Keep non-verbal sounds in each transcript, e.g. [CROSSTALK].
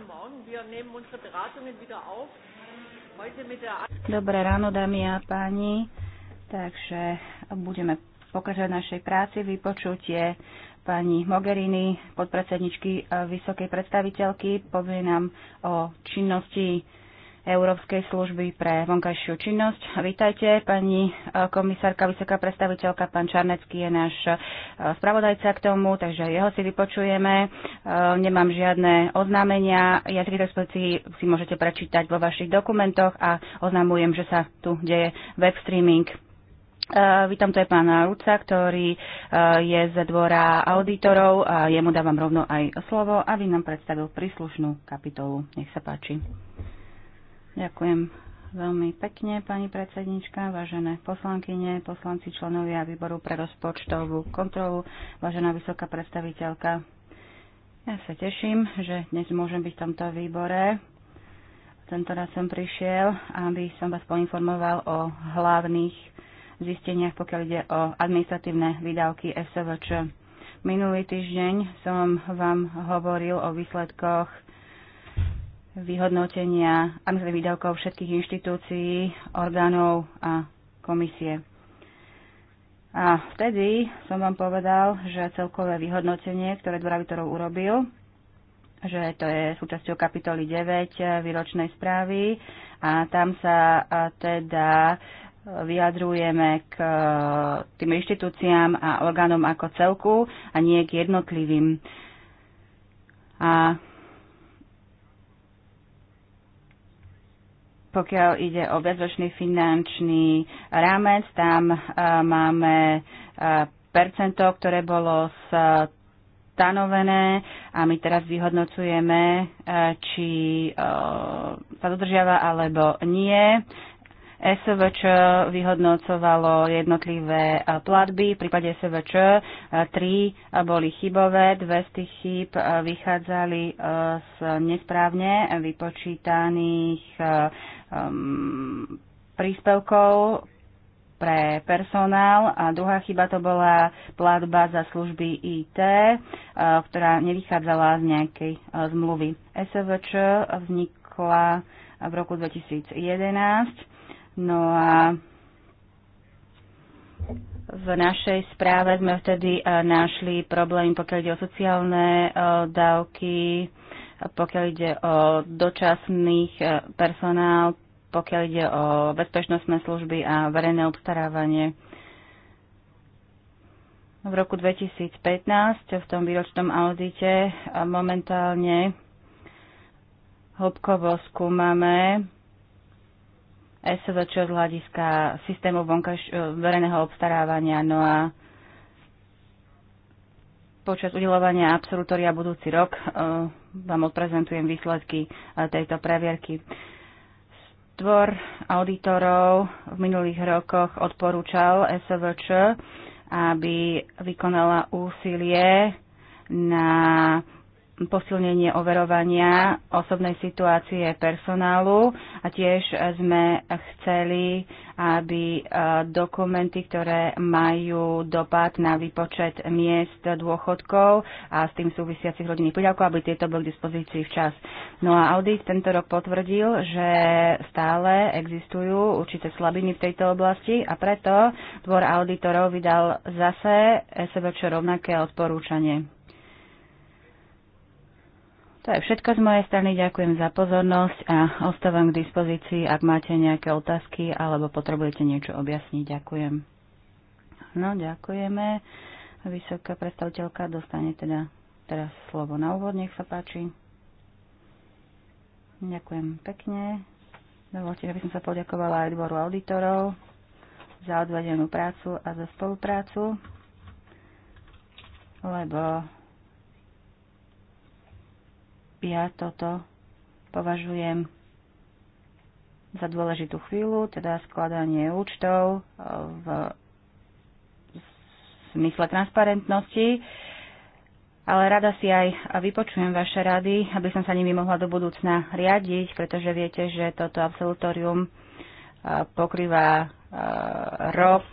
guten Morgen. Wir nehmen unsere Beratungen wieder auf. Heute mit der Dobré ráno, dámy a páni. Takže budeme pokračovať našej práci. Vypočutie pani Mogherini, podpredsedničky vysokej predstaviteľky, povie nám o činnosti Európskej služby pre vonkajšiu činnosť. Vítajte, pani eh, komisárka, vysoká predstaviteľka, pán Čarnecký je náš eh, spravodajca k tomu, takže jeho si vypočujeme. Eh, nemám žiadne oznámenia, Ja tri dispozícii si môžete prečítať vo vašich dokumentoch a oznamujem, že sa tu deje web streaming. Vítam tu aj pána Ruca, ktorý je z dvora auditorov a jemu dávam rovno aj slovo, aby nám predstavil príslušnú kapitolu. Nech sa páči. Ďakujem veľmi pekne, pani predsednička, vážené poslankyne, poslanci členovia výboru pre rozpočtovú kontrolu, vážená vysoká predstaviteľka. Ja sa teším, že dnes môžem byť v tomto výbore. Tento raz som prišiel, aby som vás poinformoval o hlavných zisteniach, pokiaľ ide o administratívne výdavky SVČ. Minulý týždeň som vám hovoril o výsledkoch vyhodnotenia administratívnych výdavkov všetkých inštitúcií, orgánov a komisie. A vtedy som vám povedal, že celkové vyhodnotenie, ktoré Dvoravitorov urobil, že to je súčasťou kapitoly 9 výročnej správy a tam sa teda vyjadrujeme k e, tým inštitúciám a orgánom ako celku a nie k jednotlivým. A pokiaľ ide o bezročný finančný rámec, tam e, máme e, percento, ktoré bolo stanovené a my teraz vyhodnocujeme, e, či sa dodržiava alebo nie. SVČ vyhodnocovalo jednotlivé platby. V prípade SVČ tri boli chybové, dve z tých chyb vychádzali z nesprávne vypočítaných um, príspevkov pre personál a druhá chyba to bola platba za služby IT, ktorá nevychádzala z nejakej zmluvy. SVČ vznikla v roku 2011 No a v našej správe sme vtedy eh, našli problém, pokiaľ ide o sociálne eh, dávky, pokiaľ ide o dočasných eh, personál, pokiaľ ide o bezpečnostné služby a verejné obstarávanie. V roku 2015 v tom výročnom audite momentálne hĺbkovo skúmame SVČ z hľadiska systému vonkaž, eh, verejného obstarávania. No a počas udelovania absolutória budúci rok eh, vám odprezentujem výsledky eh, tejto previerky. Dvor auditorov v minulých rokoch odporúčal SVČ, aby vykonala úsilie na posilnenie overovania osobnej situácie personálu a tiež sme chceli, aby e, dokumenty, ktoré majú dopad na výpočet miest dôchodkov a s tým súvisiacich rodinných prídavkov, aby tieto boli k dispozícii včas. No a audit tento rok potvrdil, že stále existujú určité slabiny v tejto oblasti a preto dvor auditorov vydal zase SVČ rovnaké odporúčanie. To je všetko z mojej strany. Ďakujem za pozornosť a ostávam k dispozícii, ak máte nejaké otázky alebo potrebujete niečo objasniť. Ďakujem. No, ďakujeme. Vysoká predstaviteľka dostane teda teraz slovo na úvod. Nech sa páči. Ďakujem pekne. Dovolte, aby som sa poďakovala aj dvoru auditorov za odvedenú prácu a za spoluprácu, lebo ja toto považujem za dôležitú chvíľu, teda skladanie účtov e, v zmysle transparentnosti. Ale rada si aj vypočujem vaše rady, aby som sa nimi mohla do budúcna riadiť, pretože viete, že toto absolutorium e, pokrýva e, rok,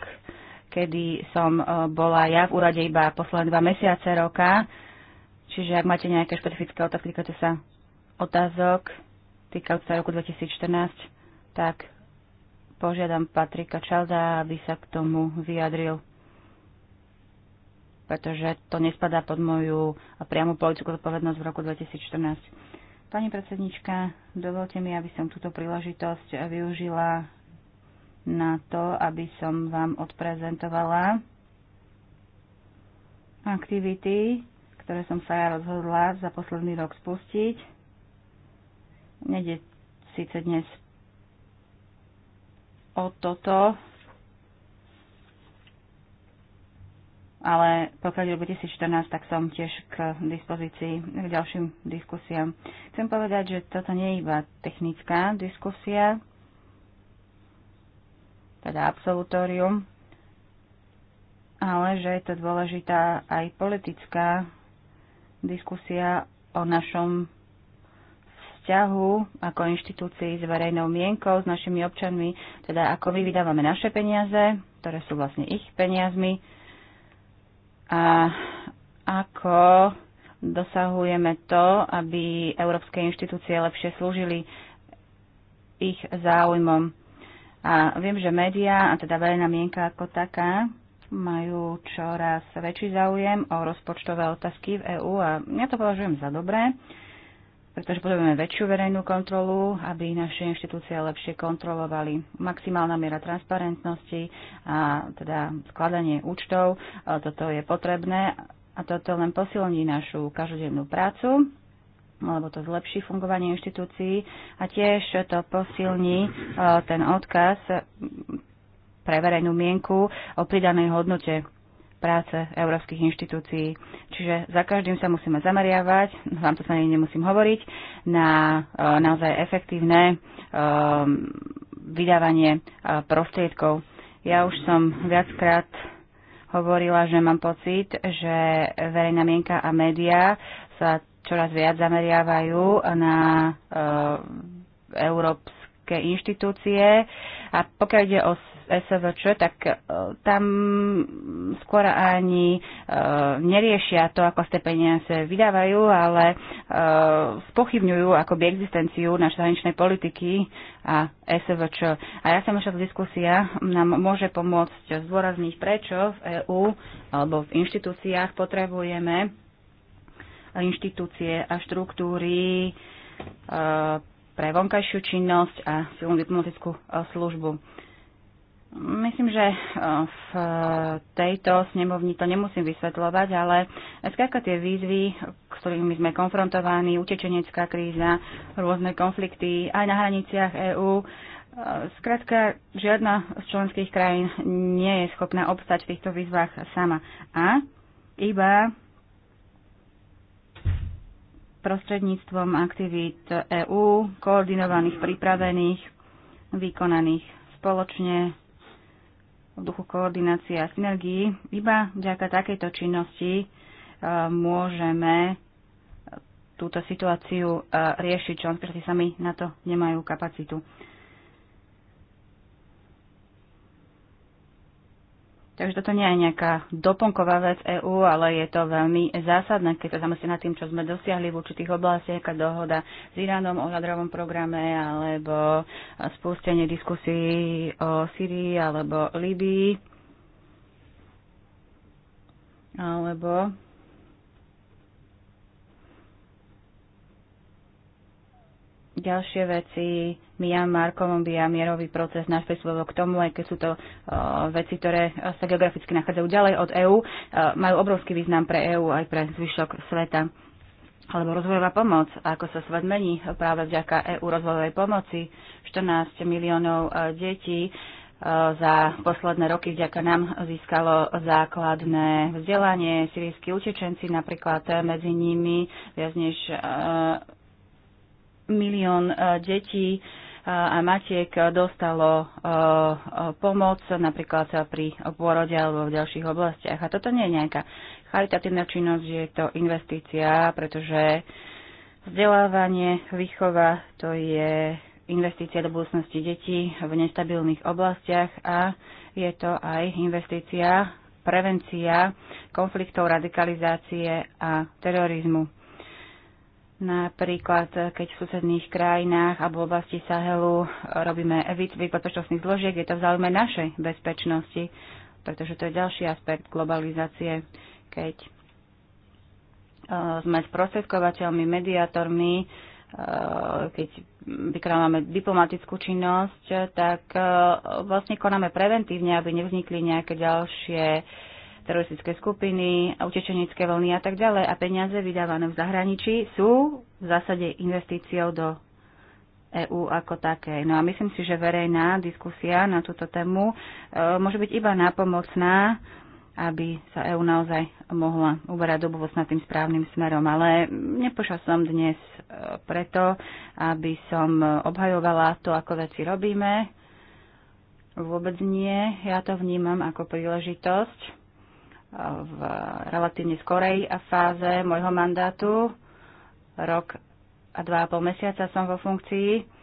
kedy som bola ja v úrade iba posledné dva mesiace roka Čiže ak máte nejaké špecifické otázky týkajúce sa otázok týkajúce sa roku 2014, tak požiadam Patrika Čalda, aby sa k tomu vyjadril pretože to nespadá pod moju priamu politickú zodpovednosť v roku 2014. Pani predsednička, dovolte mi, aby som túto príležitosť využila na to, aby som vám odprezentovala aktivity, ktoré som sa ja rozhodla za posledný rok spustiť. Nede síce dnes o toto, ale pokiaľ je 2014, tak som tiež k dispozícii k ďalším diskusiám. Chcem povedať, že toto nie je iba technická diskusia, teda absolutórium, ale že je to dôležitá aj politická diskusia o našom vzťahu ako inštitúcii s verejnou mienkou, s našimi občanmi, teda ako my vydávame naše peniaze, ktoré sú vlastne ich peniazmi a ako dosahujeme to, aby európske inštitúcie lepšie slúžili ich záujmom. A viem, že médiá, a teda verejná mienka ako taká, majú čoraz väčší záujem o rozpočtové otázky v EÚ a ja to považujem za dobré, pretože potrebujeme väčšiu verejnú kontrolu, aby naše inštitúcie lepšie kontrolovali maximálna miera transparentnosti a teda skladanie účtov. Toto je potrebné a toto len posilní našu každodennú prácu lebo to zlepší fungovanie inštitúcií a tiež to posilní ten odkaz pre verejnú mienku o pridanej hodnote práce európskych inštitúcií. Čiže za každým sa musíme zameriavať, vám to sa nemusím hovoriť, na e, naozaj efektívne e, vydávanie e, prostriedkov. Ja už som viackrát hovorila, že mám pocit, že verejná mienka a médiá sa čoraz viac zameriavajú na európsky európske inštitúcie. A pokiaľ ide o SVČ, tak e, tam skôr ani e, neriešia to, ako ste peniaze vydávajú, ale e, spochybňujú akoby existenciu našej zahraničnej politiky a SVČ. A ja som myslím, že diskusia nám môže pomôcť zdôrazniť, prečo v EÚ alebo v inštitúciách potrebujeme inštitúcie a štruktúry pre vonkajšiu činnosť a silnú diplomatickú e, službu. Myslím, že e, v tejto snemovni to nemusím vysvetľovať, ale skáka tie výzvy, s ktorými sme konfrontovaní, utečenecká kríza, rôzne konflikty aj na hraniciach EÚ, e, Skrátka, žiadna z členských krajín nie je schopná obstať v týchto výzvach sama. A iba prostredníctvom aktivít EÚ, koordinovaných, pripravených, vykonaných spoločne v duchu koordinácie a synergii. Iba vďaka takejto činnosti e, môžeme túto situáciu e, riešiť. čo sami na to nemajú kapacitu. Takže toto nie je nejaká doponková vec EÚ, ale je to veľmi zásadné, keď sa zamyslí nad tým, čo sme dosiahli v určitých oblastiach, aká dohoda s Iránom o jadrovom programe, alebo spustenie diskusí o Syrii alebo Líbii, alebo ďalšie veci, Myanmar, Kolumbia, mierový proces, náš príspevok k tomu, aj keď sú to uh, veci, ktoré eh, sa geograficky nachádzajú ďalej od EÚ, uh, majú obrovský význam pre EÚ aj pre zvyšok sveta. Alebo rozvojová pomoc, ako sa svet mení práve vďaka EÚ rozvojovej pomoci, 14 miliónov uh, detí za posledné roky vďaka nám získalo základné vzdelanie. Sirijskí utečenci napríklad medzi nimi viac než milión detí a matiek dostalo pomoc napríklad pri pôrode alebo v ďalších oblastiach. A toto nie je nejaká charitatívna činnosť, je to investícia, pretože vzdelávanie, výchova, to je investícia do budúcnosti detí v nestabilných oblastiach a je to aj investícia, prevencia konfliktov, radikalizácie a terorizmu. Napríklad, keď v susedných krajinách alebo v oblasti Sahelu robíme výcvik bezpečnostných zložiek, je to v záujme našej bezpečnosti, pretože to je ďalší aspekt globalizácie, keď eh, sme sprostredkovateľmi, mediátormi, eh, keď vykonávame diplomatickú činnosť, tak eh, vlastne konáme preventívne, aby nevznikli nejaké ďalšie teroristické skupiny, utečenecké vlny a tak ďalej. A peniaze vydávané v zahraničí sú v zásade investíciou do EÚ ako také. No a myslím si, že verejná diskusia na túto tému e, môže byť iba nápomocná, aby sa EÚ naozaj mohla uberať do budúcna tým správnym smerom. Ale nepošla som dnes e, preto, aby som obhajovala to, ako veci robíme, Vôbec nie. Ja to vnímam ako príležitosť v relatívne skorej fáze môjho mandátu. Rok a dva a pol mesiaca som vo funkcii.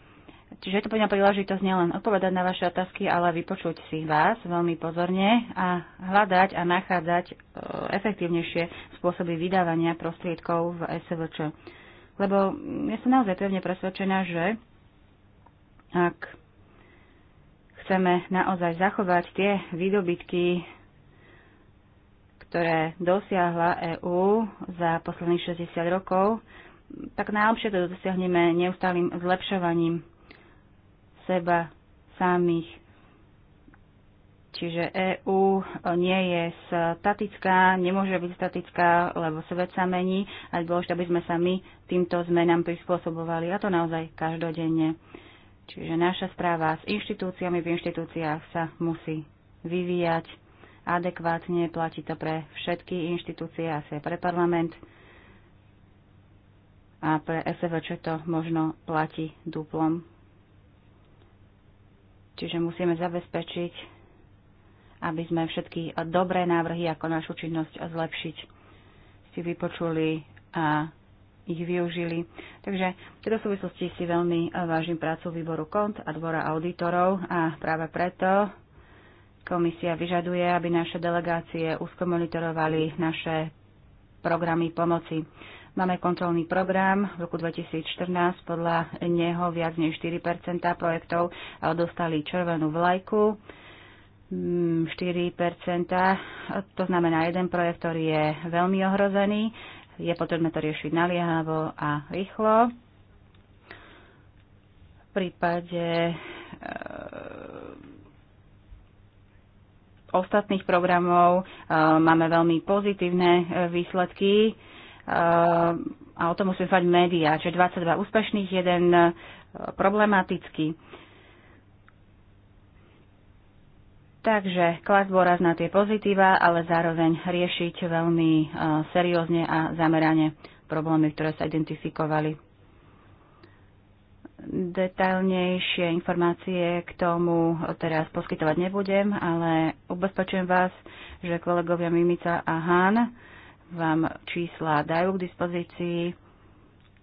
Čiže je to poďme príležitosť nielen odpovedať na vaše otázky, ale vypočuť si vás veľmi pozorne a hľadať a nachádzať e, efektívnejšie spôsoby vydávania prostriedkov v SVČ. Lebo mm, ja som naozaj pevne presvedčená, že ak chceme naozaj zachovať tie výdobytky ktoré dosiahla EÚ za posledných 60 rokov, tak najlepšie to dosiahneme neustálým zlepšovaním seba samých. Čiže EÚ nie je statická, nemôže byť statická, lebo svet sa mení a dôležité, aby sme sa my týmto zmenám prispôsobovali a to naozaj každodenne. Čiže naša správa s inštitúciami v inštitúciách sa musí vyvíjať adekvátne, platí to pre všetky inštitúcie, asi aj pre parlament a pre SVČ to možno platí duplom. Čiže musíme zabezpečiť, aby sme všetky dobré návrhy, ako našu činnosť zlepšiť, si vypočuli a ich využili. Takže v tejto súvislosti si veľmi vážim prácu výboru kont a dvora auditorov a práve preto Komisia vyžaduje, aby naše delegácie úzko monitorovali naše programy pomoci. Máme kontrolný program v roku 2014, podľa neho viac než 4 projektov dostali červenú vlajku. 4 mm, to znamená jeden projekt, ktorý je veľmi ohrozený. Je potrebné to riešiť naliehavo a rýchlo. V prípade ostatných programov e, máme veľmi pozitívne e, výsledky e, a o tom musíme zvať médiá, čiže 22 úspešných, jeden problematický. Takže klas dôraz na tie pozitíva, ale zároveň riešiť veľmi seriózne a zamerane problémy, ktoré sa identifikovali. Detailnejšie informácie k tomu teraz poskytovať nebudem, ale ubezpečujem vás, že kolegovia Mimica a Han vám čísla dajú k dispozícii.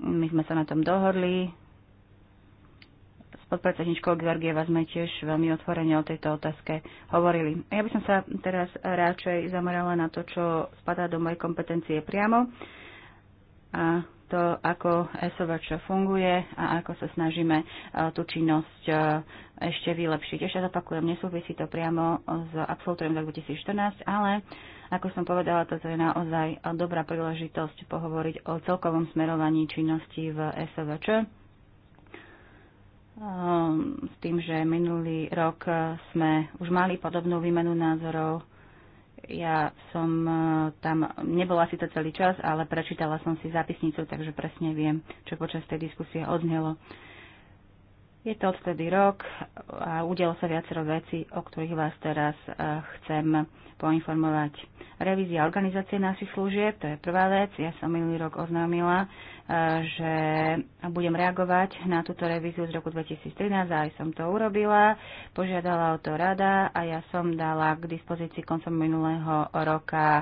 My sme sa na tom dohodli. S podpredsedničkou Georgieva sme tiež veľmi otvorene o tejto otázke hovorili. Ja by som sa teraz radšej zamerala na to, čo spadá do mojej kompetencie priamo. A to, ako SOVČ funguje a ako sa snažíme e, tú činnosť e, ešte vylepšiť. Ešte zopakujem, nesúvisí to priamo s absolutorium za 2014, ale ako som povedala, toto je naozaj dobrá príležitosť pohovoriť o celkovom smerovaní činnosti v SOVČ. E, s tým, že minulý rok sme už mali podobnú výmenu názorov ja som e, tam nebola si to celý čas, ale prečítala som si zápisnicu, takže presne viem, čo počas tej diskusie odznelo. Je to odtedy rok a udialo sa viacero vecí, o ktorých vás teraz e, chcem poinformovať. Revízia organizácie našich služieb, to je prvá vec. Ja som minulý rok oznámila, že budem reagovať na túto revíziu z roku 2013 a aj som to urobila. Požiadala o to rada a ja som dala k dispozícii koncom minulého roka e,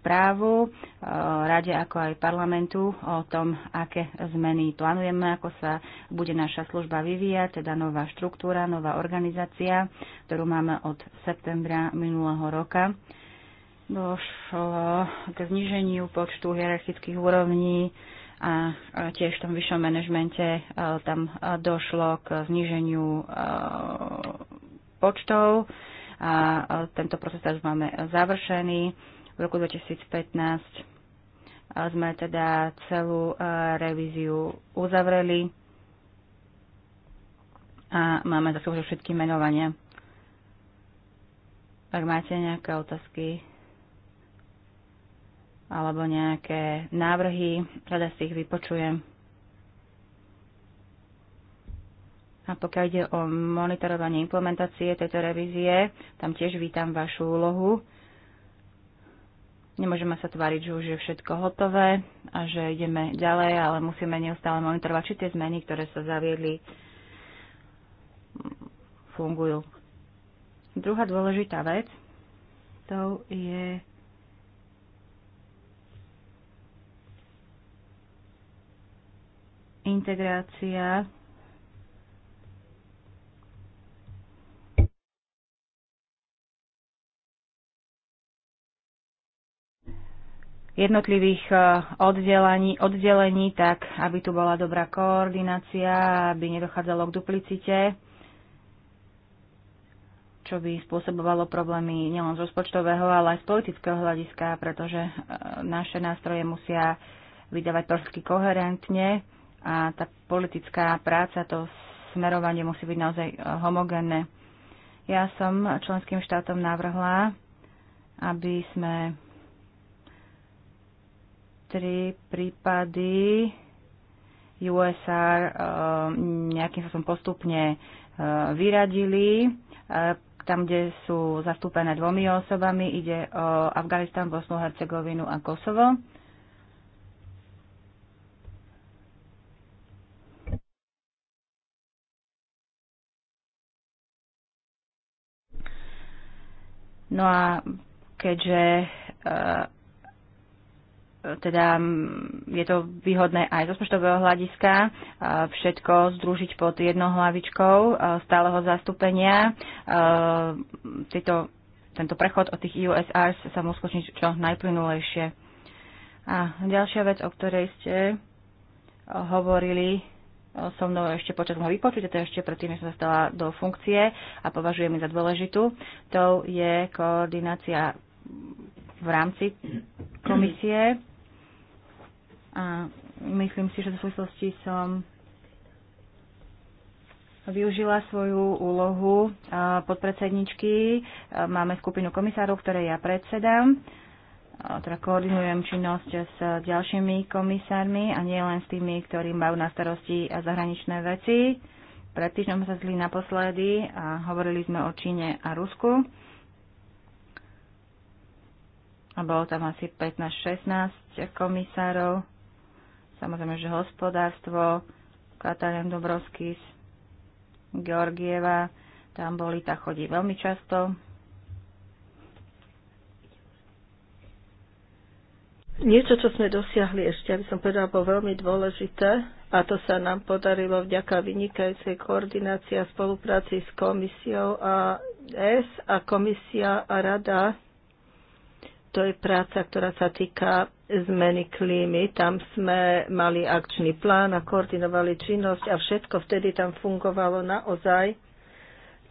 správu e, rade ako aj parlamentu o tom, aké zmeny plánujeme, ako sa bude naša služba vyvíjať, teda nová štruktúra, nová organizácia, ktorú máme od septembra minulého roka došlo k zniženiu počtu hierarchických úrovní a tiež v tom vyššom manažmente e, tam e, došlo k zníženiu e, počtov a tento proces už máme završený. V roku 2015 sme teda celú revíziu uzavreli a máme za sebou všetky menovania. Ak máte nejaké otázky, alebo nejaké návrhy, rada si ich vypočujem. A pokiaľ ide o monitorovanie implementácie tejto revízie, tam tiež vítam vašu úlohu. Nemôžeme sa tváriť, že už je všetko hotové a že ideme ďalej, ale musíme neustále monitorovať, či tie zmeny, ktoré sa zaviedli, fungujú. Druhá dôležitá vec, to je integrácia jednotlivých eh, oddelení, oddelení, tak aby tu bola dobrá koordinácia, aby nedochádzalo k duplicite, čo by spôsobovalo problémy nielen z rozpočtového, ale aj z politického hľadiska, pretože eh, naše nástroje musia vydávať trošky koherentne a tá politická práca, to smerovanie musí byť naozaj eh, homogénne. Ja som členským štátom navrhla, aby sme tri prípady USR eh, nejakým spôsobom postupne eh, vyradili. Tam, kde sú zastúpené dvomi osobami, ide o Afganistan, Bosnu, Hercegovinu a Kosovo. No a keďže e, teda je to výhodné aj z rozpočtového hľadiska e, všetko združiť pod jednou hlavičkou e, stáleho zastúpenia. Tieto, tento prechod od tých USR sa musí skutočniť čo najplynulejšie. A ďalšia vec, o ktorej ste hovorili, so mnou ešte počas môjho vypočutia, to je ešte predtým, než som dostala do funkcie a považujem ju za dôležitú. To je koordinácia v rámci komisie. A myslím si, že v súvislosti som využila svoju úlohu podpredsedničky. Máme skupinu komisárov, ktoré ja predsedám teda koordinujem činnosť s ďalšími komisármi a nie len s tými, ktorí majú na starosti zahraničné veci. Pred týždňom sa zli naposledy a hovorili sme o Číne a Rusku. A bolo tam asi 15-16 komisárov. Samozrejme, že hospodárstvo, Katarín Dobrovskis, Georgieva, tam boli, tak chodí veľmi často. Niečo, čo sme dosiahli ešte, aby som povedala, bolo veľmi dôležité a to sa nám podarilo vďaka vynikajúcej koordinácii a spolupráci s komisiou a S a komisia a rada. To je práca, ktorá sa týka zmeny klímy. Tam sme mali akčný plán a koordinovali činnosť a všetko vtedy tam fungovalo naozaj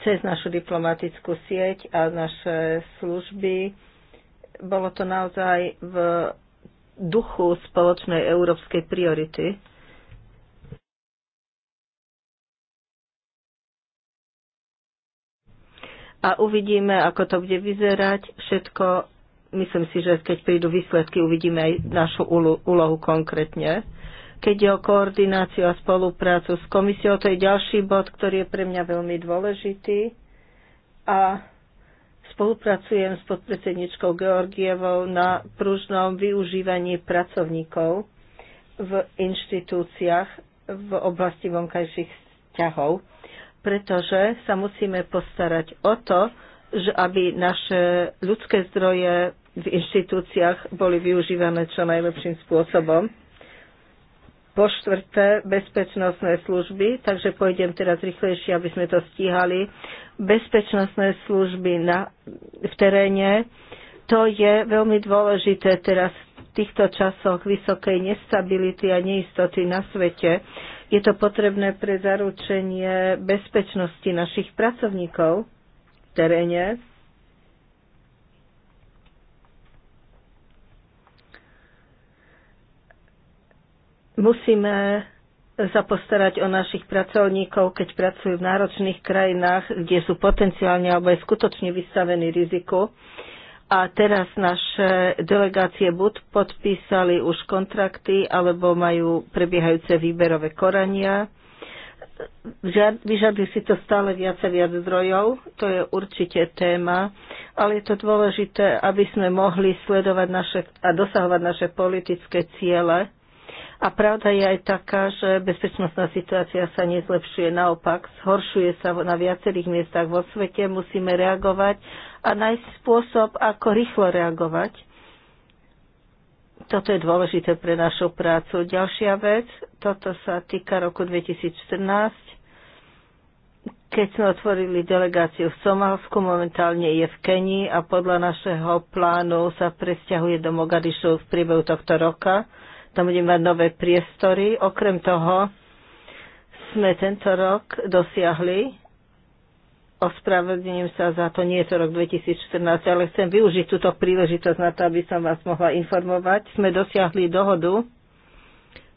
cez našu diplomatickú sieť a naše služby. Bolo to naozaj v duchu spoločnej európskej priority. A uvidíme, ako to bude vyzerať. Všetko, myslím si, že keď prídu výsledky, uvidíme aj našu úlohu konkrétne. Keď je o koordináciu a spoluprácu s komisiou, to je ďalší bod, ktorý je pre mňa veľmi dôležitý. A Spolupracujem s podpredsedničkou Georgievou na pružnom využívaní pracovníkov v inštitúciách v oblasti vonkajších vzťahov, pretože sa musíme postarať o to, že aby naše ľudské zdroje v inštitúciách boli využívané čo najlepším spôsobom. Po štvrté, bezpečnostné služby, takže pôjdem teraz rýchlejšie, aby sme to stíhali bezpečnostné služby na, v teréne. To je veľmi dôležité teraz v týchto časoch vysokej nestability a neistoty na svete. Je to potrebné pre zaručenie bezpečnosti našich pracovníkov v teréne. Musíme sa postarať o našich pracovníkov, keď pracujú v náročných krajinách, kde sú potenciálne alebo aj skutočne vystavení riziku. A teraz naše delegácie buď podpísali už kontrakty, alebo majú prebiehajúce výberové korania. Vyžadli si to stále viac a viac zdrojov, to je určite téma, ale je to dôležité, aby sme mohli sledovať naše a dosahovať naše politické ciele a pravda je aj taká, že bezpečnostná situácia sa nezlepšuje, naopak zhoršuje sa na viacerých miestach vo svete, musíme reagovať a nájsť spôsob, ako rýchlo reagovať. Toto je dôležité pre našu prácu. Ďalšia vec, toto sa týka roku 2014, keď sme otvorili delegáciu v Somálsku, momentálne je v Kenii a podľa našeho plánu sa presťahuje do Mogadišu v priebehu tohto roka tam budeme mať nové priestory. Okrem toho sme tento rok dosiahli, ospravedlňujem sa za to, nie je to rok 2014, ale chcem využiť túto príležitosť na to, aby som vás mohla informovať. Sme dosiahli dohodu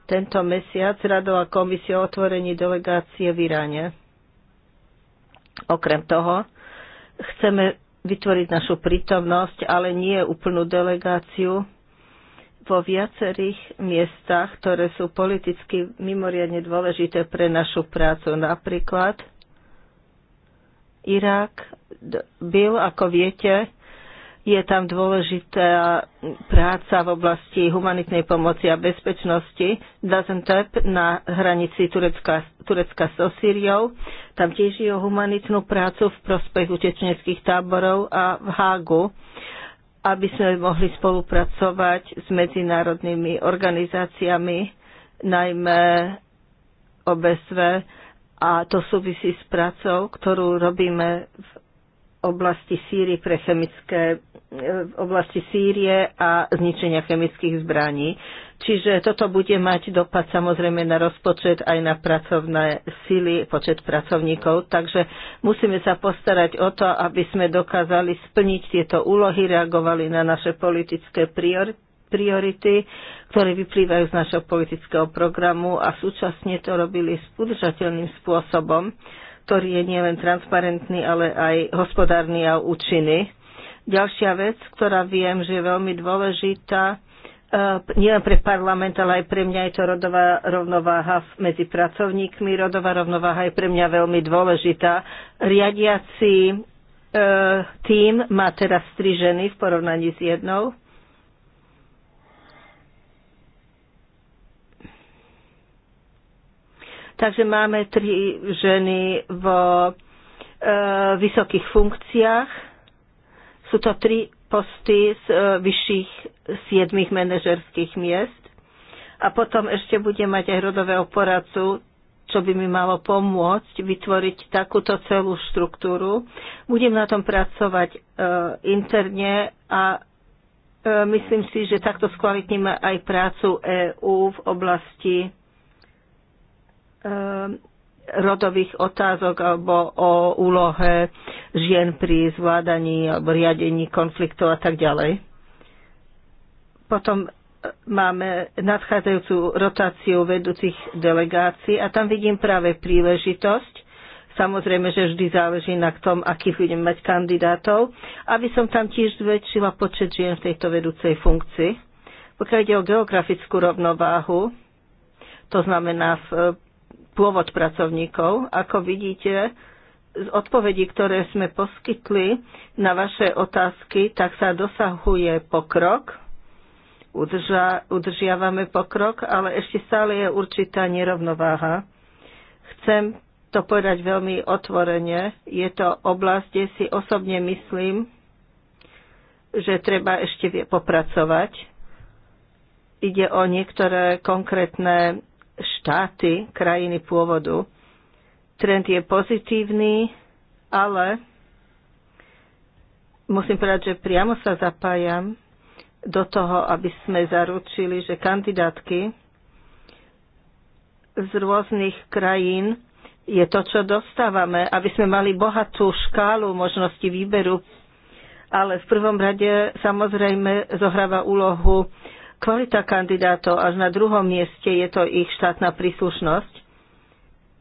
tento mesiac radová komisia o otvorení delegácie v Iráne. Okrem toho, chceme vytvoriť našu prítomnosť, ale nie úplnú delegáciu, po viacerých miestach, ktoré sú politicky mimoriadne dôležité pre našu prácu. Napríklad Irak byl, ako viete, je tam dôležitá práca v oblasti humanitnej pomoci a bezpečnosti. Dazentep na hranici Turecka, Turecka so Syriou. Tam tiež je o humanitnú prácu v prospech utečeneckých táborov a v Hágu aby sme mohli spolupracovať s medzinárodnými organizáciami, najmä OBSV, a to súvisí s prácou, ktorú robíme v oblasti Sýrie pre chemické e, v oblasti Sýrie a zničenia chemických zbraní. Čiže toto bude mať dopad samozrejme na rozpočet aj na pracovné sily, počet pracovníkov. Takže musíme sa postarať o to, aby sme dokázali splniť tieto úlohy, reagovali na naše politické priority, ktoré vyplývajú z našho politického programu a súčasne to robili s udržateľným spôsobom ktorý je nielen transparentný, ale aj hospodárny a účinný. Ďalšia vec, ktorá viem, že je veľmi dôležitá, e, nielen pre parlament, ale aj pre mňa je to rodová rovnováha medzi pracovníkmi. Rodová rovnováha je pre mňa veľmi dôležitá. Riadiaci e, tým má teraz tri ženy v porovnaní s jednou. Takže máme tri ženy vo e, vysokých funkciách. Sú to tri posty z e, vyšších siedmých manažerských miest. A potom ešte bude mať aj rodového poradcu, čo by mi malo pomôcť vytvoriť takúto celú štruktúru. Budem na tom pracovať e, interne a e, myslím si, že takto skvalitníme aj prácu EÚ v oblasti Eh, rodových otázok alebo o úlohe žien pri zvládaní alebo riadení konfliktov a tak ďalej. Potom eh, máme nadchádzajúcu rotáciu vedúcich delegácií a tam vidím práve príležitosť. Samozrejme, že vždy záleží na tom, akých budem mať kandidátov, aby som tam tiež zväčšila počet žien v tejto vedúcej funkcii. Pokiaľ ide o geografickú rovnováhu, to znamená v pôvod pracovníkov. Ako vidíte, z odpovedí, ktoré sme poskytli na vaše otázky, tak sa dosahuje pokrok. Udrža, udržiavame pokrok, ale ešte stále je určitá nerovnováha. Chcem to povedať veľmi otvorene. Je to oblasť, kde si osobne myslím, že treba ešte popracovať. Ide o niektoré konkrétne štáty krajiny pôvodu. Trend je pozitívny, ale musím povedať, že priamo sa zapájam do toho, aby sme zaručili, že kandidátky z rôznych krajín je to, čo dostávame, aby sme mali bohatú škálu možnosti výberu. Ale v prvom rade samozrejme zohráva úlohu Kvalita kandidátov až na druhom mieste je to ich štátna príslušnosť,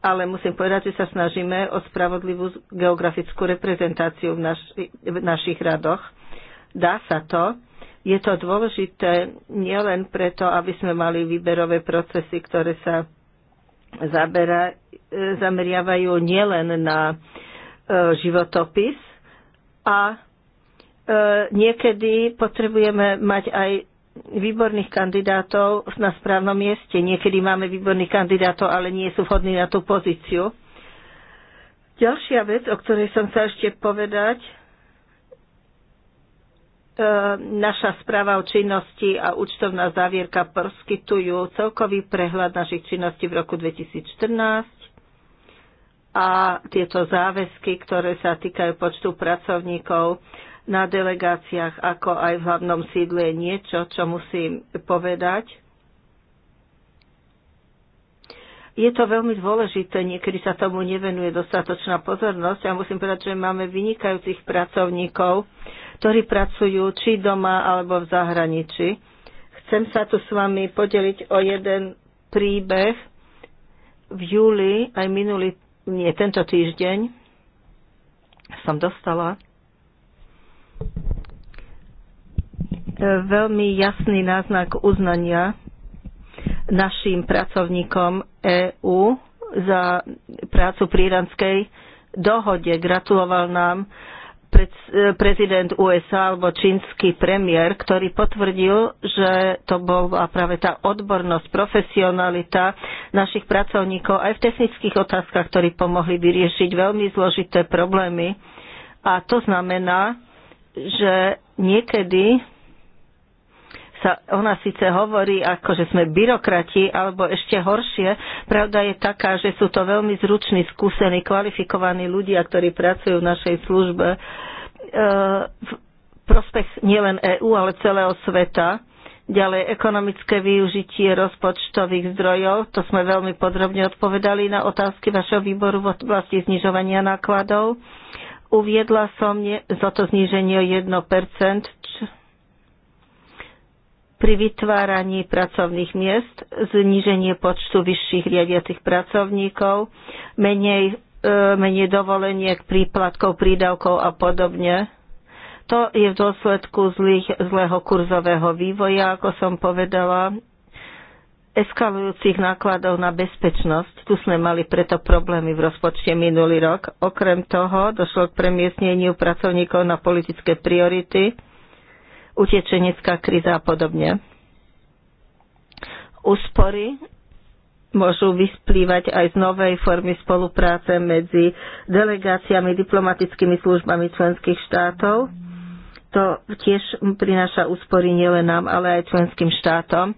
ale musím povedať, že sa snažíme o spravodlivú geografickú reprezentáciu v, naši, v našich radoch. Dá sa to. Je to dôležité nielen preto, aby sme mali výberové procesy, ktoré sa zabera, e, zameriavajú nielen na e, životopis a e, niekedy potrebujeme mať aj výborných kandidátov na správnom mieste. Niekedy máme výborných kandidátov, ale nie sú vhodní na tú pozíciu. Ďalšia vec, o ktorej som sa ešte povedať, e, naša správa o činnosti a účtovná závierka poskytujú celkový prehľad našich činností v roku 2014 a tieto záväzky, ktoré sa týkajú počtu pracovníkov, na delegáciách, ako aj v hlavnom sídle je niečo, čo musím povedať. Je to veľmi dôležité, niekedy sa tomu nevenuje dostatočná pozornosť a musím povedať, že máme vynikajúcich pracovníkov, ktorí pracujú či doma alebo v zahraničí. Chcem sa tu s vami podeliť o jeden príbeh v júli, aj minulý, nie, tento týždeň som dostala E, veľmi jasný náznak uznania našim pracovníkom EÚ za prácu pri iránskej dohode. Gratuloval nám e, prezident USA alebo čínsky premiér, ktorý potvrdil, že to bola práve tá odbornosť, profesionalita našich pracovníkov aj v technických otázkach, ktorí pomohli vyriešiť veľmi zložité problémy. A to znamená, že niekedy sa ona síce hovorí, ako že sme byrokrati, alebo ešte horšie. Pravda je taká, že sú to veľmi zruční, skúsení, kvalifikovaní ľudia, ktorí pracujú v našej službe e, v prospech nielen EÚ, ale celého sveta. Ďalej ekonomické využitie rozpočtových zdrojov, to sme veľmi podrobne odpovedali na otázky vašeho výboru v oblasti znižovania nákladov. Uviedla som ne, za to zníženie o 1% pri vytváraní pracovných miest, zníženie počtu vyšších riadiacich pracovníkov, menej, e, menej dovoleniek, príplatkov, prídavkov a podobne. To je v dôsledku zlých, zlého kurzového vývoja, ako som povedala, eskalujúcich nákladov na bezpečnosť. Tu sme mali preto problémy v rozpočte minulý rok. Okrem toho došlo k premiestneniu pracovníkov na politické priority, utečenecká kríza a podobne. Úspory môžu vysplývať aj z novej formy spolupráce medzi delegáciami, diplomatickými službami členských štátov. To tiež prináša úspory nielen nám, ale aj členským štátom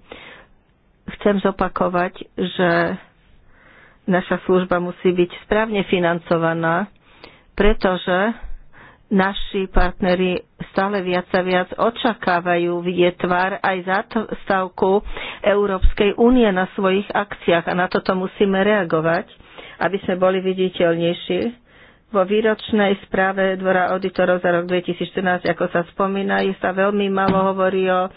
chcem zopakovať, že naša služba musí byť správne financovaná, pretože naši partneri stále viac a viac očakávajú vidieť tvár aj za stavku Európskej únie na svojich akciách a na toto musíme reagovať, aby sme boli viditeľnejší. Vo výročnej správe Dvora auditorov za rok 2014, ako sa spomína, sa veľmi malo hovorí o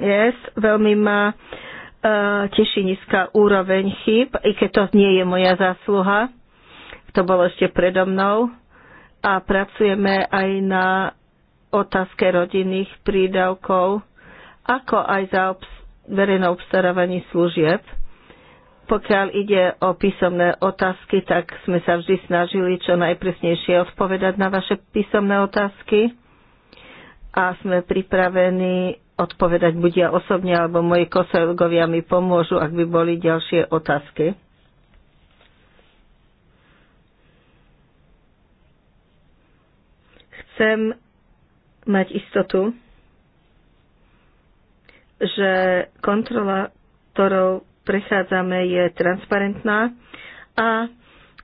yes, e, veľmi ma e, teší nízka úroveň chyb, i keď to nie je moja zásluha, to bolo ešte predo mnou. A pracujeme aj na otázke rodinných prídavkov, ako aj za obs- verejné obstarávanie služieb pokiaľ ide o písomné otázky, tak sme sa vždy snažili čo najpresnejšie odpovedať na vaše písomné otázky a sme pripravení odpovedať buď ja osobne, alebo moji koselgovia mi pomôžu, ak by boli ďalšie otázky. Chcem mať istotu, že kontrola ktorou prechádzame, je transparentná a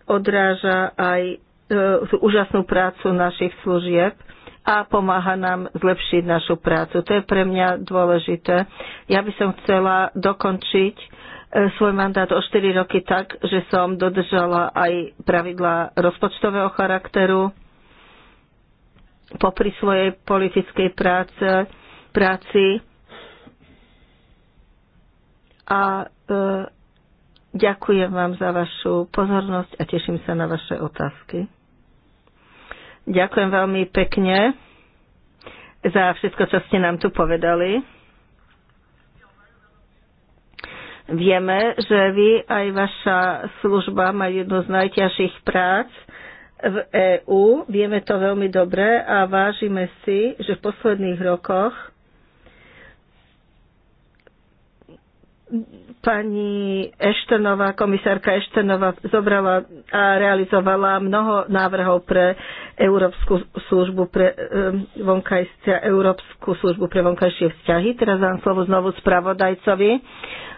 odráža aj e, úžasnú prácu našich služieb a pomáha nám zlepšiť našu prácu. To je pre mňa dôležité. Ja by som chcela dokončiť e, svoj mandát o 4 roky tak, že som dodržala aj pravidlá rozpočtového charakteru popri svojej politickej práce, práci a e, ďakujem vám za vašu pozornosť a teším sa na vaše otázky. Ďakujem veľmi pekne za všetko, čo ste nám tu povedali. Vieme, že vy aj vaša služba má jednu z najťažších prác v EÚ. Vieme to veľmi dobre a vážime si, že v posledných rokoch pani Eštenová, komisárka Eštenová zobrala a realizovala mnoho návrhov pre Európsku službu pre ehm, vonkajstia, Európsku službu pre vonkajšie vzťahy. Teraz dám slovo znovu spravodajcovi.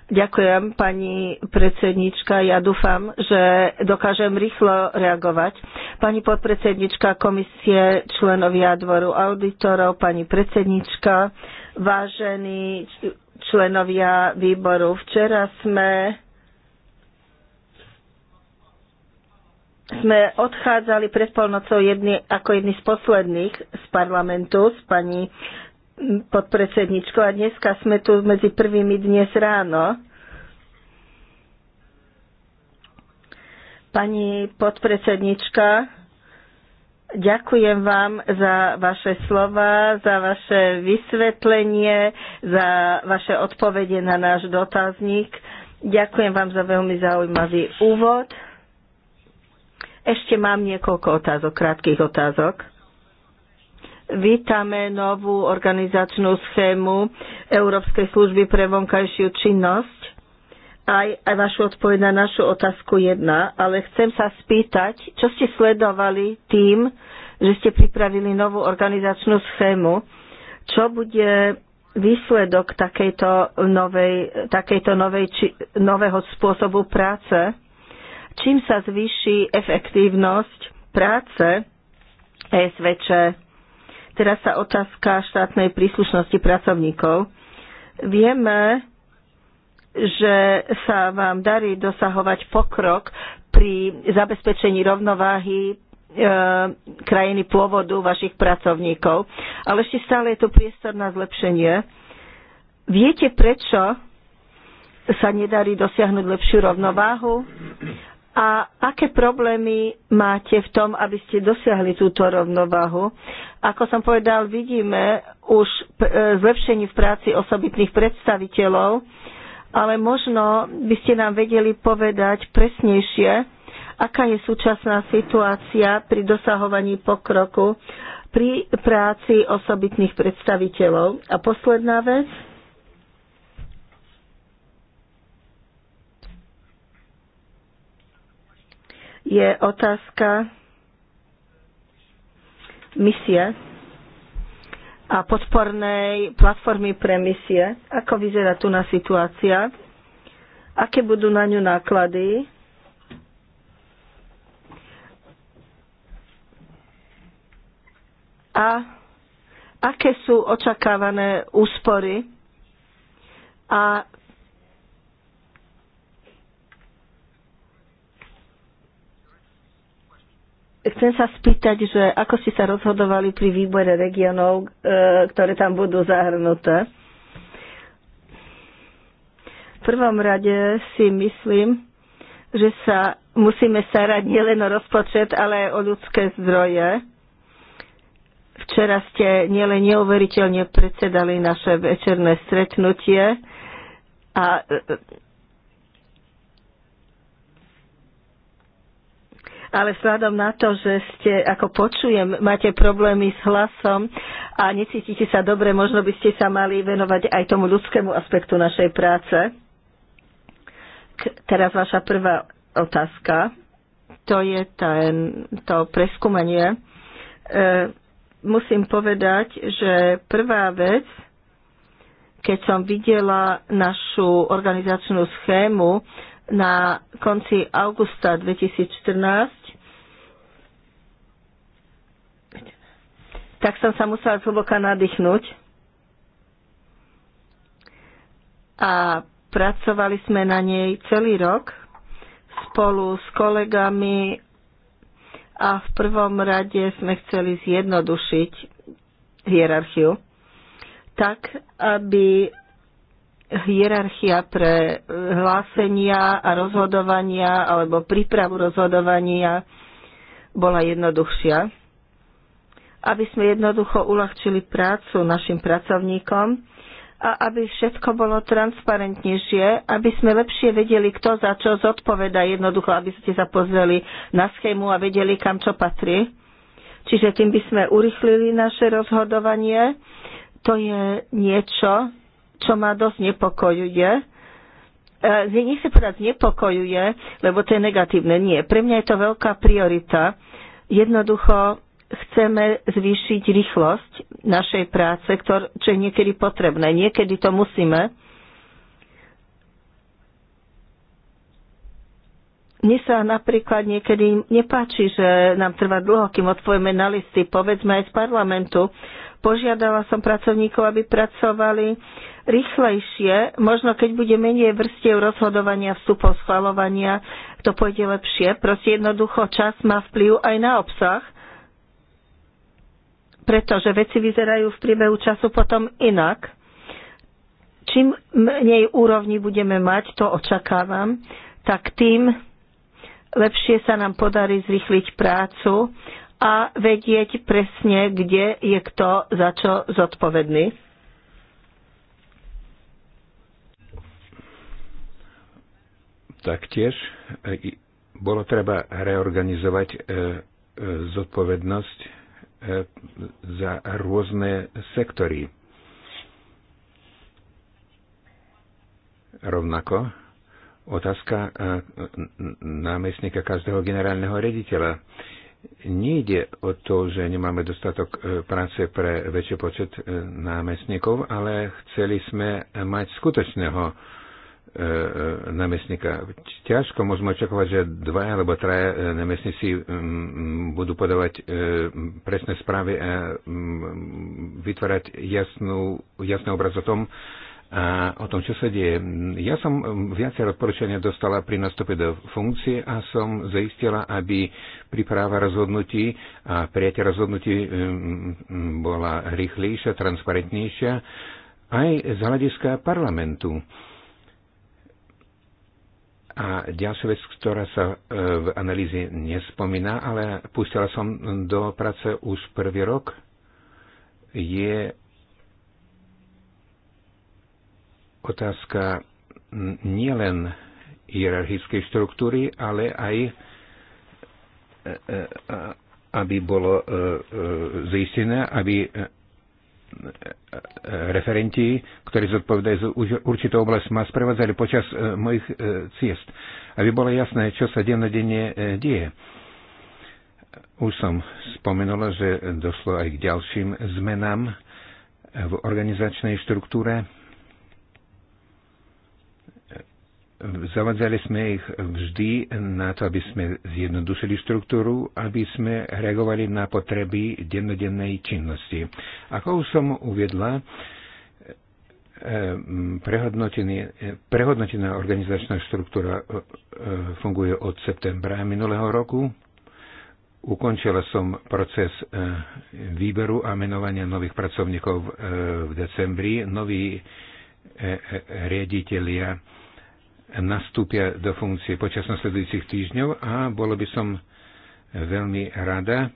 Ďakujem, pani predsednička. Ja dúfam, že dokážem rýchlo reagovať. Pani podpredsednička komisie, členovia dvoru auditorov, pani predsednička, vážení členovia výboru. Včera sme sme odchádzali pred polnocou jedni, ako jedni z posledných z parlamentu s pani podpredsedničkou a dneska sme tu medzi prvými dnes ráno. Pani podpredsednička Ďakujem vám za vaše slova, za vaše vysvetlenie, za vaše odpovede na náš dotazník. Ďakujem vám za veľmi zaujímavý úvod. Ešte mám niekoľko otázok, krátkých otázok. Vítame novú organizačnú schému Európskej služby pre vonkajšiu činnosť aj, aj vašu odpoveď na našu otázku jedna, ale chcem sa spýtať, čo ste sledovali tým, že ste pripravili novú organizačnú schému, čo bude výsledok takejto novej, takejto novej či, nového spôsobu práce, čím sa zvýši efektívnosť práce ESVČ. Teraz sa otázka štátnej príslušnosti pracovníkov. Vieme, že sa vám darí dosahovať pokrok pri zabezpečení rovnováhy e, krajiny pôvodu vašich pracovníkov. Ale ešte stále je tu priestor na zlepšenie. Viete, prečo sa nedarí dosiahnuť lepšiu rovnováhu? A aké problémy máte v tom, aby ste dosiahli túto rovnováhu? Ako som povedal, vidíme už e, zlepšenie v práci osobitných predstaviteľov, ale možno by ste nám vedeli povedať presnejšie, aká je súčasná situácia pri dosahovaní pokroku pri práci osobitných predstaviteľov. A posledná vec. je otázka misie a podpornej platformy pre misie. Ako vyzerá tu na situácia? Aké budú na ňu náklady? A aké sú očakávané úspory? A chcem sa spýtať, že ako ste sa rozhodovali pri výbore regionov, e, ktoré tam budú zahrnuté? V prvom rade si myslím, že sa musíme starať nielen o rozpočet, ale aj o ľudské zdroje. Včera ste nielen neuveriteľne predsedali naše večerné stretnutie a e, ale vzhľadom na to, že ste, ako počujem, máte problémy s hlasom a necítite sa dobre, možno by ste sa mali venovať aj tomu ľudskému aspektu našej práce. K, teraz vaša prvá otázka. To je ten, to preskúmanie. E, musím povedať, že prvá vec, keď som videla našu organizačnú schému na konci augusta 2014, tak som sa musela zhlboka nadýchnuť. A pracovali sme na nej celý rok spolu s kolegami a v prvom rade sme chceli zjednodušiť hierarchiu tak, aby hierarchia pre hlásenia a rozhodovania alebo prípravu rozhodovania bola jednoduchšia aby sme jednoducho uľahčili prácu našim pracovníkom a aby všetko bolo transparentnejšie, aby sme lepšie vedeli, kto za čo zodpoveda jednoducho, aby ste sa pozreli na schému a vedeli, kam čo patrí. Čiže tým by sme urychlili naše rozhodovanie. To je niečo, čo ma dosť nepokojuje sa e, povedať znepokojuje, lebo to je negatívne. Nie, pre mňa je to veľká priorita. Jednoducho chceme zvýšiť rýchlosť našej práce, ktor, čo je niekedy potrebné. Niekedy to musíme. Mne sa napríklad niekedy nepáči, že nám trvá dlho, kým odpovieme na listy, povedzme aj z parlamentu. Požiadala som pracovníkov, aby pracovali rýchlejšie. Možno keď bude menej vrstiev rozhodovania, vstupov, schvalovania, to pôjde lepšie. Proste jednoducho čas má vplyv aj na obsah pretože veci vyzerajú v priebehu času potom inak. Čím menej úrovni budeme mať, to očakávam, tak tým lepšie sa nám podarí zrychliť prácu a vedieť presne, kde je kto za čo zodpovedný. Taktiež e, bolo treba reorganizovať e, e, zodpovednosť za rôzne sektory. Rovnako otázka e, námestníka každého generálneho rediteľa. Nejde o to, že nemáme dostatok e, práce pre väčší počet e, námestníkov, ale chceli sme mať skutočného E, e, namestníka. Ťažko môžeme očakovať, že dva alebo traja e, namestníci budú podávať presné správy a vytvárať jasnú, jasný obraz o tom, a o tom, čo sa deje. Ja som viacer odporúčania dostala pri nastupe do funkcie a som zaistila, aby príprava rozhodnutí a prijatie rozhodnutí bola rýchlejšia, transparentnejšia aj z hľadiska parlamentu. A ďalšia vec, ktorá sa e, v analýze nespomína, ale pustila som do práce už prvý rok, je otázka nielen hierarchickej štruktúry, ale aj e, e, aby bolo zistené, aby referenti, ktorí zodpovedajú za určitú oblasť, ma sprevádzali počas e, mojich e, ciest, aby bolo jasné, čo sa dennodenne e, deje. Už som spomenula, že došlo aj k ďalším zmenám v organizačnej štruktúre Zavadzali sme ich vždy na to, aby sme zjednodušili štruktúru, aby sme reagovali na potreby dennodennej činnosti. Ako už som uviedla, ehm, prehodnotená organizačná štruktúra e, e, funguje od septembra minulého roku. Ukončila som proces e, výberu a menovania nových pracovníkov v decembri. Noví riaditeľia nastúpia do funkcie počas nasledujúcich týždňov a bolo by som veľmi rada,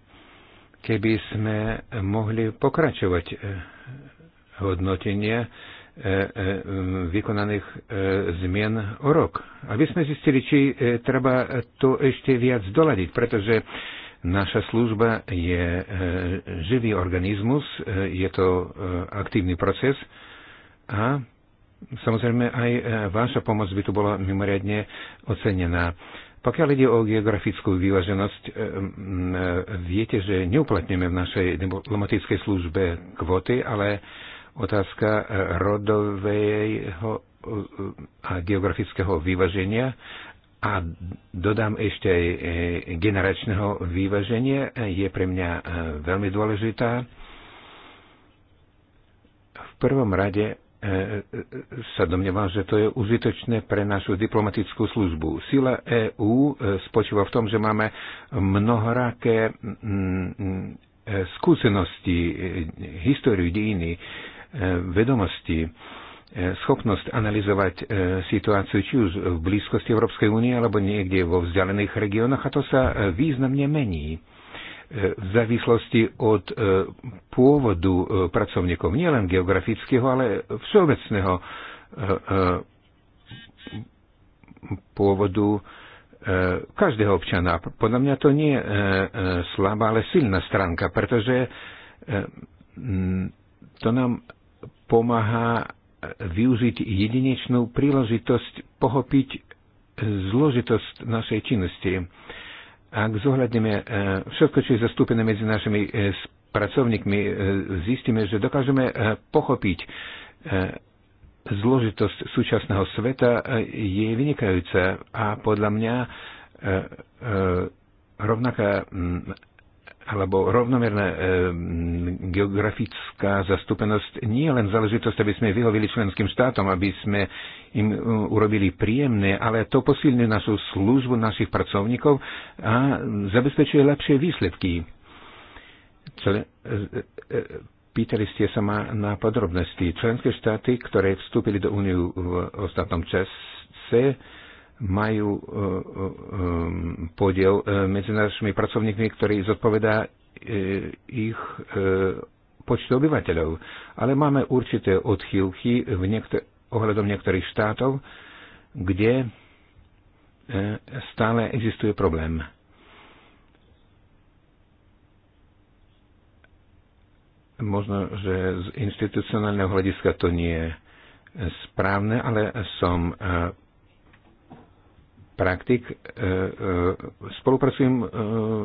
keby sme mohli pokračovať eh, hodnotenia eh, eh, vykonaných zmien o rok. Aby sme zistili, či treba to ešte viac doladiť, pretože naša služba je živý organizmus, je to aktívny proces a Samozrejme, aj e, vaša pomoc by tu bola mimoriadne ocenená. Pokiaľ ide o geografickú vyváženosť, e, e, viete, že neuplatňujeme v našej diplomatickej službe kvoty, ale otázka rodového a geografického vyváženia a dodám ešte aj generačného vyváženia je pre mňa veľmi dôležitá. V prvom rade E, e, e, sa domnievam, že to je užitočné pre našu diplomatickú službu. Sila EÚ spočíva v tom, že máme mnohoraké skúsenosti, históriu, dejiny, vedomosti, schopnosť analyzovať situáciu či už v blízkosti Európskej únie alebo niekde vo vzdialených regiónoch a to sa významne mení v závislosti od e, pôvodu e, pracovníkov, nielen geografického, ale všeobecného e, pôvodu každého občana. Podľa mňa to nie je slabá, ale silná stránka, pretože to nám pomáha využiť jedinečnú príležitosť pochopiť zložitosť našej činnosti. Ak zohľadneme e, všetko, čo je zastúpené medzi našimi e, pracovníkmi, e, zistíme, že dokážeme pochopiť zložitosť súčasného sveta je vynikajúca a podľa mňa rovnaká alebo rovnomerné geografická zastúpenosť nie je len záležitosť, aby sme vyhovili členským štátom, aby sme im uh, urobili príjemné, ale to posilňuje našu službu našich pracovníkov a zabezpečuje lepšie výsledky. Čele, uh, uh, pýtali ste sa ma na podrobnosti. Členské štáty, ktoré vstúpili do úniu v ostatnom čase, majú um, podiel medzi našimi pracovníkmi, ktorý zodpovedá E, ich e, počtu obyvateľov. Ale máme určité odchýlky v niektor- ohľadom niektorých štátov, kde e, stále existuje problém. Možno, že z institucionálneho hľadiska to nie je správne, ale som praktik, spolupracujem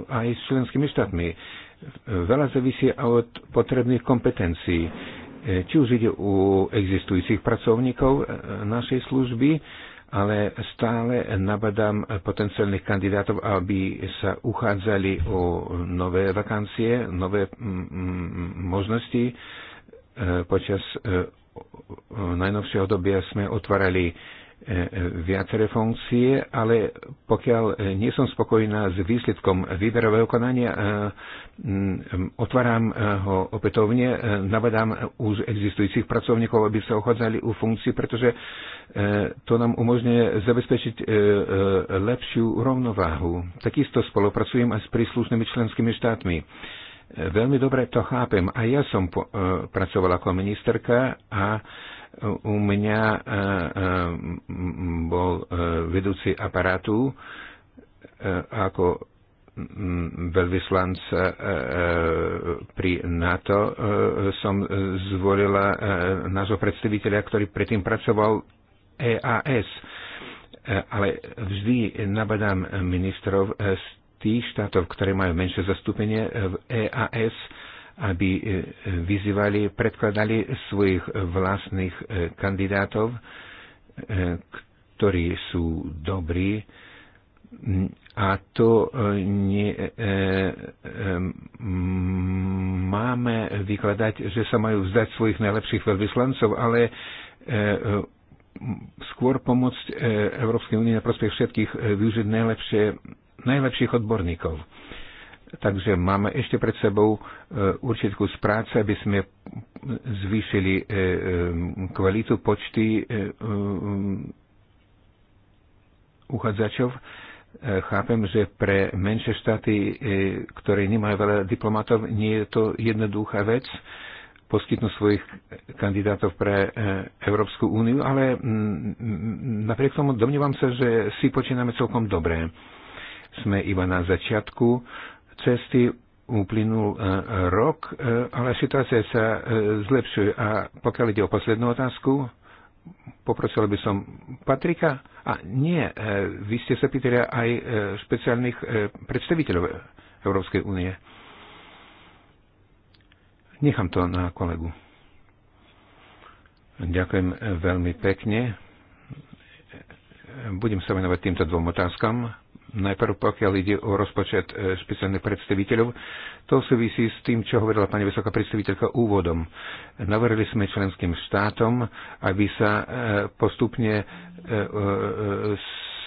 aj s členskými štátmi. Veľa závisí od potrebných kompetencií. Či už ide u existujúcich pracovníkov e, našej služby, ale stále nabadám potenciálnych kandidátov, aby sa uchádzali o nové vakancie, nové možnosti. E, počas e, najnovšieho dobia sme otvárali viaceré funkcie, ale pokiaľ nie som spokojná s výsledkom výberového konania, eh, mm, otváram eh, ho opätovne, eh, nabadám už existujúcich pracovníkov, aby sa ochádzali u funkcií, pretože to nám umožňuje zabezpečiť lepšiu rovnováhu. Takisto spolupracujem aj s príslušnými členskými štátmi. Veľmi dobre to chápem. A ja som pracovala ako ministerka a u mňa e, e, bol e, vedúci aparátu ako veľvyslanca pri NATO som zvolila názov predstaviteľa, ktorý predtým pracoval EAS. Ale vždy nabadám ministrov z tých štátov, ktoré majú menšie zastúpenie v EAS, aby e, vyzývali, predkladali svojich vlastných e, kandidátov, e, ktorí sú dobrí a to nie, e, e, máme vykladať, že sa majú vzdať svojich najlepších veľvyslancov, ale e, skôr pomôcť Európskej únie na prospech všetkých využiť najlepšie, najlepších odborníkov. Takže máme ešte pred sebou e, určitú z práce, aby sme zvýšili e, e, kvalitu počty uchádzačov. Chápem, že pre menšie štáty, ktoré nemajú veľa diplomatov, nie je to jednoduchá vec poskytnúť svojich kandidátov pre Európsku úniu, ale napriek tomu domnívam sa, že si počíname celkom dobre. Sme iba na začiatku cesty uplynul e, rok, e, ale situácia sa e, zlepšuje. A pokiaľ ide o poslednú otázku, poprosil by som Patrika. A nie, vy ste sa pýtali aj špeciálnych predstaviteľov Európskej únie. Nechám to na kolegu. Ďakujem veľmi pekne. Budem sa venovať týmto dvom otázkam Najprv pokiaľ ide o rozpočet e, špeciálnych predstaviteľov, to súvisí s tým, čo hovorila pani vysoká predstaviteľka úvodom. Navrhli sme členským štátom, aby sa e, postupne e,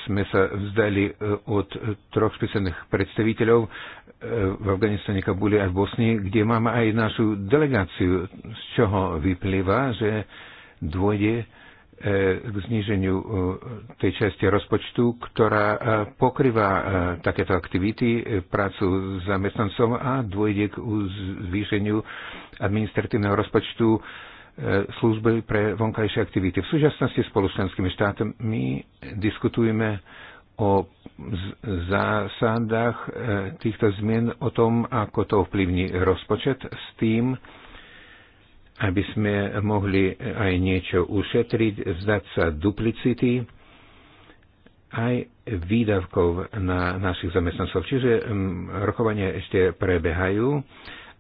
sme sa vzdali od troch špeciálnych predstaviteľov v Afganistane, Kabuli a v Bosni, kde máme aj našu delegáciu, z čoho vyplýva, že dôjde k e, zniženiu e, tej časti rozpočtu, ktorá e, pokrýva takéto aktivity, prácu s zamestnancom a dôjde k zvýšeniu administratívneho rozpočtu služby pre vonkajšie aktivity. V súčasnosti spolu s členskými štátmi diskutujeme o zásadách týchto zmien, o tom, ako to ovplyvní rozpočet s tým, aby sme mohli aj niečo ušetriť, vzdať sa duplicity aj výdavkov na našich zamestnancov. Čiže mm, rokovania ešte prebehajú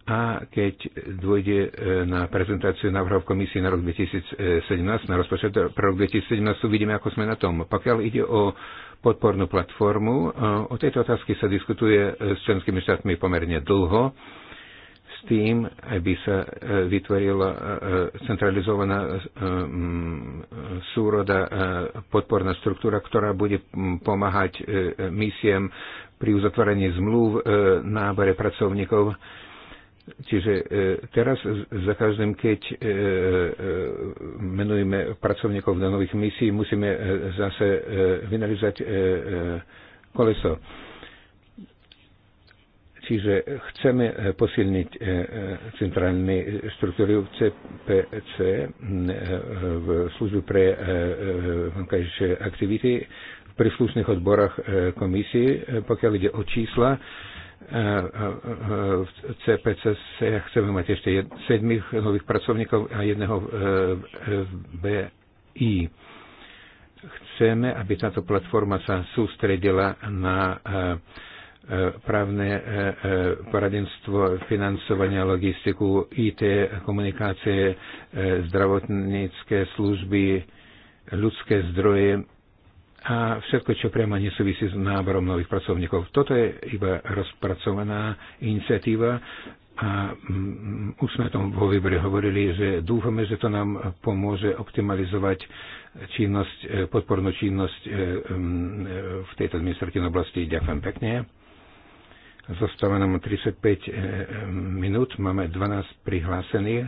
a keď dôjde e, na prezentáciu návrhov komisie na rok 2017, na rozpočet pre rok 2017, uvidíme, ako sme na tom. Pokiaľ ide o podpornú platformu, e, o tejto otázky sa diskutuje s členskými štátmi pomerne dlho s tým, aby sa e, vytvorila e, e, centralizovaná súroda podporná struktúra, ktorá bude pomáhať misiem pri uzatvorení zmluv, bare pracovníkov. Čiže teraz za každým, keď menujeme pracovníkov do nových misií, musíme zase vynalizať koleso Čiže chceme eh, posilniť eh, eh, centrálne štruktúry v CPC mm, v službu pre vonkajšie aktivity v príslušných odborách komisie, pokiaľ ide o čísla. V CPC chceme mať ešte sedmých nových pracovníkov a jedného v BI chceme, aby táto platforma sa sústredila na právne e, e, poradenstvo, financovanie, logistiku, IT, komunikácie, e, zdravotnícke služby, ľudské zdroje a všetko, čo priamo nesúvisí s náborom nových pracovníkov. Toto je iba rozpracovaná iniciatíva a mm, už sme tom vo výbore hovorili, že dúfame, že to nám pomôže optimalizovať činnosť, podpornú činnosť v tejto administratívnej oblasti. Ďakujem pekne. Zostáva nám 35 eh, minút, máme 12 prihlásených.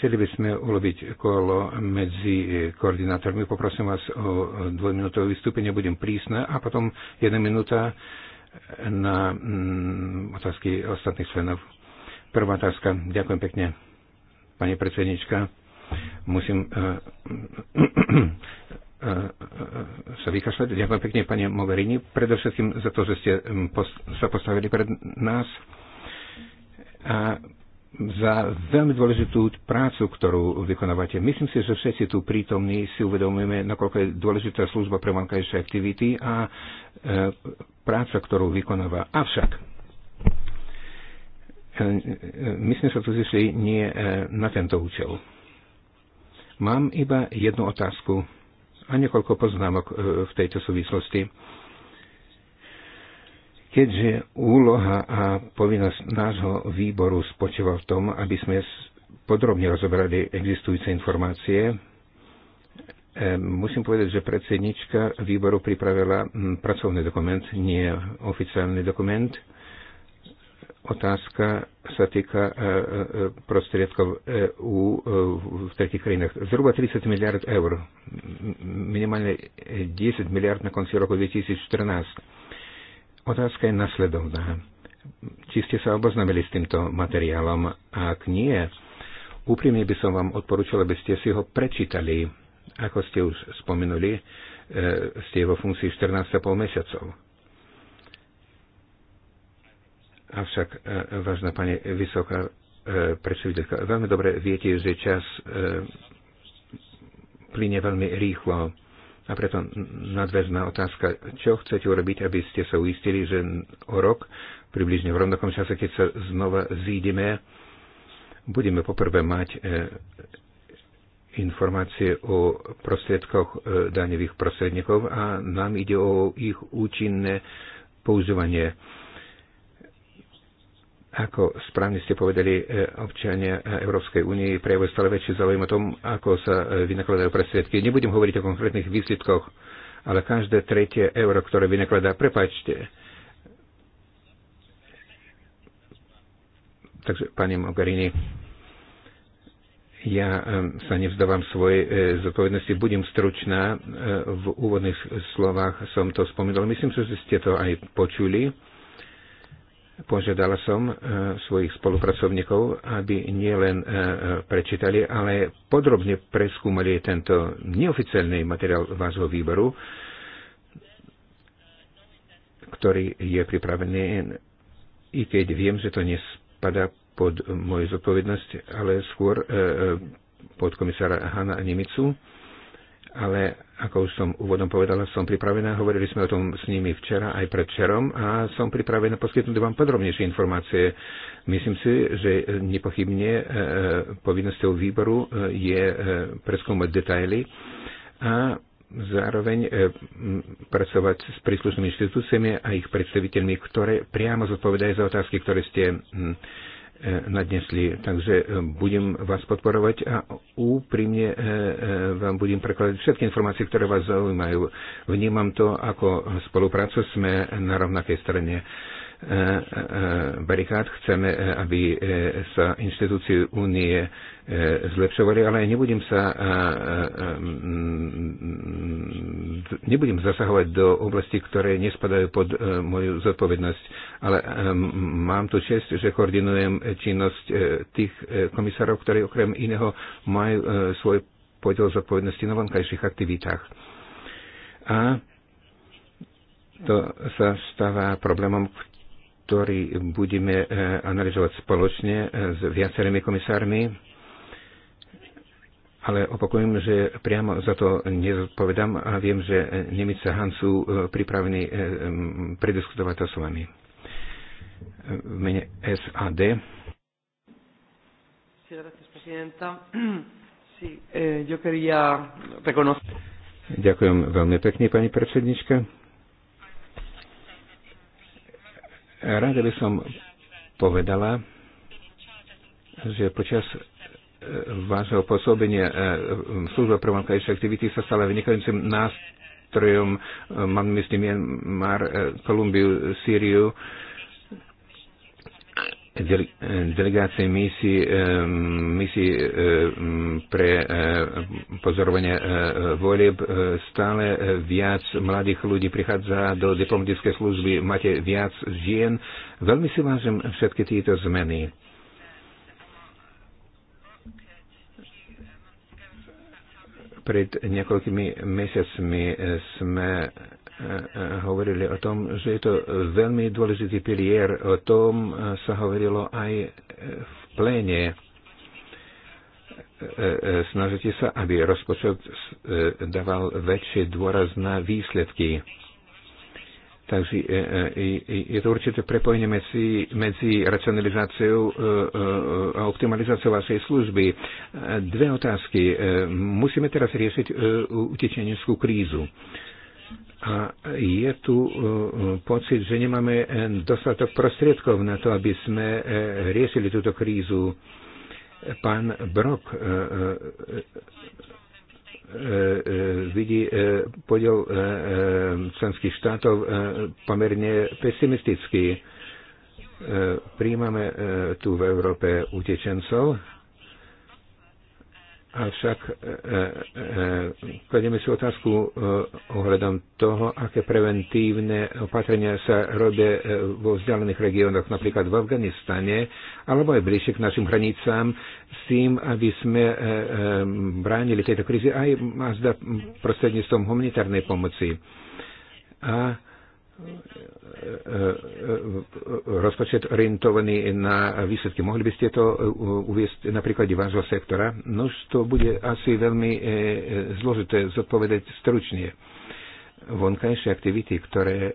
Chceli by sme urobiť kolo medzi eh, koordinátormi. Poprosím vás o dvojminútové vystúpenie, budem prísna a potom jedna minúta na mm, otázky ostatných členov. Prvá otázka. Ďakujem pekne, pani predsednička. Musím eh, E, e, e, sa vykašľať. Ďakujem pekne, pani Mogherini, predovšetkým za to, že ste sa postavili pred nás a za veľmi dôležitú prácu, ktorú vykonávate. Myslím si, že všetci tu prítomní si uvedomujeme, nakoľko je dôležitá služba pre vonkajšie aktivity a práca, ktorú vykonáva. Avšak, my sme sa tu zišli nie na tento účel. Mám iba jednu otázku a niekoľko poznámok e, v tejto súvislosti. Keďže úloha a povinnosť nášho výboru spočíva v tom, aby sme podrobne rozobrali existujúce informácie, e, musím povedať, že predsednička výboru pripravila pracovný dokument, nie oficiálny dokument, otázka sa týka e, e, prostriedkov EU e, v tretich krajinách. Zhruba 30 miliard eur, minimálne 10 miliard na konci roku 2014. Otázka je nasledovná. Či ste sa oboznámili s týmto materiálom? Ak nie, úprimne by som vám odporúčal, aby ste si ho prečítali. Ako ste už spomenuli, ste vo funkcii 14,5 mesiacov Avšak, e, vážna pani vysoká e, predstaviteľka, veľmi dobre viete, že čas e, plyne veľmi rýchlo. A preto nadväzná otázka, čo chcete urobiť, aby ste sa uistili, že o rok, približne v rovnakom čase, keď sa znova zídeme, budeme poprvé mať informácie o prostriedkoch daňových prostredníkov a nám ide o ich účinné používanie. Ako správne ste povedali, e, občania e, Európskej únie prejavujú stále väčší záujem o tom, ako sa e, vynakladajú prostriedky. Nebudem hovoriť o konkrétnych výsledkoch, ale každé tretie euro, ktoré vynakladá, prepačte. Takže, pani Mogherini, ja sa nevzdávam svojej zodpovednosti, budem stručná. V úvodných slovách som to spomínal. Myslím, že ste to aj počuli požiadal som e, svojich spolupracovníkov, aby nielen e, prečítali, ale podrobne preskúmali tento neoficiálny materiál vášho výboru, ktorý je pripravený, i keď viem, že to nespada pod moju zodpovednosť, ale skôr e, pod komisára Hanna Nemicu, ale ako už som úvodom povedala, som pripravená, hovorili sme o tom s nimi včera aj predčerom a som pripravená poskytnúť vám podrobnejšie informácie. Myslím si, že nepochybne e, e, povinnosťou výboru e, je preskúmať detaily a zároveň pracovať s príslušnými inštitúciami a ich predstaviteľmi, ktoré priamo zodpovedajú za otázky, ktoré ste E, nadnesli. Takže e, budem vás podporovať a úprimne e, vám budem prekladať všetky informácie, ktoré vás zaujímajú. Vnímam to ako spoluprácu, sme na rovnakej strane. E, e, barikád, chceme, e, aby sa inštitúcie únie zlepšovali, ale nebudem sa nebudem zasahovať do oblasti, ktoré nespadajú pod moju zodpovednosť, ale mám tu čest, že koordinujem činnosť tých komisárov, ktorí okrem iného majú svoj podiel zodpovednosti na vonkajších aktivitách. A to sa stáva problémom, ktorý budeme e, analyzovať spoločne e, s viacerými komisármi, ale opakujem, že priamo za to nezodpovedám a viem, že Nemice a Han sú e, pripravení prediskutovať to s vami. V mene SAD. [CLEARS THROAT] Eh, Ďakujem veľmi pekne, pani predsednička. Rada by som povedala, že počas e, vášho pôsobenia e, služba pre vonkajšie aktivity sa stala vynikajúcim nástrojom, mám e, myslím Mar, Kolumbiu, Sýriu, delegácie misie, eh, misie eh, pre eh, pozorovanie volieb stále viac mladých ľudí prichádza do diplomatickej služby, máte viac žien. Veľmi si vážim všetky tieto zmeny. Pred niekoľkými mesiacmi sme Eh, hovorili o tom, že je to veľmi dôležitý pilier. O tom eh, sa hovorilo aj eh, v pléne. Snažite sa, aby rozpočet dával väčšie dôraz na výsledky. Takže je to určité prepojenie medzi, medzi racionalizáciou a optimalizáciou vašej služby. Dve otázky. Musíme teraz riešiť utečeneckú krízu. A je tu e, e, pocit, že nemáme e, dostatok prostriedkov na to, aby sme riešili túto krízu. Pán Brok vidí podiel členských štátov pomerne pesimisticky. Príjmame tu v Európe utečencov, Avšak e, e, e, kladieme si otázku e, ohľadom toho, aké preventívne opatrenia sa robia e, vo vzdialených regiónoch, napríklad v Afganistane, alebo aj bližšie k našim hranicám, s tým, aby sme e, e, bránili tejto krízi aj zda prostredníctvom humanitárnej pomoci. A rozpočet orientovaný na výsledky. Mohli by ste to e, uviesť na príklade vášho sektora? No, to bude asi veľmi e, e, zložité zodpovedať stručne vonkajšie aktivity, ktoré e, e, e,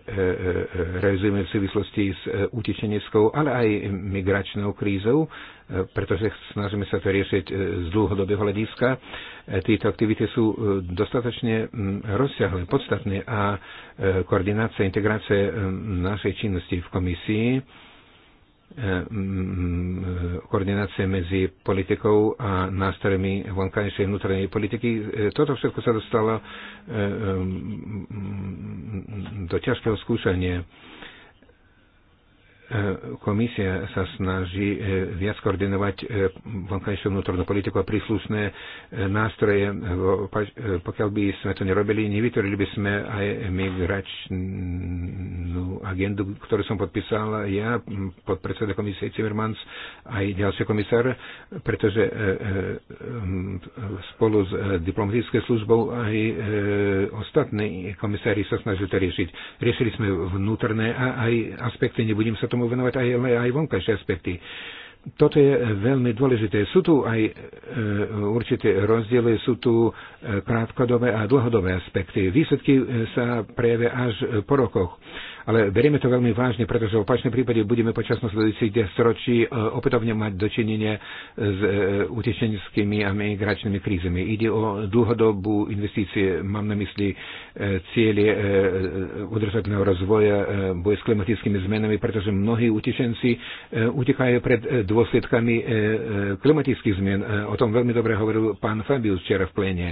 realizujeme v súvislosti s utečeneckou, ale aj migračnou krízou, pretože snažíme sa to riešiť z dlhodobého hľadiska. Tieto aktivity sú dostatočne rozsiahle, podstatné a koordinácia, integrácia našej činnosti v komisii E, koordinácie medzi politikou a nástrojmi vonkajšej vnútornej politiky. E, toto všetko sa dostalo e, do ťažkého skúšania E, komisia sa snaží e, viac koordinovať e, vonkajšiu vnútornú politiku a príslušné nástroje. Pokiaľ by sme to nerobili, nevytvorili by sme aj migračnú agendu, ktorú som podpísal ja, podpredseda komisie Cimmermans, aj ďalší komisár, pretože spolu s diplomatickou službou aj ostatní komisári sa snažili to riešiť. Riešili sme vnútorné a aj aspekty, nebudem sa to tomu venovať aj, aj vonkajšie aspekty. Toto je veľmi dôležité. Sú tu aj e, určité rozdiely, sú tu e, krátkodobé a dlhodobé aspekty. Výsledky e, sa prejavia až po rokoch. E, ale berieme to veľmi vážne, pretože v opačnom prípade budeme počas nasledujúcich ročí e, opätovne mať dočinenie s e, utečenskými a migračnými krízami. Ide o dlhodobú investície, mám na mysli e, cieľe udržateľného rozvoja, boj s klimatickými zmenami, pretože mnohí utečenci utekajú pred dôsledkami klimatických zmien. O tom veľmi dobre hovoril pán Fabius včera v plene,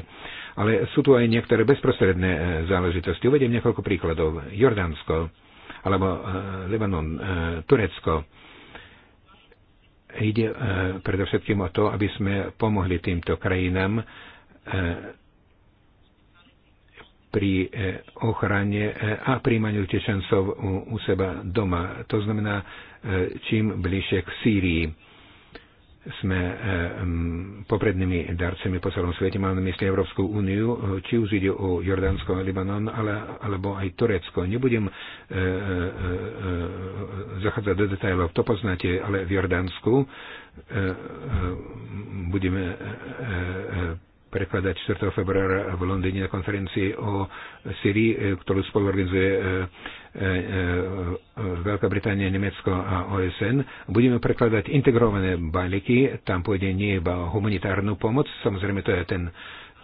Ale sú tu aj niektoré bezprostredné záležitosti. Uvediem niekoľko príkladov. Jordánsko alebo e, Libanon, e, Turecko. Ide e, predovšetkým o to, aby sme pomohli týmto krajinám pri ochrane a príjmaniu utečencov u, u seba doma. To znamená, čím bližšie k Sýrii sme e, poprednými darcami po celom svete. máme na mysli Európsku úniu, či už ide o Jordánsko, a Libanon, ale, alebo aj Turecko. Nebudem e, e, e, zachádzať do detajlov, to poznáte, ale v Jordánsku e, e, budeme e, e, prekladať 4. februára v Londýne na konferencii o Syrii, e, ktorú spoluorganizuje e, E, e, Veľká Británia, Nemecko a OSN. Budeme prekladať integrované balíky, tam pôjde nie iba o humanitárnu pomoc, samozrejme to je ten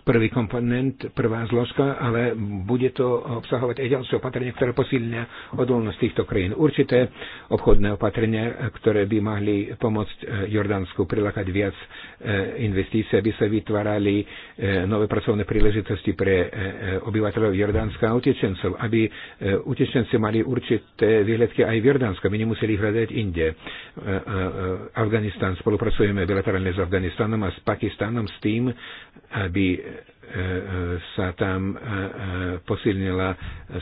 prvý komponent, prvá zložka, ale bude to obsahovať aj ďalšie opatrenia, ktoré posilnia odolnosť týchto krajín. Určité obchodné opatrenia, ktoré by mohli pomôcť e, Jordánsku prilákať viac Eh, investície, aby sa vytvárali eh, nové pracovné príležitosti pre eh, obyvateľov Jordánska a utečencov, aby utečenci mali určité výhľadky aj v Jordánsku, aby nemuseli hľadať inde. Afganistan, spolupracujeme bilaterálne s Afganistanom a s Pakistanom s tým, aby sa tam posilnila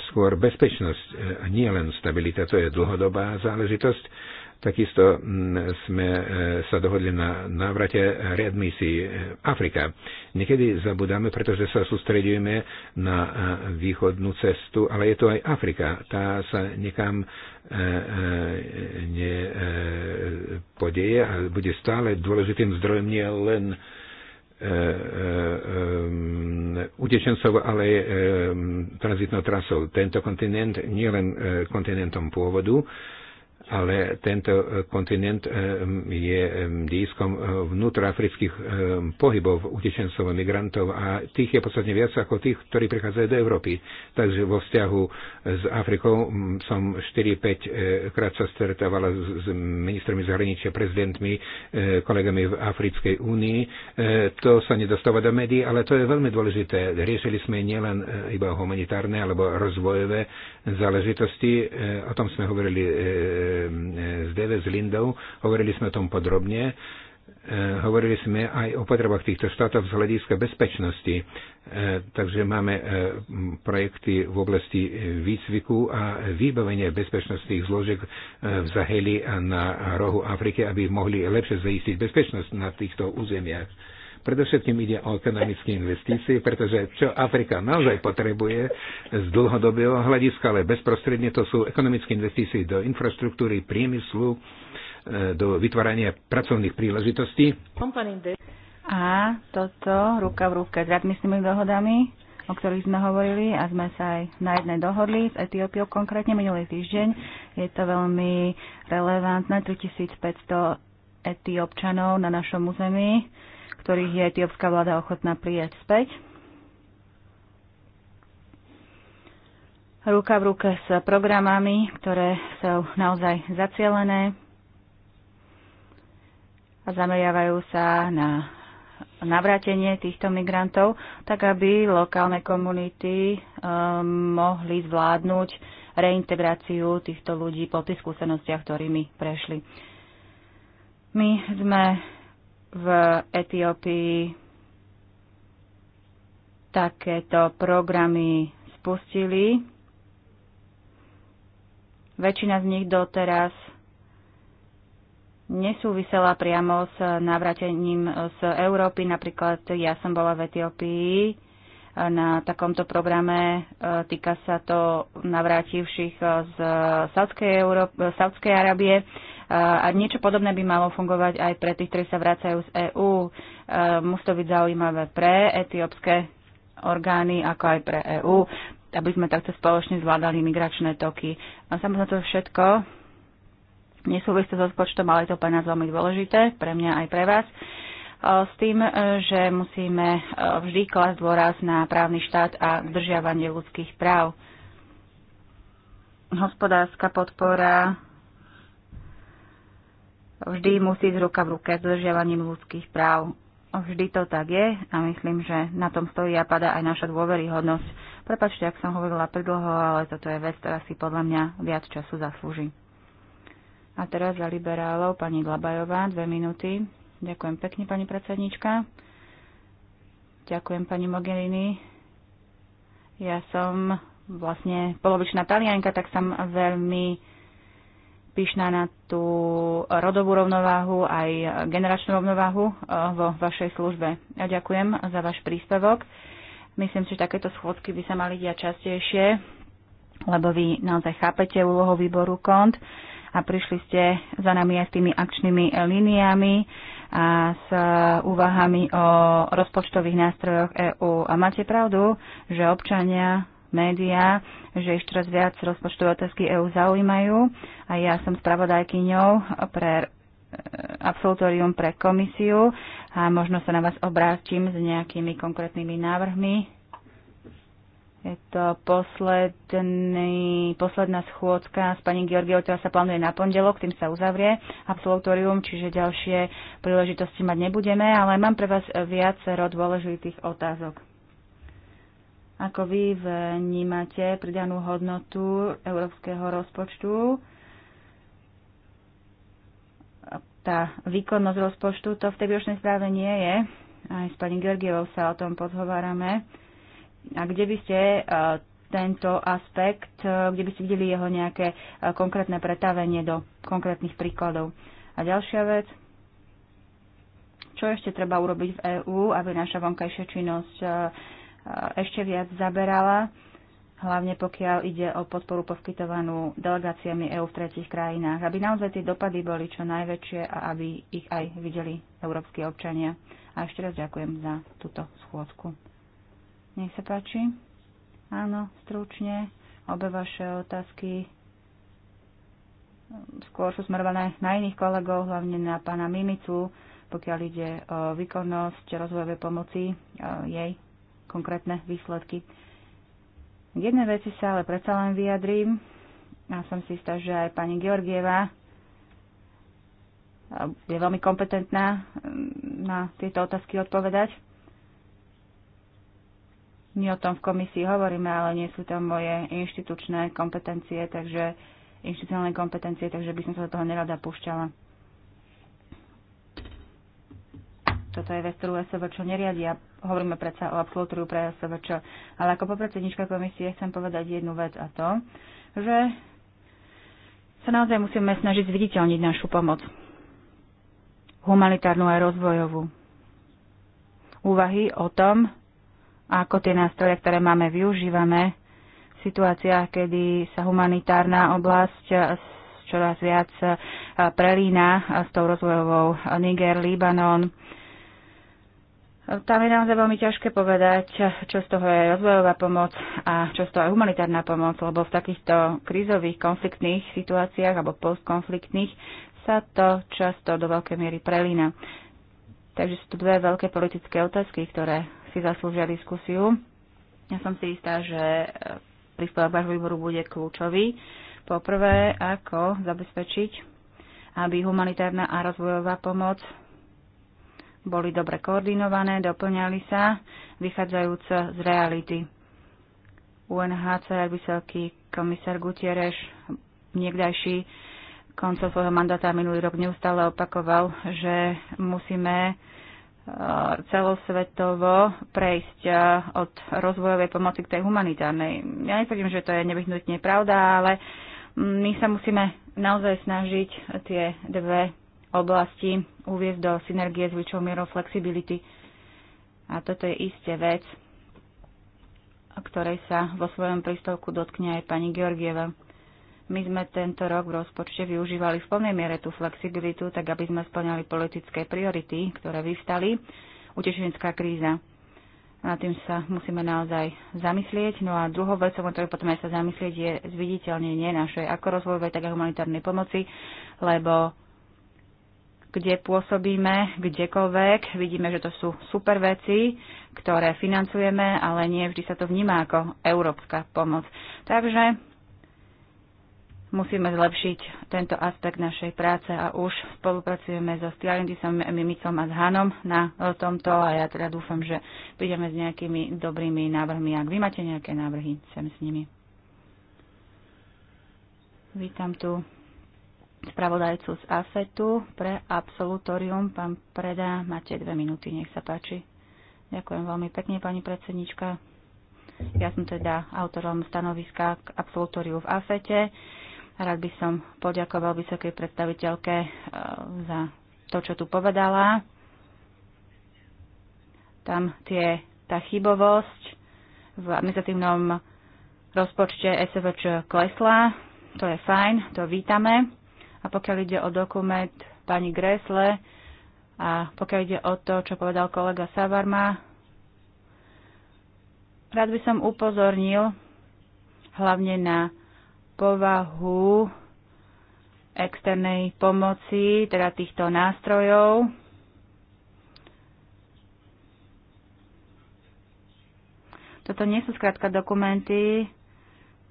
skôr bezpečnosť, nie len stabilita, to je dlhodobá záležitosť Takisto mm, sme e, sa dohodli na návrate readmisii e, Afrika. Niekedy zabudáme, pretože sa sústredujeme na e, východnú cestu, ale je to aj Afrika. Tá sa nikam nepodeje a bude stále dôležitým zdrojom nie len utečencov, ale aj tranzitnou trasou. Tento kontinent nie len kontinentom pôvodu, ale tento e, kontinent e, je dískom e, vnútroafrických pohybov utečencov a migrantov a tých je podstatne viac ako tých, ktorí prichádzajú do Európy. Takže vo vzťahu s Afrikou som 4-5 krát sa stretávala s ministrami zahraničia, prezidentmi, kolegami v Africkej únii. To sa nedostáva do médií, ale to je veľmi dôležité. Riešili sme nielen iba humanitárne alebo rozvojové záležitosti. O tom sme hovorili z DV, s Lindou. Hovorili sme o tom podrobne. E, hovorili sme aj o potrebách týchto štátov z hľadiska bezpečnosti. E, takže máme e, projekty v oblasti výcviku a vybavenia bezpečnostných zložiek v Zaheli a na rohu Afriky, aby mohli lepšie zaistiť bezpečnosť na týchto územiach Predovšetkým ide o ekonomické investície, pretože čo Afrika naozaj potrebuje z dlhodobého hľadiska, ale bezprostredne to sú ekonomické investície do infraštruktúry, priemyslu, e, do vytvárania pracovných príležitostí. A toto ruka v ruke s radmyslými dohodami, o ktorých sme hovorili a sme sa aj na jednej dohodli s Etiópiou konkrétne minulý týždeň. Je to veľmi relevantné, 3500 etiópčanov na našom území ktorých je etiópska vláda ochotná prijať späť. Ruka v ruke s programami, ktoré sú naozaj zacielené a zameriavajú sa na navrátenie týchto migrantov, tak aby lokálne komunity um, mohli zvládnuť reintegráciu týchto ľudí po tých skúsenostiach, ktorými prešli. My sme v Etiópii takéto programy spustili. Väčšina z nich doteraz nesúvisela priamo s navratením z Európy. Napríklad ja som bola v Etiópii na takomto programe. E, týka sa to navrátivších z Saudskej, Euró- Saudskej Arábie a niečo podobné by malo fungovať aj pre tých, ktorí sa vracajú z EÚ. E, musí to byť zaujímavé pre etiópske orgány, ako aj pre EÚ, aby sme takto spoločne zvládali migračné toky. A samozrejme to všetko nesúvisí so rozpočtom, ale je to pre nás veľmi dôležité, pre mňa aj pre vás e, s tým, e, že musíme vždy klasť dôraz na právny štát a držiavanie ľudských práv. Hospodárska podpora vždy musí ísť ruka v ruke s dodržiavaním ľudských práv. Vždy to tak je a myslím, že na tom stojí a pada aj naša dôveryhodnosť. Prepačte, ak som hovorila predlho, ale toto je vec, ktorá si podľa mňa viac času zaslúži. A teraz za liberálov pani Glabajová, dve minúty. Ďakujem pekne, pani predsednička. Ďakujem, pani Mogherini. Ja som vlastne polovičná talianka, tak som veľmi pyšná na tú rodovú rovnováhu aj generačnú rovnováhu eh, vo vašej službe. Ja ďakujem za váš príspevok. Myslím si, že takéto schôdky by sa mali diať častejšie, lebo vy naozaj chápete úlohu výboru KONT a prišli ste za nami aj s tými akčnými líniami a s úvahami o rozpočtových nástrojoch EÚ. A máte pravdu, že občania médiá, že ešte raz viac rozpočtové otázky EÚ zaujímajú a ja som spravodajkyňou pre e, absolutórium pre komisiu a možno sa na vás obrátim s nejakými konkrétnymi návrhmi. Je to posledný, posledná schôdzka s pani Georgiou, ktorá sa plánuje na pondelok, tým sa uzavrie absolutórium, čiže ďalšie príležitosti mať nebudeme, ale mám pre vás viacero dôležitých otázok. Ako vy vnímate pridanú hodnotu európskeho rozpočtu? Tá výkonnosť rozpočtu, to v tej výročnej správe nie je. Aj s pani Georgievou sa o tom podhovárame. A kde by ste e, tento aspekt, e, kde by ste videli jeho nejaké e, konkrétne pretavenie do konkrétnych príkladov. A ďalšia vec, čo ešte treba urobiť v EÚ, aby naša vonkajšia činnosť Eh, ešte viac zaberala, hlavne pokiaľ ide o podporu poskytovanú delegáciami EÚ v tretich krajinách, aby naozaj tie dopady boli čo najväčšie a aby ich aj videli európsky občania. A ešte raz ďakujem za túto schôdku. Nech sa páči. Áno, stručne. Obe vaše otázky skôr sú smerované na iných kolegov, hlavne na pána Mimicu, pokiaľ ide o výkonnosť rozvojovej pomoci eh, jej konkrétne výsledky. K jednej veci sa ale predsa len vyjadrím. Ja som si istá, že aj pani Georgieva eh, je veľmi kompetentná mm, na tieto otázky odpovedať. My o tom v komisii hovoríme, ale nie sú to moje inštitučné kompetencie, takže inštitucionálne kompetencie, takže by som sa do toho nerada púšťala. Toto je vec, ktorú SVČ neriadia. Hovoríme predsa o absolútoriu pre SVČ. Ale ako popredsednička komisie chcem povedať jednu vec a to, že sa naozaj musíme snažiť zviditeľniť našu pomoc. Humanitárnu aj rozvojovú. Úvahy o tom, ako tie nástroje, ktoré máme, využívame v situáciách, kedy sa humanitárna oblasť čoraz viac prelína s tou rozvojovou Niger, Libanon, tam je naozaj veľmi ťažké povedať, čo z toho je rozvojová pomoc a čo z toho je humanitárna pomoc, lebo v takýchto krízových konfliktných situáciách alebo postkonfliktných sa to často do veľkej miery prelína. Takže sú tu dve veľké politické otázky, ktoré si zaslúžia diskusiu. Ja som si istá, že e, príspevok vášho výboru bude kľúčový. Poprvé, ako zabezpečiť, aby humanitárna a rozvojová pomoc boli dobre koordinované, doplňali sa, vychádzajúc z reality. UNHCR vysoký komisár Gutierrez, niekdajší koncov svojho mandáta minulý rok neustále opakoval, že musíme e, celosvetovo prejsť e, od rozvojovej pomoci k tej humanitárnej. Ja netvrdím, že to je nevyhnutne pravda, ale my sa musíme naozaj snažiť tie dve oblasti uviezť do synergie s väčšou mierou flexibility. A toto je isté vec, o ktorej sa vo svojom prístavku dotkne aj pani Georgieva. My sme tento rok v rozpočte využívali v plnej miere tú flexibilitu, tak aby sme splňali politické priority, ktoré vyvstali. Utečenská kríza. Na tým sa musíme naozaj zamyslieť. No a druhou vecou, o ktorej potom aj sa zamyslieť, je zviditeľnenie našej ako rozvojovej, tak aj humanitárnej pomoci, lebo kde pôsobíme, kdekoľvek. Vidíme, že to sú super veci, ktoré financujeme, ale nie vždy sa to vníma ako európska pomoc. Takže musíme zlepšiť tento aspekt našej práce a už spolupracujeme so Stialindisom, Mimicom a s Hanom na tomto a ja teda dúfam, že prídeme s nejakými dobrými návrhmi. Ak vy máte nejaké návrhy, sem s nimi. Vítam tu spravodajcu z AFETu pre absolutorium. Pán Preda, máte dve minúty, nech sa páči. Ďakujem veľmi pekne, pani predsednička. Ja som teda autorom stanoviska k absolutóriu v AFETe. Rád by som poďakoval vysokej predstaviteľke e, za to, čo tu povedala. Tam tie, tá chybovosť v administratívnom rozpočte SVČ klesla. To je fajn, to vítame. A pokiaľ ide o dokument pani Gresle a pokiaľ ide o to, čo povedal kolega Savarma, rád by som upozornil hlavne na povahu externej pomoci, teda týchto nástrojov. Toto nie sú skrátka dokumenty,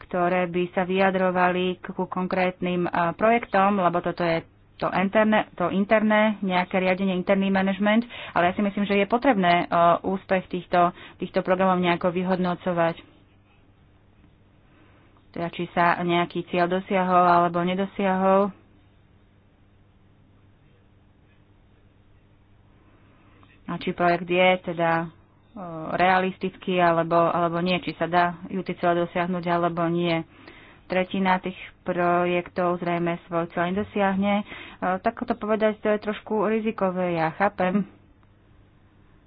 ktoré by sa vyjadrovali ku konkrétnym projektom, lebo toto je to interné, to interné, nejaké riadenie, interný management, ale ja si myslím, že je potrebné úspech týchto, týchto programov nejako vyhodnocovať. Teda či sa nejaký cieľ dosiahol alebo nedosiahol. A či projekt je teda realisticky alebo, alebo nie, či sa dá celé dosiahnuť alebo nie. Tretina tých projektov zrejme svoj cieľ nedosiahne. E, tak to povedať, to je trošku rizikové. Ja chápem,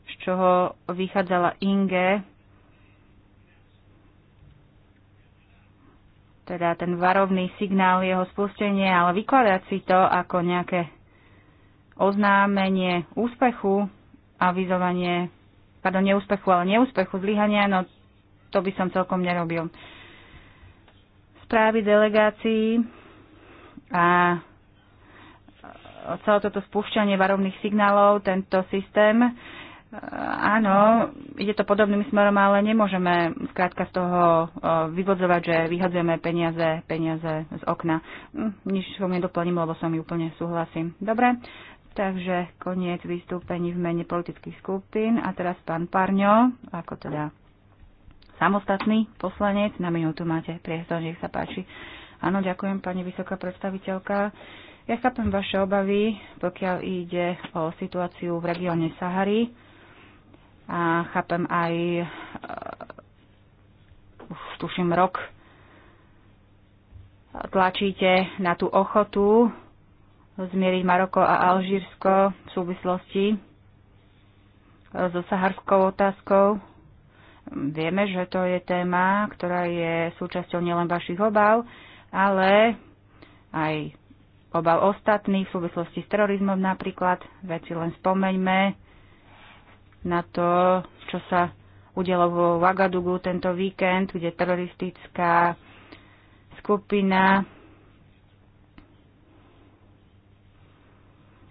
z čoho vychádzala Inge, teda ten varovný signál jeho spustenie, ale vykladať si to ako nejaké oznámenie úspechu, avizovanie pardon, neúspechu, ale neúspechu, zlyhania, no to by som celkom nerobil. Správy delegácií a celé toto spúšťanie varovných signálov, tento systém, áno, ide to podobným smerom, ale nemôžeme skrátka z toho e, vyvodzovať, že vyhodzujeme peniaze, peniaze z okna. Hm, nič som nedoplním, lebo som ju úplne súhlasím. Dobre, Takže koniec vystúpení v mene politických skupín. A teraz pán Parňo, ako teda samostatný poslanec, na minútu máte priestor, nech sa páči. Áno, ďakujem pani vysoká predstaviteľka. Ja chápem vaše obavy, pokiaľ ide o situáciu v regióne Sahary. A chápem aj, uh, už tuším, rok tlačíte na tú ochotu zmieriť Maroko a Alžírsko v súvislosti e, so saharskou otázkou. Vieme, že to je téma, ktorá je súčasťou nielen vašich obav, ale aj obav ostatných v súvislosti s terorizmom napríklad. Veci len spomeňme na to, čo sa udialo vo Vagadugu tento víkend, kde teroristická skupina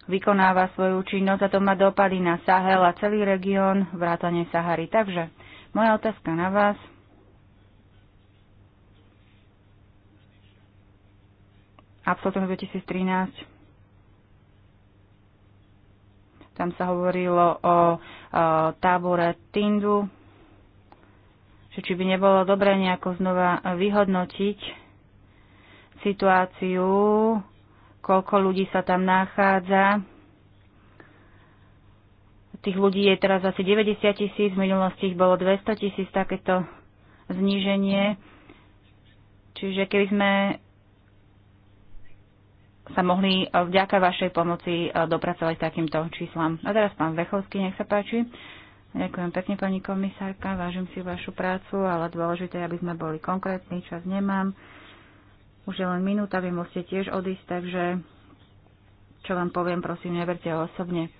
vykonáva svoju činnosť a to má dopady na Sahel a celý región, vrátane Sahary. Takže moja otázka na vás. Absolutno 2013 tam sa hovorilo o, o tábore Tindu, že či by nebolo dobre nejako znova vyhodnotiť situáciu koľko ľudí sa tam nachádza. Tých ľudí je teraz asi 90 tisíc, v minulosti ich bolo 200 tisíc, takéto zníženie. Čiže keby sme sa mohli e, vďaka vašej pomoci e, dopracovať takýmto číslam. A teraz pán Vechovský, nech sa páči. Ďakujem pekne, pani komisárka, vážim si vašu prácu, ale dôležité, aby sme boli konkrétni, čas nemám. Už je len minúta, vy musíte tiež odísť, takže čo vám poviem, prosím, neberte osobne.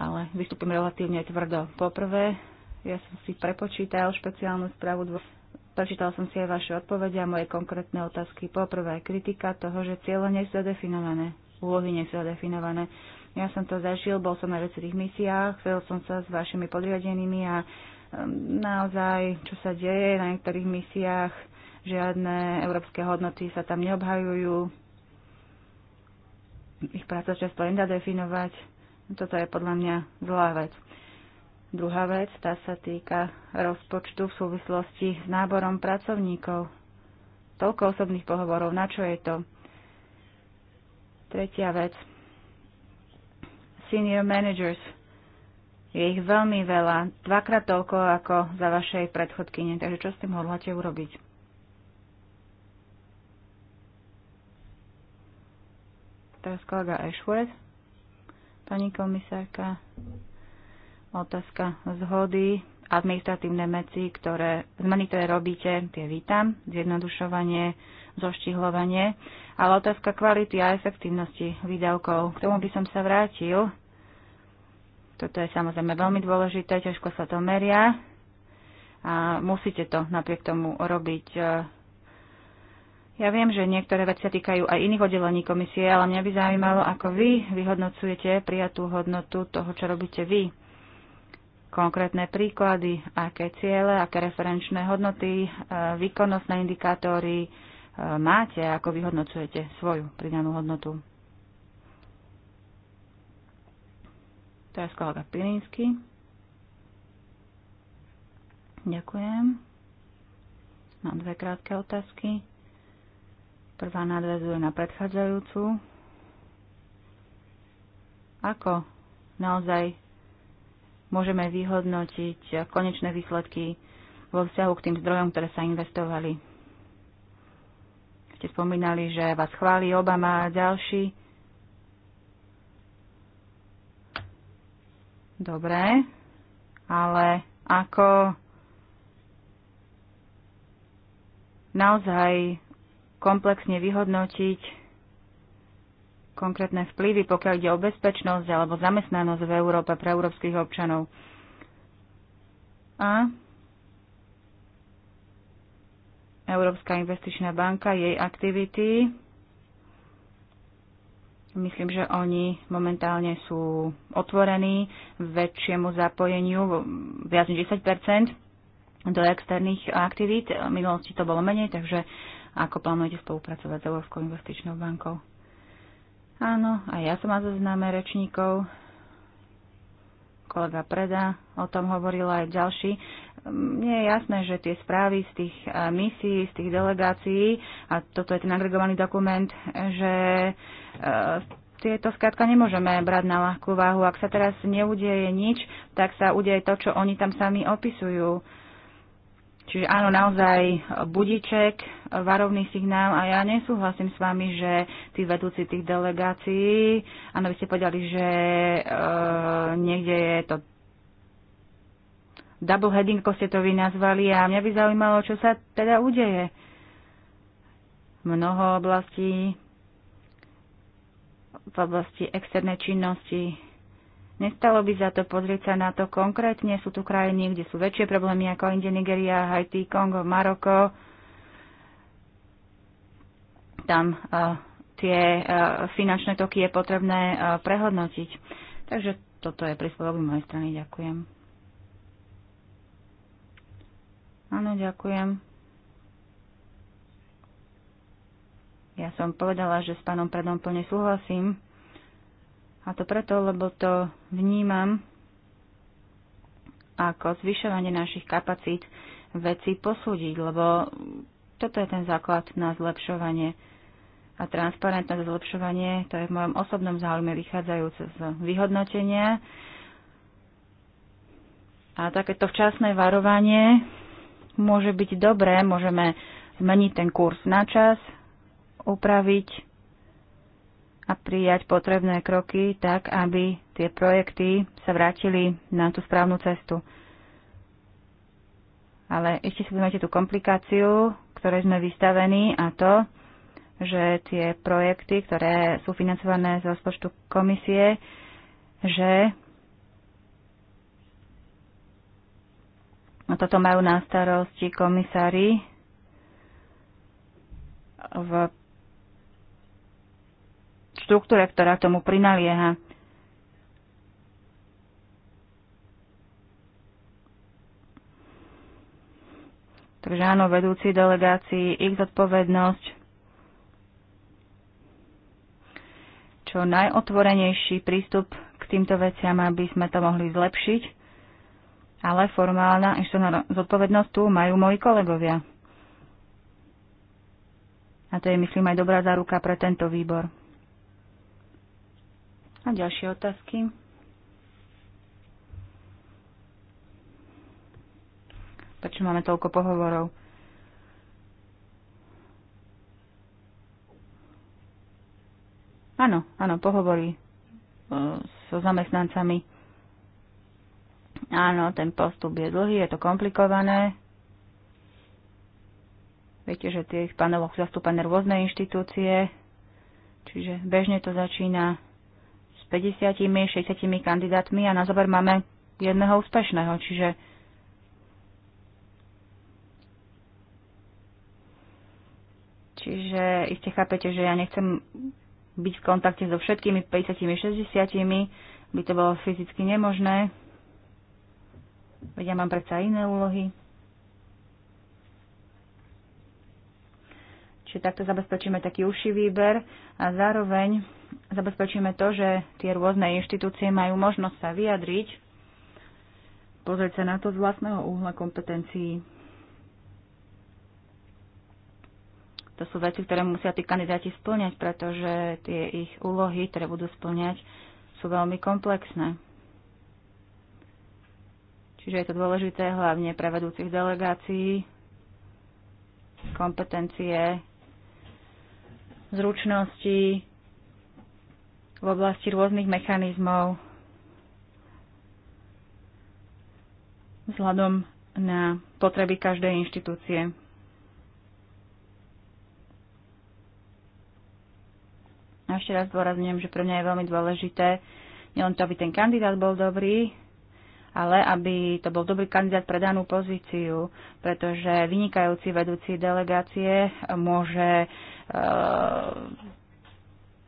Ale vystúpim relatívne tvrdo. Poprvé, ja som si prepočítal špeciálnu správu dvo- Prečítal som si aj vaše odpovede a moje konkrétne otázky. Poprvé, kritika toho, že cieľe nie sú zadefinované, úlohy nie sú zadefinované. Ja som to zažil, bol som na viacerých misiách, chcel som sa s vašimi podriadenými a naozaj, čo sa deje na niektorých misiách, žiadne európske hodnoty sa tam neobhajujú, ich práca často nedá definovať. Toto je podľa mňa zlá vec. Druhá vec, tá sa týka rozpočtu v súvislosti s náborom pracovníkov. Toľko osobných pohovorov, na čo je to? Tretia vec. Senior managers. Je ich veľmi veľa, dvakrát toľko ako za vašej predchodkyne, takže čo s tým hodláte urobiť? Teraz kolega Ashworth. Pani komisárka, otázka zhody, administratívne meci, ktoré, zmeny, ktoré robíte, tie vítam, zjednodušovanie, zoštihľovanie, ale otázka kvality a efektívnosti výdavkov, k tomu by som sa vrátil. Toto je samozrejme veľmi dôležité, ťažko sa to meria a musíte to napriek tomu robiť ja viem, že niektoré veci sa týkajú aj iných oddelení komisie, ale mňa by zaujímalo, ako vy vyhodnocujete prijatú hodnotu toho, čo robíte vy. Konkrétne príklady, aké ciele, aké referenčné hodnoty, e, výkonnostné indikátory e, máte, ako vyhodnocujete svoju pridanú hodnotu. To je kolega Pirinsky. Ďakujem. Mám dve krátke otázky. Prvá nadvezuje na predchádzajúcu. Ako naozaj môžeme vyhodnotiť konečné výsledky vo vzťahu k tým zdrojom, ktoré sa investovali. Ste spomínali, že vás chváli Obama a ďalší. Dobre, ale ako naozaj komplexne vyhodnotiť konkrétne vplyvy, pokiaľ ide o bezpečnosť alebo zamestnanosť v Európe pre európskych občanov. A Európska investičná banka, jej aktivity. Myslím, že oni momentálne sú otvorení väčšiemu zapojeniu, viac než 10 do externých aktivít. V minulosti to bolo menej, takže ako plánujete spolupracovať s Európskou investičnou bankou? Áno, a ja som mal zoznáme rečníkov. Kolega Preda o tom hovorila aj ďalší. Mne mm, je jasné, že tie správy z tých e, misií, z tých delegácií, a toto je ten agregovaný dokument, že e, tieto skrátka nemôžeme brať na ľahkú váhu. Ak sa teraz neudeje nič, tak sa udeje to, čo oni tam sami opisujú. Čiže áno, naozaj e, budiček, e, varovný signál a ja nesúhlasím s vami, že tí vedúci tých delegácií, áno, vy ste povedali, že e, niekde je to double heading, ako ste to vy nazvali a mňa by zaujímalo, čo sa teda udeje. Mnoho oblastí v oblasti externej činnosti Nestalo by za to pozrieť sa na to konkrétne. Sú tu krajiny, kde sú väčšie problémy ako Indie, Nigeria, Haiti, Kongo, Maroko. Tam uh, tie uh, finančné toky je potrebné uh, prehodnotiť. Takže toto je príspevok z mojej strany. Ďakujem. Áno, ďakujem. Ja som povedala, že s pánom Predom plne súhlasím. A to preto, lebo to vnímam ako zvyšovanie našich kapacít veci posúdiť, lebo toto je ten základ na zlepšovanie. A transparentné zlepšovanie, to je v mojom osobnom záujme vychádzajúce z vyhodnotenia. A takéto včasné varovanie môže byť dobré, môžeme zmeniť ten kurz na čas, upraviť a prijať potrebné kroky tak, aby tie projekty sa vrátili na tú správnu cestu. Ale ešte si budeme tú komplikáciu, ktoré sme vystavení a to, že tie projekty, ktoré sú financované z rozpočtu komisie, že toto majú na starosti komisári v štruktúre, ktorá tomu prinalieha. Takže áno, vedúci delegácii ich zodpovednosť, čo najotvorenejší prístup k týmto veciam, aby sme to mohli zlepšiť, ale formálna na zodpovednosť tu majú moji kolegovia. A to je, myslím, aj dobrá záruka pre tento výbor. A ďalšie otázky? Prečo máme toľko pohovorov? Áno, áno, pohovory e, so zamestnancami. Áno, ten postup je dlhý, je to komplikované. Viete, že tie v paneloch zastúpané rôzne inštitúcie, čiže bežne to začína 50-60 kandidátmi a na záver máme jedného úspešného. Čiže Čiže iste chápete, že ja nechcem byť v kontakte so všetkými 50-60, by to bolo fyzicky nemožné. Veď ja mám predsa iné úlohy. Čiže takto zabezpečíme taký užší výber a zároveň zabezpečíme to, že tie rôzne inštitúcie majú možnosť sa vyjadriť, pozrieť sa na to z vlastného úhla kompetencií. To sú veci, ktoré musia tí kandidáti splňať, pretože tie ich úlohy, ktoré budú splňať, sú veľmi komplexné. Čiže je to dôležité hlavne pre vedúcich delegácií, kompetencie, zručnosti, v oblasti rôznych mechanizmov vzhľadom na potreby každej inštitúcie. A ešte raz dôrazňujem, že pre mňa je veľmi dôležité nielen to, aby ten kandidát bol dobrý, ale aby to bol dobrý kandidát pre danú pozíciu, pretože vynikajúci vedúci delegácie môže eh,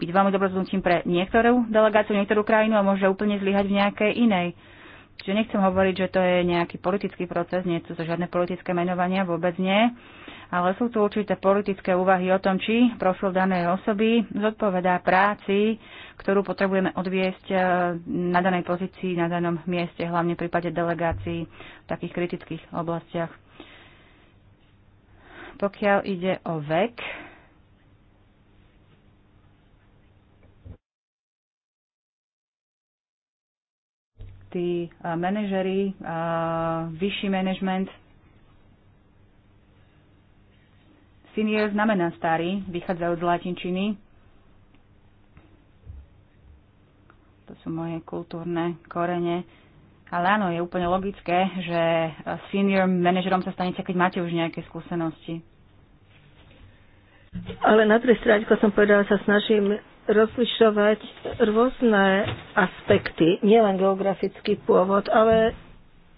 byť veľmi dobrým pre niektorú delegáciu, niektorú krajinu a môže úplne zlyhať v nejakej inej. Čiže nechcem hovoriť, že to je nejaký politický proces, nie sú to žiadne politické menovania, vôbec nie, ale sú tu určité politické úvahy o tom, či profil danej osoby zodpovedá práci, ktorú potrebujeme odviesť e, na danej pozícii, na danom mieste, hlavne v prípade delegácií v takých kritických oblastiach. Pokiaľ ide o vek, tí eh, manažery, eh, vyšší manažment. Senior znamená starý, vychádzajú z latinčiny. To sú moje kultúrne korene. Ale áno, je úplne logické, že eh, senior manažerom sa stanete, keď máte už nejaké skúsenosti. Ale na druhej strane, ako som povedala, sa snažím rozlišovať rôzne aspekty, nielen geografický pôvod, ale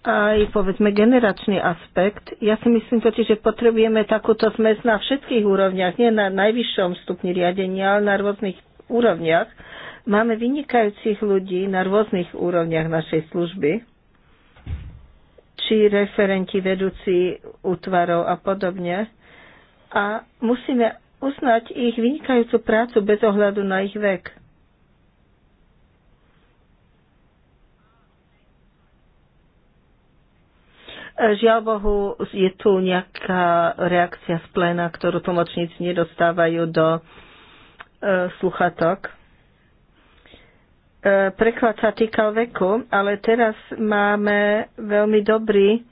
aj povedzme generačný aspekt. Ja si myslím totiž, že potrebujeme takúto zmes na všetkých úrovniach, nie na najvyššom stupni riadenia, ale na rôznych úrovniach. Máme vynikajúcich ľudí na rôznych úrovniach našej služby, či referenti, vedúci útvarov a podobne. A musíme uznať ich vynikajúcu prácu bez ohľadu na ich vek. Žiaľ Bohu, je tu nejaká reakcia z pléna, ktorú tlmočníci nedostávajú do e, sluchatok. E, preklad sa týkal veku, ale teraz máme veľmi dobrý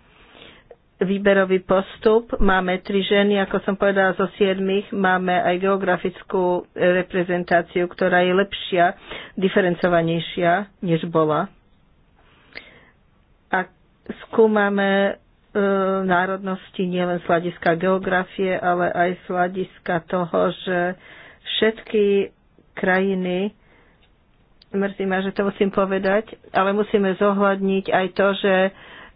výberový postup. Máme tri ženy, ako som povedala, zo siedmých. Máme aj geografickú reprezentáciu, ktorá je lepšia, diferencovanejšia, než bola. A skúmame e, národnosti nielen z hľadiska geografie, ale aj z hľadiska toho, že všetky krajiny mrzí ma, že to musím povedať, ale musíme zohľadniť aj to, že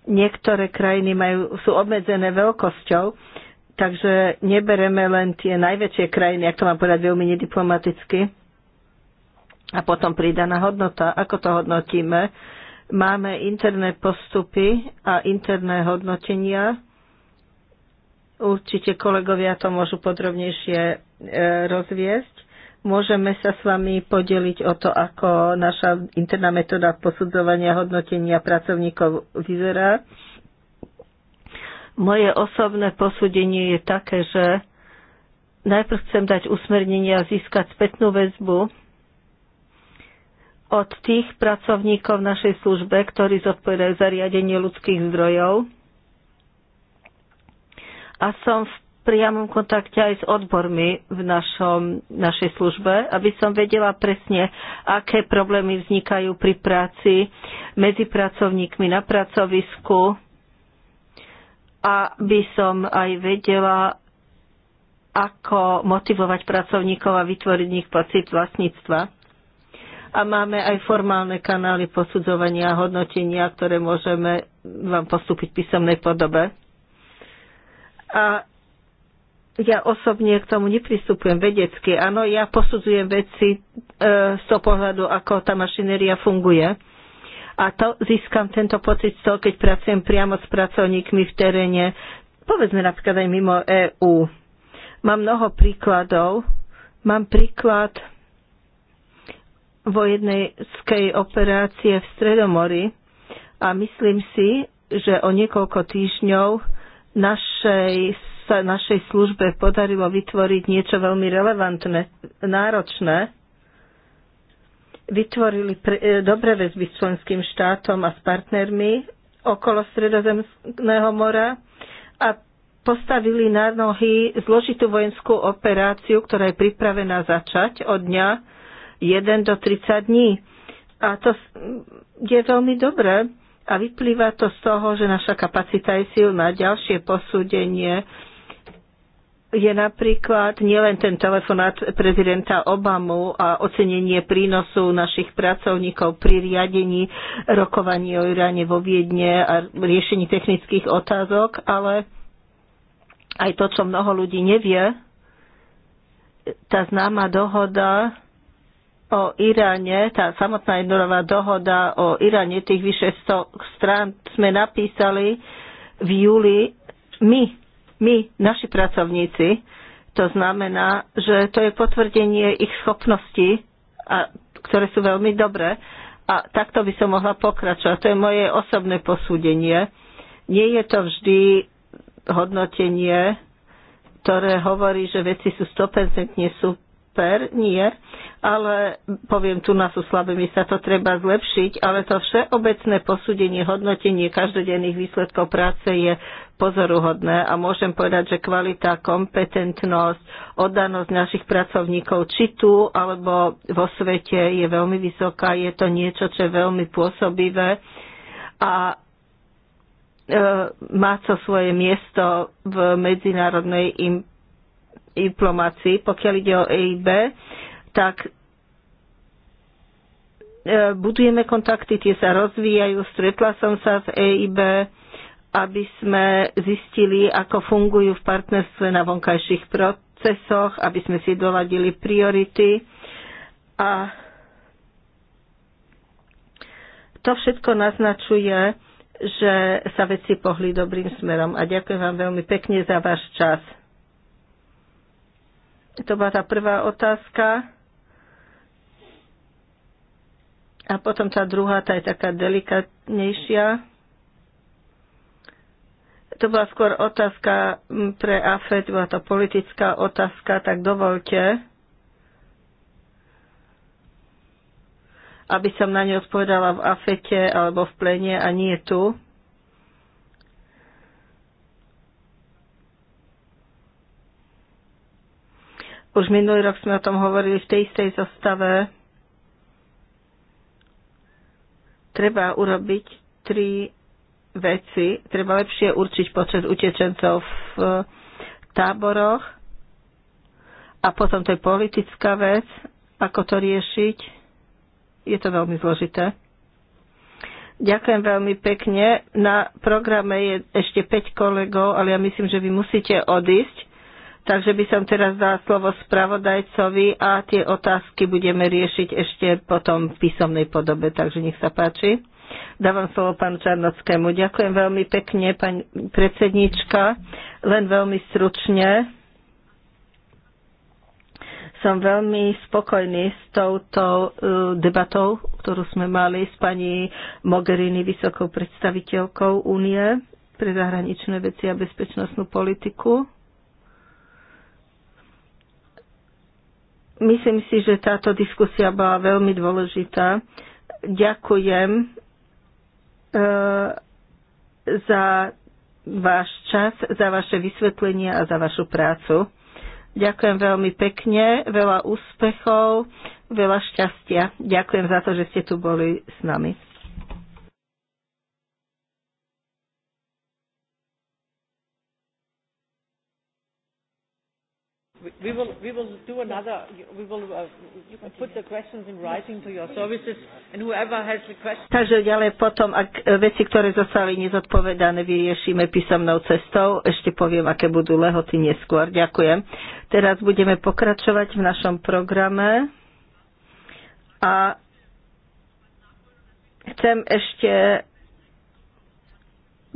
niektoré krajiny majú, sú obmedzené veľkosťou, takže nebereme len tie najväčšie krajiny, ak to mám povedať veľmi nediplomaticky. A potom pridaná hodnota. Ako to hodnotíme? Máme interné postupy a interné hodnotenia. Určite kolegovia to môžu podrobnejšie e, rozviesť môžeme sa s vami podeliť o to, ako naša interná metóda posudzovania hodnotenia pracovníkov vyzerá. Moje osobné posúdenie je také, že najprv chcem dať usmernenie a získať spätnú väzbu od tých pracovníkov v našej službe, ktorí zodpovedajú za riadenie ľudských zdrojov. A som v priamom kontakte aj s odbormi v našom, našej službe, aby som vedela presne, aké problémy vznikajú pri práci medzi pracovníkmi na pracovisku a by som aj vedela, ako motivovať pracovníkov a vytvoriť nich pocit vlastníctva. A máme aj formálne kanály posudzovania a hodnotenia, ktoré môžeme vám postúpiť v písomnej podobe. A ja osobne k tomu nepristupujem vedecky. Áno, ja posudzujem veci e, z toho pohľadu, ako tá mašinéria funguje. A to získam tento pocit z toho, keď pracujem priamo s pracovníkmi v teréne, povedzme napríklad aj mimo EÚ. Mám mnoho príkladov. Mám príklad vojenskej operácie v Stredomori a myslím si, že o niekoľko týždňov našej sa našej službe podarilo vytvoriť niečo veľmi relevantné, náročné. Vytvorili pre, e, dobré väzby s členským štátom a s partnermi okolo Stredozemného mora a postavili na nohy zložitú vojenskú operáciu, ktorá je pripravená začať od dňa 1 do 30 dní. A to je veľmi dobré, a vyplýva to z toho, že naša kapacita je silná. Ďalšie posúdenie je napríklad nielen ten telefonát prezidenta Obamu a ocenenie prínosu našich pracovníkov pri riadení rokovaní o Iráne vo Viedne a riešení technických otázok, ale aj to, čo mnoho ľudí nevie, tá známa dohoda o Iráne, tá samotná jednorová dohoda o Iráne, tých vyše 100 strán sme napísali v júli my my, naši pracovníci. To znamená, že to je potvrdenie ich schopností, a, ktoré sú veľmi dobré. A takto by som mohla pokračovať. To je moje osobné posúdenie. Nie je to vždy hodnotenie, ktoré hovorí, že veci sú 100% super. Nie. Ale poviem, tu nás sú slabé, my sa to treba zlepšiť, ale to všeobecné posúdenie, hodnotenie každodenných výsledkov práce je pozoruhodné a môžem povedať, že kvalita, kompetentnosť, oddanosť našich pracovníkov či tu alebo vo svete je veľmi vysoká, je to niečo, čo je veľmi pôsobivé a e, má to svoje miesto v medzinárodnej im, diplomácii. Pokiaľ ide o EIB, tak e, budujeme kontakty, tie sa rozvíjajú. Stretla som sa v EIB aby sme zistili, ako fungujú v partnerstve na vonkajších procesoch, aby sme si doladili priority. A to všetko naznačuje, že sa veci pohli dobrým smerom. A ďakujem vám veľmi pekne za váš čas. To bola tá prvá otázka. A potom tá druhá, tá je taká delikatnejšia. To bola skôr otázka pre AFED, bola to politická otázka, tak dovolte, aby som na ňu odpovedala v AFETE alebo v plene a nie tu. Už minulý rok sme o tom hovorili v tej istej zostave. Treba urobiť tri veci. Treba lepšie určiť počet utečencov v eh, táboroch. A potom to je politická vec, ako to riešiť. Je to veľmi zložité. Ďakujem veľmi pekne. Na programe je ešte 5 kolegov, ale ja myslím, že vy musíte odísť. Takže by som teraz dala slovo spravodajcovi a tie otázky budeme riešiť ešte potom v písomnej podobe. Takže nech sa páči. Dávam slovo pánu Čarnockému. Ďakujem veľmi pekne, pani predsednička. Len veľmi stručne. Som veľmi spokojný s touto e, debatou, ktorú sme mali s pani Mogherini, vysokou predstaviteľkou únie pre zahraničné veci a bezpečnostnú politiku. Myslím si, že táto diskusia bola veľmi dôležitá. Ďakujem E, za váš čas, za vaše vysvetlenie a za vašu prácu. Ďakujem veľmi pekne, veľa úspechov, veľa šťastia. Ďakujem za to, že ste tu boli s nami. we will we will do another we will uh, put the questions in writing to your services and whoever has the question Takže ďalej potom ak e, veci, ktoré zostali nezodpovedané, vyriešime písomnou cestou. Ešte poviem, aké budú lehoty neskôr. Ďakujem. Teraz budeme pokračovať v našom programe a chcem ešte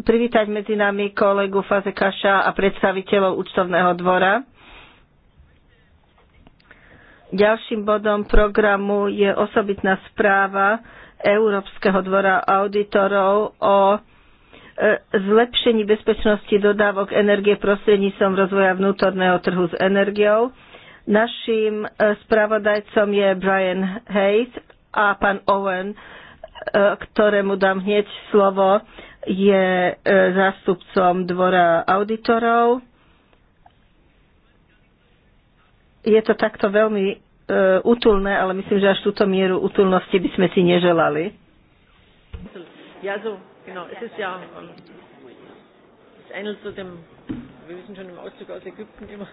privítať medzi nami kolegu Fazekaša a predstaviteľov účtovného dvora. Ďalším bodom programu je osobitná správa Európskeho dvora auditorov o e, zlepšení bezpečnosti dodávok energie prostredníctvom rozvoja vnútorného trhu s energiou. Naším e, spravodajcom je Brian Hayes a pán Owen, e, ktorému dám hneď slovo, je zástupcom dvora auditorov. je to takto veľmi e, utulné, ale myslím, že až túto mieru utulnosti by sme si neželali. Ja, so, genau, es ist ja, um, es ähnelt so dem, wir wissen schon im Auszug aus Ägypten immer,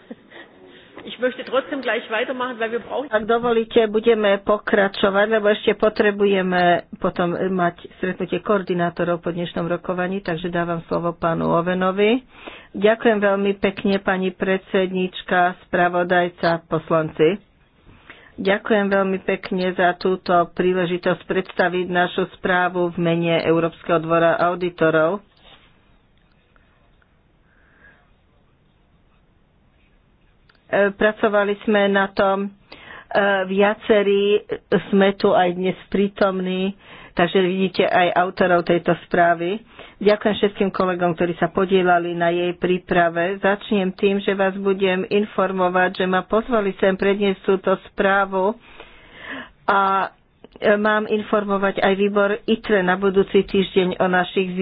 ak dovolíte, budeme pokračovať, lebo ešte potrebujeme potom mať stretnutie koordinátorov po dnešnom rokovaní, takže dávam slovo pánu Ovenovi. Ďakujem veľmi pekne, pani predsednička, spravodajca, poslanci. Ďakujem veľmi pekne za túto príležitosť predstaviť našu správu v mene Európskeho dvora auditorov. Pracovali sme na tom e, viacerí, sme tu aj dnes prítomní, takže vidíte aj autorov tejto správy. Ďakujem všetkým kolegom, ktorí sa podielali na jej príprave. Začnem tým, že vás budem informovať, že ma pozvali sem predniesť túto správu a e, mám informovať aj výbor ITRE na budúci týždeň o našich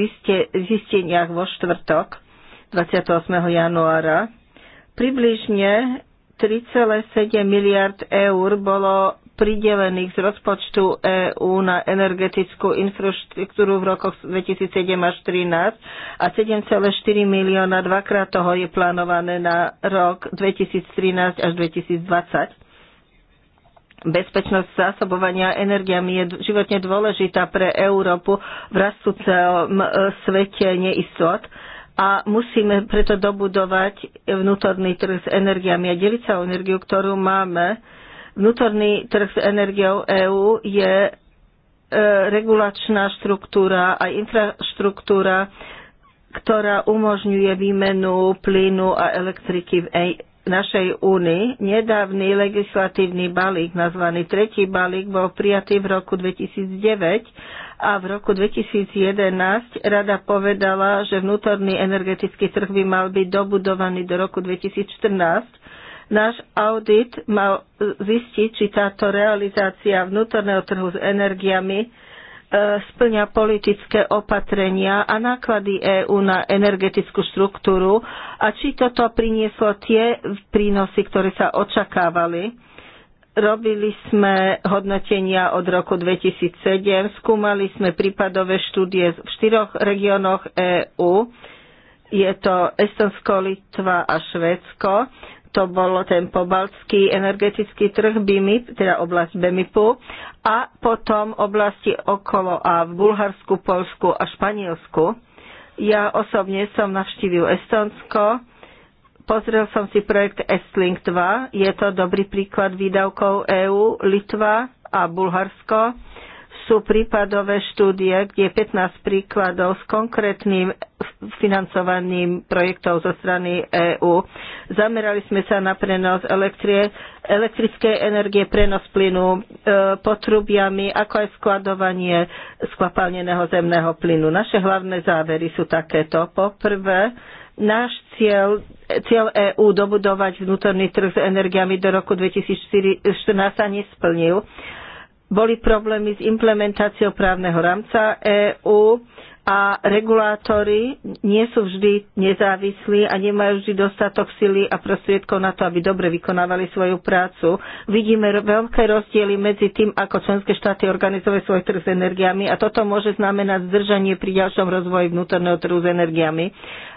zisteniach vo štvrtok 28. januára Približne 3,7 miliard eur bolo pridelených z rozpočtu EÚ na energetickú infraštruktúru v rokoch 2007 až 2013 a 7,4 milióna dvakrát toho je plánované na rok 2013 až 2020. Bezpečnosť zásobovania energiami je životne dôležitá pre Európu v rastúcom e, svete neistot a musíme preto dobudovať vnútorný trh s energiami a deliť sa o energiu, ktorú máme. Vnútorný trh s energiou EÚ je e, regulačná štruktúra a infraštruktúra, ktorá umožňuje výmenu plynu a elektriky v e našej únii. Nedávny legislatívny balík, nazvaný tretí balík, bol prijatý v roku 2009 a v roku 2011 rada povedala, že vnútorný energetický trh by mal byť dobudovaný do roku 2014 Náš audit mal zistiť, či táto realizácia vnútorného trhu s energiami E, splňa politické opatrenia a náklady EÚ na energetickú štruktúru a či toto prinieslo tie prínosy, ktoré sa očakávali. Robili sme hodnotenia od roku 2007, skúmali sme prípadové štúdie v štyroch regiónoch EÚ. Je to Estonsko, Litva a Švédsko to bol ten pobaltský energetický trh BIMIP, teda oblasť BEMIPu a potom oblasti okolo a v Bulharsku, Polsku a Španielsku. Ja osobne som navštívil Estonsko, pozrel som si projekt Estlink 2, je to dobrý príklad výdavkov EÚ, Litva a Bulharsko sú prípadové štúdie, kde je 15 príkladov s konkrétnym financovaním projektov zo strany EÚ. Zamerali sme sa na prenos elektrie, elektrické energie, prenos plynu e, potrubiami, ako aj skladovanie skvapalneného zemného plynu. Naše hlavné závery sú takéto. Poprvé, náš cieľ, cieľ EÚ dobudovať vnútorný trh s energiami do roku 2014 sa nesplnil boli problémy s implementáciou právneho rámca EÚ a regulátori nie sú vždy nezávislí a nemajú vždy dostatok sily a prostriedkov na to, aby dobre vykonávali svoju prácu. Vidíme veľké rozdiely medzi tým, ako členské štáty organizujú svoj trh s energiami a toto môže znamenať zdržanie pri ďalšom rozvoji vnútorného trhu s energiami.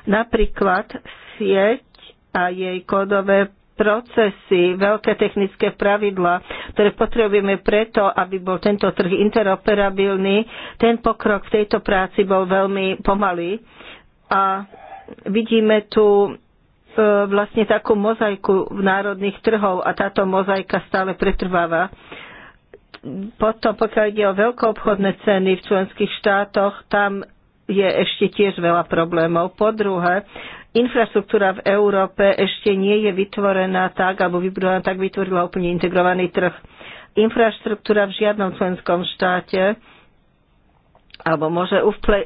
Napríklad sieť a jej kódové procesy, veľké technické pravidla, ktoré potrebujeme preto, aby bol tento trh interoperabilný. Ten pokrok v tejto práci bol veľmi pomalý a vidíme tu e, vlastne takú mozaiku národných trhov a táto mozaika stále pretrváva. Potom, pokiaľ ide o veľkoobchodné ceny v členských štátoch, tam je ešte tiež veľa problémov. Po druhé, infraštruktúra v Európe ešte nie je vytvorená tak, alebo vybudovaná tak, vytvorila úplne integrovaný trh. Infraštruktúra v žiadnom členskom štáte alebo môže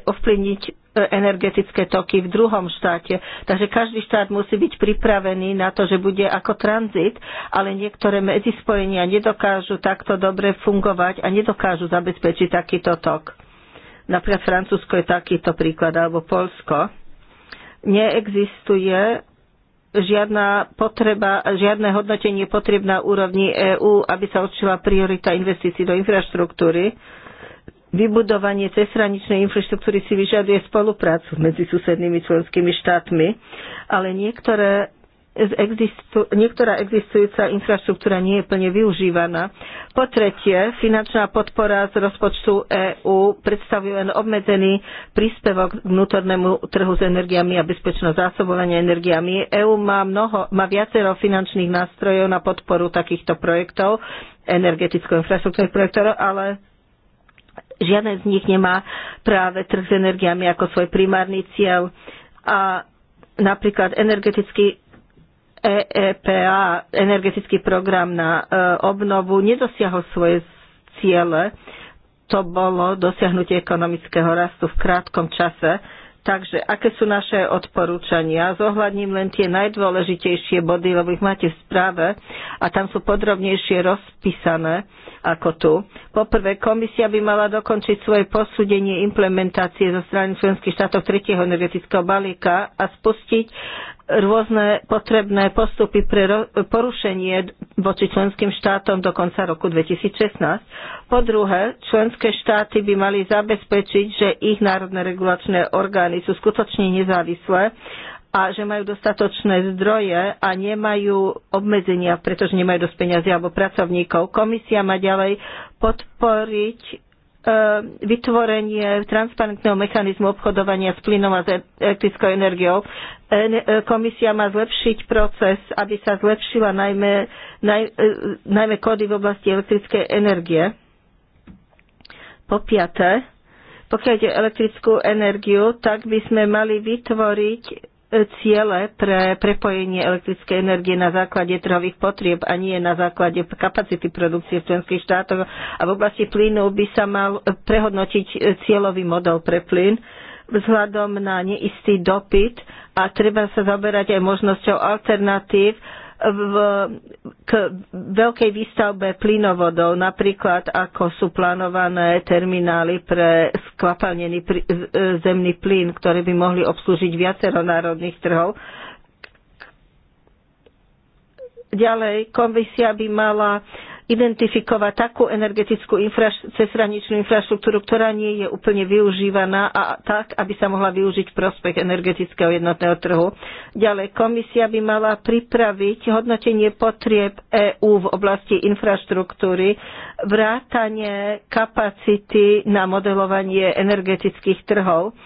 ovplyvniť e, energetické toky v druhom štáte. Takže každý štát musí byť pripravený na to, že bude ako tranzit, ale niektoré medzispojenia nedokážu takto dobre fungovať a nedokážu zabezpečiť takýto tok. Napríklad Francúzsko je takýto príklad, alebo Polsko neexistuje žiadna potreba, žiadne hodnotenie potreb na úrovni EÚ, aby sa odčila priorita investícií do infraštruktúry. Vybudovanie cezhraničnej infraštruktúry si vyžaduje spoluprácu medzi susednými členskými štátmi, ale niektoré existu, niektorá existujúca infraštruktúra nie je plne využívaná. Po tretie, finančná podpora z rozpočtu EÚ predstavuje len obmedzený príspevok k vnútornému trhu s energiami a bezpečnosť zásobovania energiami. EÚ má, mnoho, má viacero finančných nástrojov na podporu takýchto projektov, energeticko-infraštruktúrnych projektov, ale žiaden z nich nemá práve trh s energiami ako svoj primárny cieľ. A napríklad energetický EEPA, energetický program na e, obnovu, nedosiahol svoje ciele. To bolo dosiahnutie ekonomického rastu v krátkom čase. Takže aké sú naše odporúčania? Zohľadním len tie najdôležitejšie body, lebo ich máte v správe a tam sú podrobnejšie rozpísané ako tu. Poprvé, komisia by mala dokončiť svoje posúdenie implementácie zo strany členských štátov tretieho energetického balíka a spustiť rôzne potrebné postupy pre porušenie voči členským štátom do konca roku 2016. Po druhé, členské štáty by mali zabezpečiť, že ich národné regulačné orgány sú skutočne nezávislé a že majú dostatočné zdroje a nemajú obmedzenia, pretože nemajú dosť peniazy alebo pracovníkov. Komisia má ďalej podporiť E, vytvorenie transparentného mechanizmu obchodovania s plynom a s elektrickou energiou. E, e, komisia má zlepšiť proces, aby sa zlepšila najmä, naj, najmä kódy v oblasti elektrickej energie. Po piaté, pokiaľ ide elektrickú energiu, tak by sme mali vytvoriť ciele pre prepojenie elektrickej energie na základe trhových potrieb a nie na základe kapacity produkcie v členských štátoch. A v oblasti plynu by sa mal prehodnotiť cieľový model pre plyn vzhľadom na neistý dopyt a treba sa zaberať aj možnosťou alternatív v, k veľkej výstavbe plynovodov, napríklad ako sú plánované terminály pre skvapalnený e, zemný plyn, ktoré by mohli obslúžiť viacero národných trhov. Ďalej, komisia by mala identifikovať takú energetickú infraš- cezhraničnú infraštruktúru, ktorá nie je úplne využívaná a tak, aby sa mohla využiť v prospech energetického jednotného trhu. Ďalej, komisia by mala pripraviť hodnotenie potrieb EÚ v oblasti infraštruktúry, vrátanie kapacity na modelovanie energetických trhov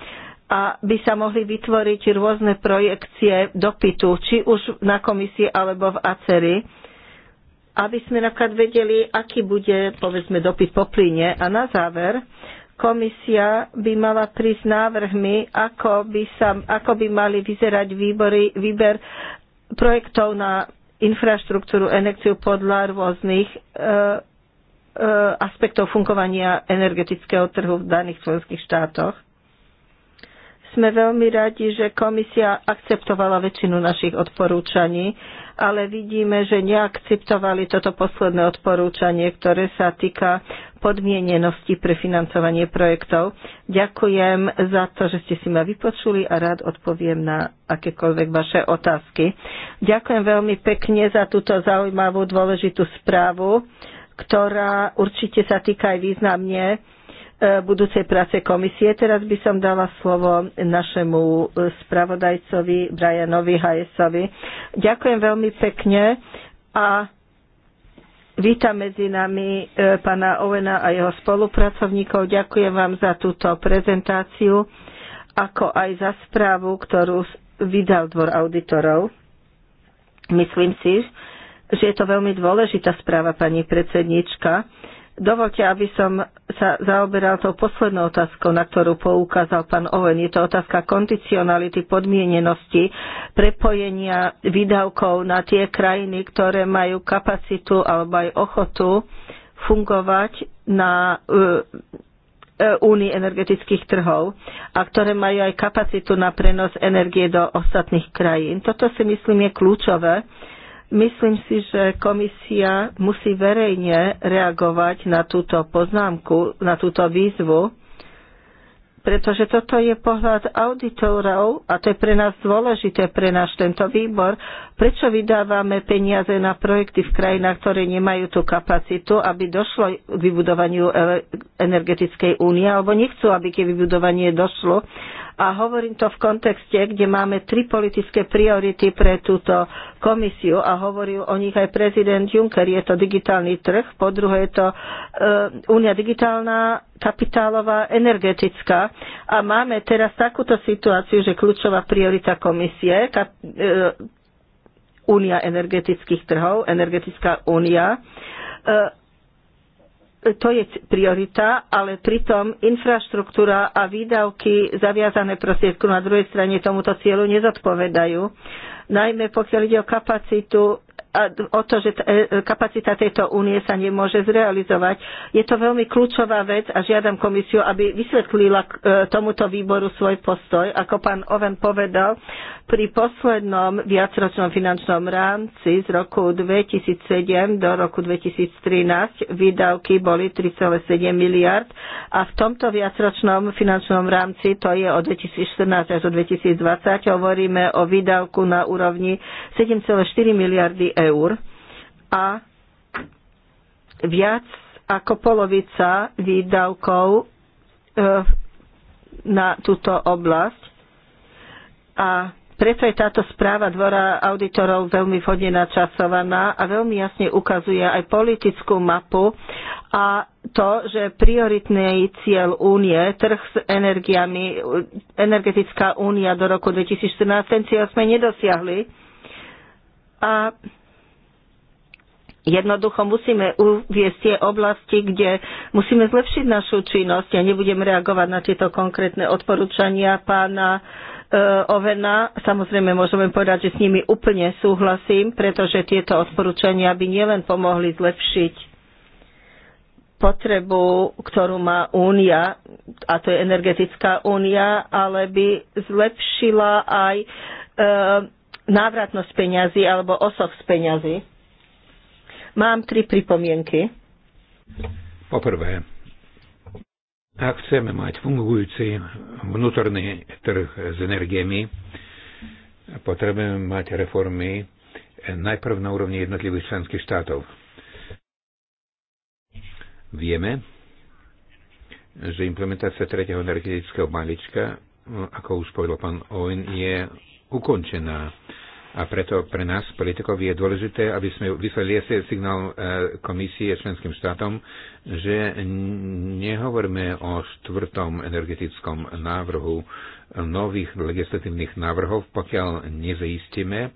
a by sa mohli vytvoriť rôzne projekcie dopytu, či už na komisii alebo v ACERI aby sme napríklad vedeli, aký bude, povedzme, dopyt po plyne. A na záver, komisia by mala prísť návrhmi, ako by, sa, ako by mali vyzerať výbory, výber projektov na infraštruktúru enekciu podľa rôznych e, e, aspektov fungovania energetického trhu v daných členských štátoch. Sme veľmi radi, že komisia akceptovala väčšinu našich odporúčaní ale vidíme, že neakceptovali toto posledné odporúčanie, ktoré sa týka podmienenosti pre financovanie projektov. Ďakujem za to, že ste si ma vypočuli a rád odpoviem na akékoľvek vaše otázky. Ďakujem veľmi pekne za túto zaujímavú, dôležitú správu, ktorá určite sa týka aj významne E, budúcej práce komisie. Teraz by som dala slovo našemu e, spravodajcovi Brianovi Hajesovi. Ďakujem veľmi pekne a vítam medzi nami e, pána Owena a jeho spolupracovníkov. Ďakujem vám za túto prezentáciu, ako aj za správu, ktorú vydal dvor auditorov. Myslím si, že je to veľmi dôležitá správa, pani predsednička Dovolte, aby som sa zaoberal tou poslednou otázkou, na ktorú poukázal pán Owen. Je to otázka kondicionality, podmienenosti, prepojenia výdavkov na tie krajiny, ktoré majú kapacitu alebo aj ochotu fungovať na e, e, únii energetických trhov a ktoré majú aj kapacitu na prenos energie do ostatných krajín. Toto si myslím je kľúčové Myslím si, že komisia musí verejne reagovať na túto poznámku, na túto výzvu, pretože toto je pohľad auditorov a to je pre nás dôležité, pre náš tento výbor, prečo vydávame peniaze na projekty v krajinách, ktoré nemajú tú kapacitu, aby došlo k vybudovaniu energetickej únie, alebo nechcú, aby ke vybudovanie došlo, a hovorím to v kontexte, kde máme tri politické priority pre túto komisiu a hovoril o nich aj prezident Juncker. Je to digitálny trh, po druhé je to e, únia digitálna, kapitálová, energetická. A máme teraz takúto situáciu, že kľúčová priorita komisie, ka, e, eh, únia energetických trhov, energetická únia, e, to je priorita, ale pritom infraštruktúra a výdavky zaviazané prostriedku na druhej strane tomuto cieľu nezodpovedajú. Najmä pokiaľ ide o kapacitu o to, že e, kapacita tejto únie sa nemôže zrealizovať. Je to veľmi kľúčová vec a žiadam komisiu, aby vysvetlila e, tomuto výboru svoj postoj. Ako pán Oven povedal, pri poslednom viacročnom finančnom rámci z roku 2007 do roku 2013 výdavky boli 3,7 miliard a v tomto viacročnom finančnom rámci, to je od 2014 až do 2020, hovoríme o výdavku na úrovni 7,4 miliardy eur eur a viac ako polovica výdavkov e, na túto oblasť. A preto je táto správa Dvora auditorov veľmi vhodne načasovaná a veľmi jasne ukazuje aj politickú mapu a to, že prioritný cieľ únie, trh s energiami, energetická únia do roku 2014, ten cieľ sme nedosiahli. A Jednoducho musíme uviesť tie oblasti, kde musíme zlepšiť našu činnosť. Ja nebudem reagovať na tieto konkrétne odporúčania pána e, Ovena. Samozrejme, môžeme povedať, že s nimi úplne súhlasím, pretože tieto odporúčania by nielen pomohli zlepšiť potrebu, ktorú má únia, a to je energetická únia, ale by zlepšila aj e, návratnosť peňazí alebo osoch z peňazí. Mám tri pripomienky. Poprvé, ak chceme mať fungujúci vnútorný trh s energiemi, potrebujeme mať reformy najprv na úrovni jednotlivých členských štátov. Vieme, že implementácia tretieho energetického malička, ako už povedal pán Oin, je ukončená a preto pre nás, politikov, je dôležité, aby sme vyslali jasný signál e, komisie členským štátom, že nehovoríme o štvrtom energetickom návrhu e, nových legislatívnych návrhov, pokiaľ nezaistíme,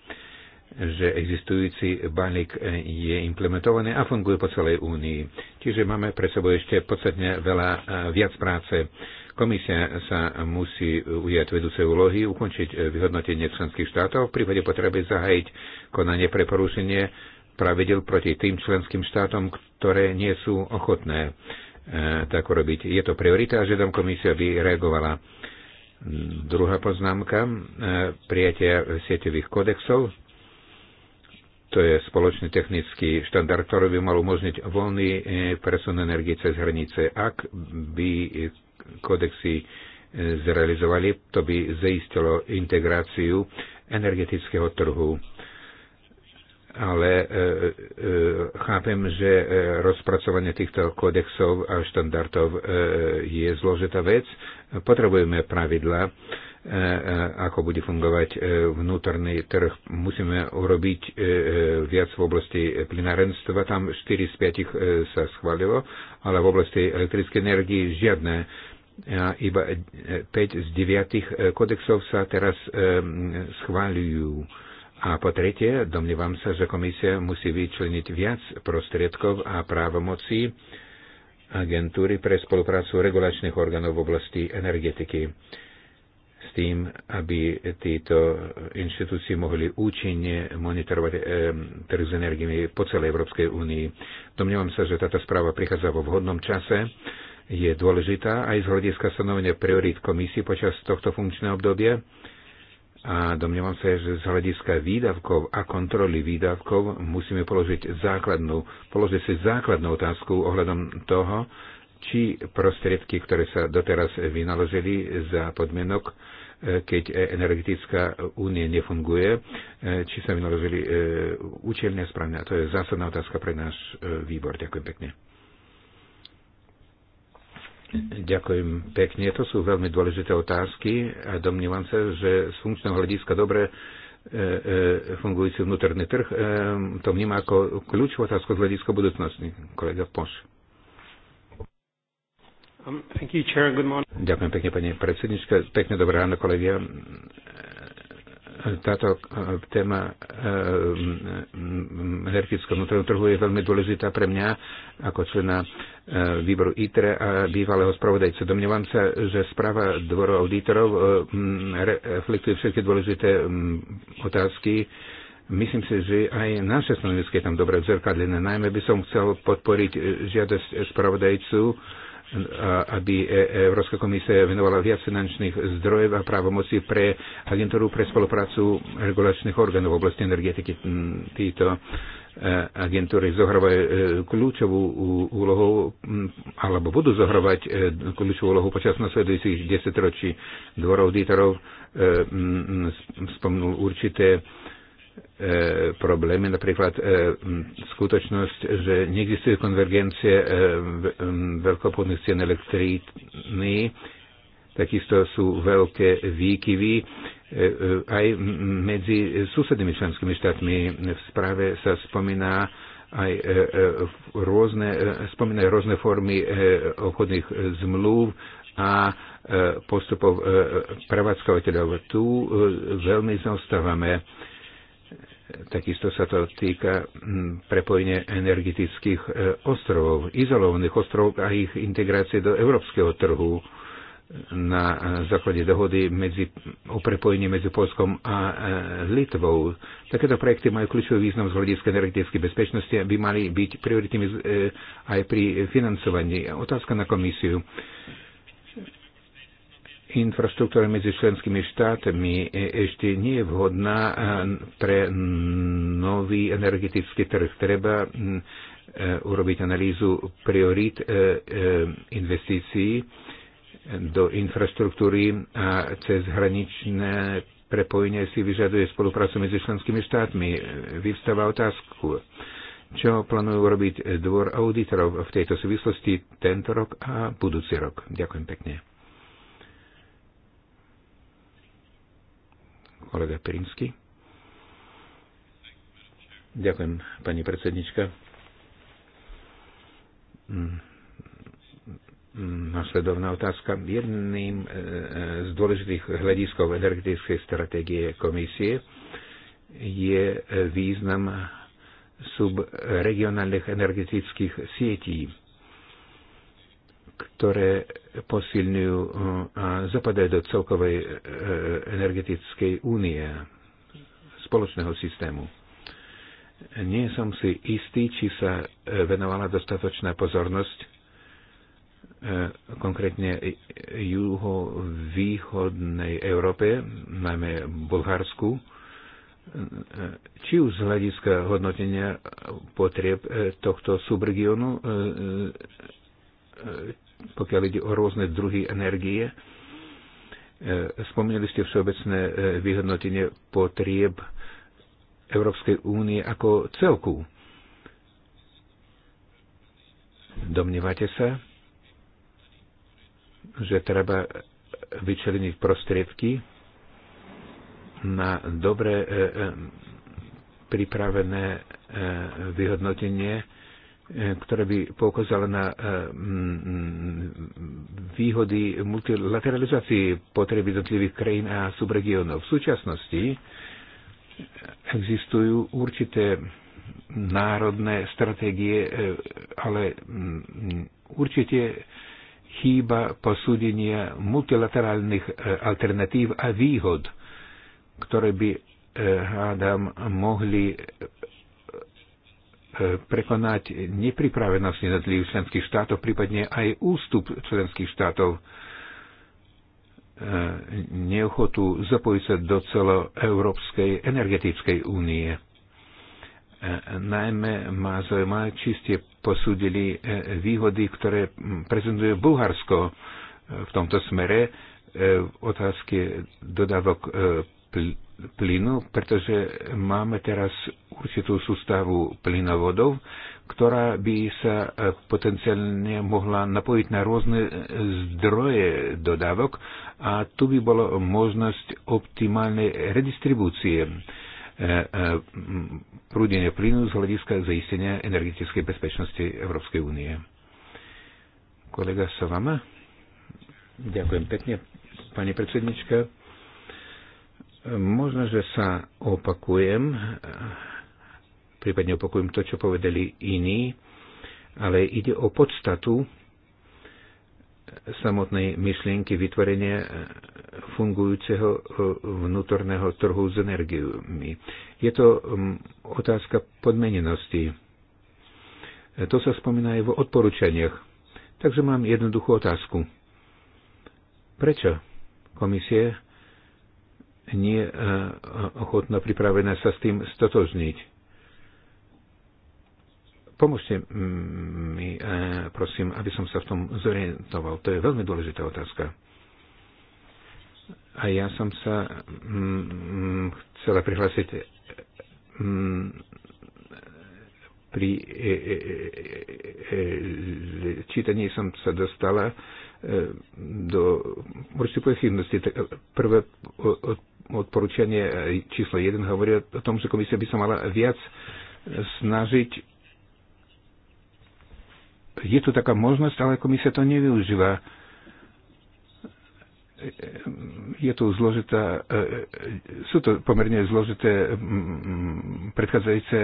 že existujúci balík e, je implementovaný a funguje po celej únii. Čiže máme pre sebou ešte podstatne veľa viac práce Komisia sa musí ujať vedúcej úlohy, ukončiť e, vyhodnotenie členských štátov, v prípade potreby zahájiť konanie pre porušenie pravidel proti tým členským štátom, ktoré nie sú ochotné e, tak urobiť. Je to priorita a tam komisia, by reagovala. Druhá poznámka, e, prijatie sieťových kodexov. To je spoločný technický štandard, ktorý by mal umožniť voľný presun energie cez hranice, ak by kodexy e, zrealizovali, to by zaistilo integráciu energetického trhu. Ale e, e, chápem, že e, rozpracovanie týchto kodexov a štandardov e, je zložitá vec. Potrebujeme pravidla, e, e ako bude fungovať e, vnútorný trh. Musíme urobiť e, viac v oblasti plinárenstva. Tam 4 z 5 sa schválilo, ale v oblasti elektrickej energii žiadne. E, iba 5 e, z 9 e, kodexov sa teraz e, schváľujú. A po tretie, domnievam sa, že komisia musí vyčleniť viac prostriedkov a právomocí agentúry pre spoluprácu regulačných orgánov v oblasti energetiky s tým, aby títo inštitúcie mohli účinne monitorovať trh s energiami po celej Európskej únii. Domnievam sa, že táto správa prichádza vo vhodnom čase je dôležitá aj z hľadiska stanovenia priorít komisie počas tohto funkčného obdobia a domnievam sa, že z hľadiska výdavkov a kontroly výdavkov musíme položiť základnú, položiť si základnú otázku ohľadom toho, či prostriedky, ktoré sa doteraz vynaložili za podmienok, keď energetická únie nefunguje, či sa vynaložili e, účelne a správne. A to je zásadná otázka pre náš e, výbor. Ďakujem pekne. Ďakujem pekne. To sú veľmi dôležité otázky a domnívam sa, že z funkčného hľadiska dobre e, e, fungujúci vnútorný trh, e, to vníma ako kľúčovú otázku z hľadiska budúcnosti. Kolega Poš. Um, thank you, Chair. Good morning. Ďakujem pekne, pani predsednička. Pekne dobré ráno, kolegia táto e, téma energetického vnútorného trhu je veľmi dôležitá pre mňa ako člena e, výboru ITRE a bývalého spravodajca. Domnievam sa, že správa dvoru auditorov e, reflektuje všetky dôležité otázky. Myslím si, že aj naše stanovisko je tam dobre zrkadlené. Najmä by som chcel podporiť žiadosť spravodajcu aby e- Európska komisia venovala viac finančných zdrojov a právomocí pre agentúru pre spoluprácu regulačných orgánov v oblasti energetiky. Mm, Títo e, agentúry zohrávajú e, kľúčovú úlohu mm, alebo budú zohrávať kľúčovú úlohu počas nasledujúcich 10 ročí dvorov auditorov mm, spomnul určité E, problémy, napríklad e, skutočnosť, že neexistuje konvergencie e, veľkopodných cien elektríny, takisto sú veľké výkyvy aj medzi susednými členskými štátmi. V správe sa spomína aj rôzne, spomína rôzne formy obchodných zmluv a postupov prevádzkovateľov. Tu veľmi zaostávame Takisto sa to týka mm, prepojenia energetických e, ostrovov, izolovaných ostrovov a ich integrácie do európskeho trhu na e, základe dohody medzi, o prepojení medzi Polskom a e, Litvou. Takéto projekty majú kľúčový význam z hľadiska energetickej bezpečnosti, aby mali byť prioritnými aj pri financovaní. Otázka na komisiu infraštruktúra medzi členskými štátmi e, ešte nie je vhodná e, pre nový energetický trh. Treba e, urobiť analýzu priorít investícií do infraštruktúry a cez hraničné prepojenie si vyžaduje spoluprácu medzi členskými štátmi. Vyvstáva otázku, čo plánujú robiť dvor auditorov v tejto súvislosti tento rok a budúci rok. Ďakujem pekne. kolega Pirinsky. Ďakujem, pani predsednička. Mm, mm, nasledovná otázka. Jedným e, e, z dôležitých hľadiskov energetickej stratégie komisie je e, význam subregionálnych energetických sietí ktoré posilňujú eh, a zapadajú do celkovej eh, energetickej únie, spoločného systému. Nie som si istý, či sa eh, venovala dostatočná pozornosť konkrétne juho-východnej Európe, najmä Bulharsku, či už z hľadiska hodnotenia potrieb tohto subregiónu, pokiaľ ide o rôzne druhy energie. E, spomínali ste všeobecné e, vyhodnotenie potrieb Európskej únie ako celku. Domnievate sa, že treba vyčleniť prostriedky na dobre e, pripravené vyhodnotenie E, ktoré by poukázala na e, mm, mm, výhody multilateralizácii potreby jednotlivých krajín a subregiónov. V súčasnosti existujú určité národné stratégie, e, ale mm, určite chýba posúdenia multilaterálnych alternatív a výhod, ktoré by, hádam, mohli E, prekonať nepripravenosť jednotlivých členských štátov, prípadne aj ústup členských štátov, e, neochotu zapojiť sa do celoeurópskej energetickej únie. E, najmä má zaujíma, či ste posúdili výhody, ktoré prezentuje Bulharsko v tomto smere v otázke dodávok plynu, pretože máme teraz určitú sústavu plynovodov, ktorá by sa e, potenciálne mohla napojiť na rôzne e, zdroje dodávok a tu by bola možnosť optimálnej redistribúcie e, prúdenia plynu z hľadiska zaistenia energetickej bezpečnosti Európskej únie. Kolega Savama? Ďakujem pekne, pani predsednička Možno, že sa opakujem, prípadne opakujem to, čo povedali iní, ale ide o podstatu samotnej myšlienky vytvorenia fungujúceho vnútorného trhu s energiami. Je to mm, otázka podmenenosti. To sa spomína aj v odporúčaniach. Takže mám jednoduchú otázku. Prečo komisie nie e, ochotná pripravená sa s tým stotožniť. Pomôžte mi, e, prosím, aby som sa v tom zorientoval. To je veľmi dôležitá otázka. A ja som sa mm, chcela prihlásiť mm, pri e, čítaní som sa dostala do určitých pochybností. Prvé odporúčanie e, číslo 1 hovorí o tom, že komisia by sa mala viac snažiť. Je tu taká možnosť, ale komisia to nevyužíva. E, e, je tu zložitá, sú to pomerne zložité predchádzajúce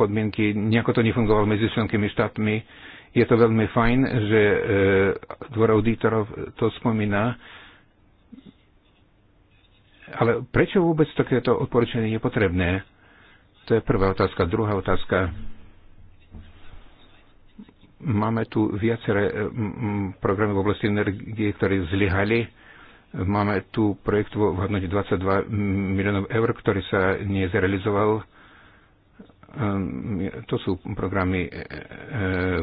podmienky, nejako to nefungovalo medzi členskými štátmi. Je to veľmi fajn, že dvor auditorov to spomína, ale prečo vôbec takéto odporúčanie je potrebné? To je prvá otázka. Druhá otázka. Máme tu viaceré eh, programy v oblasti energie, ktoré zlyhali. Máme tu projekt v hodnote 22 miliónov eur, ktorý sa nezrealizoval. Ehm, to sú programy eh, eh,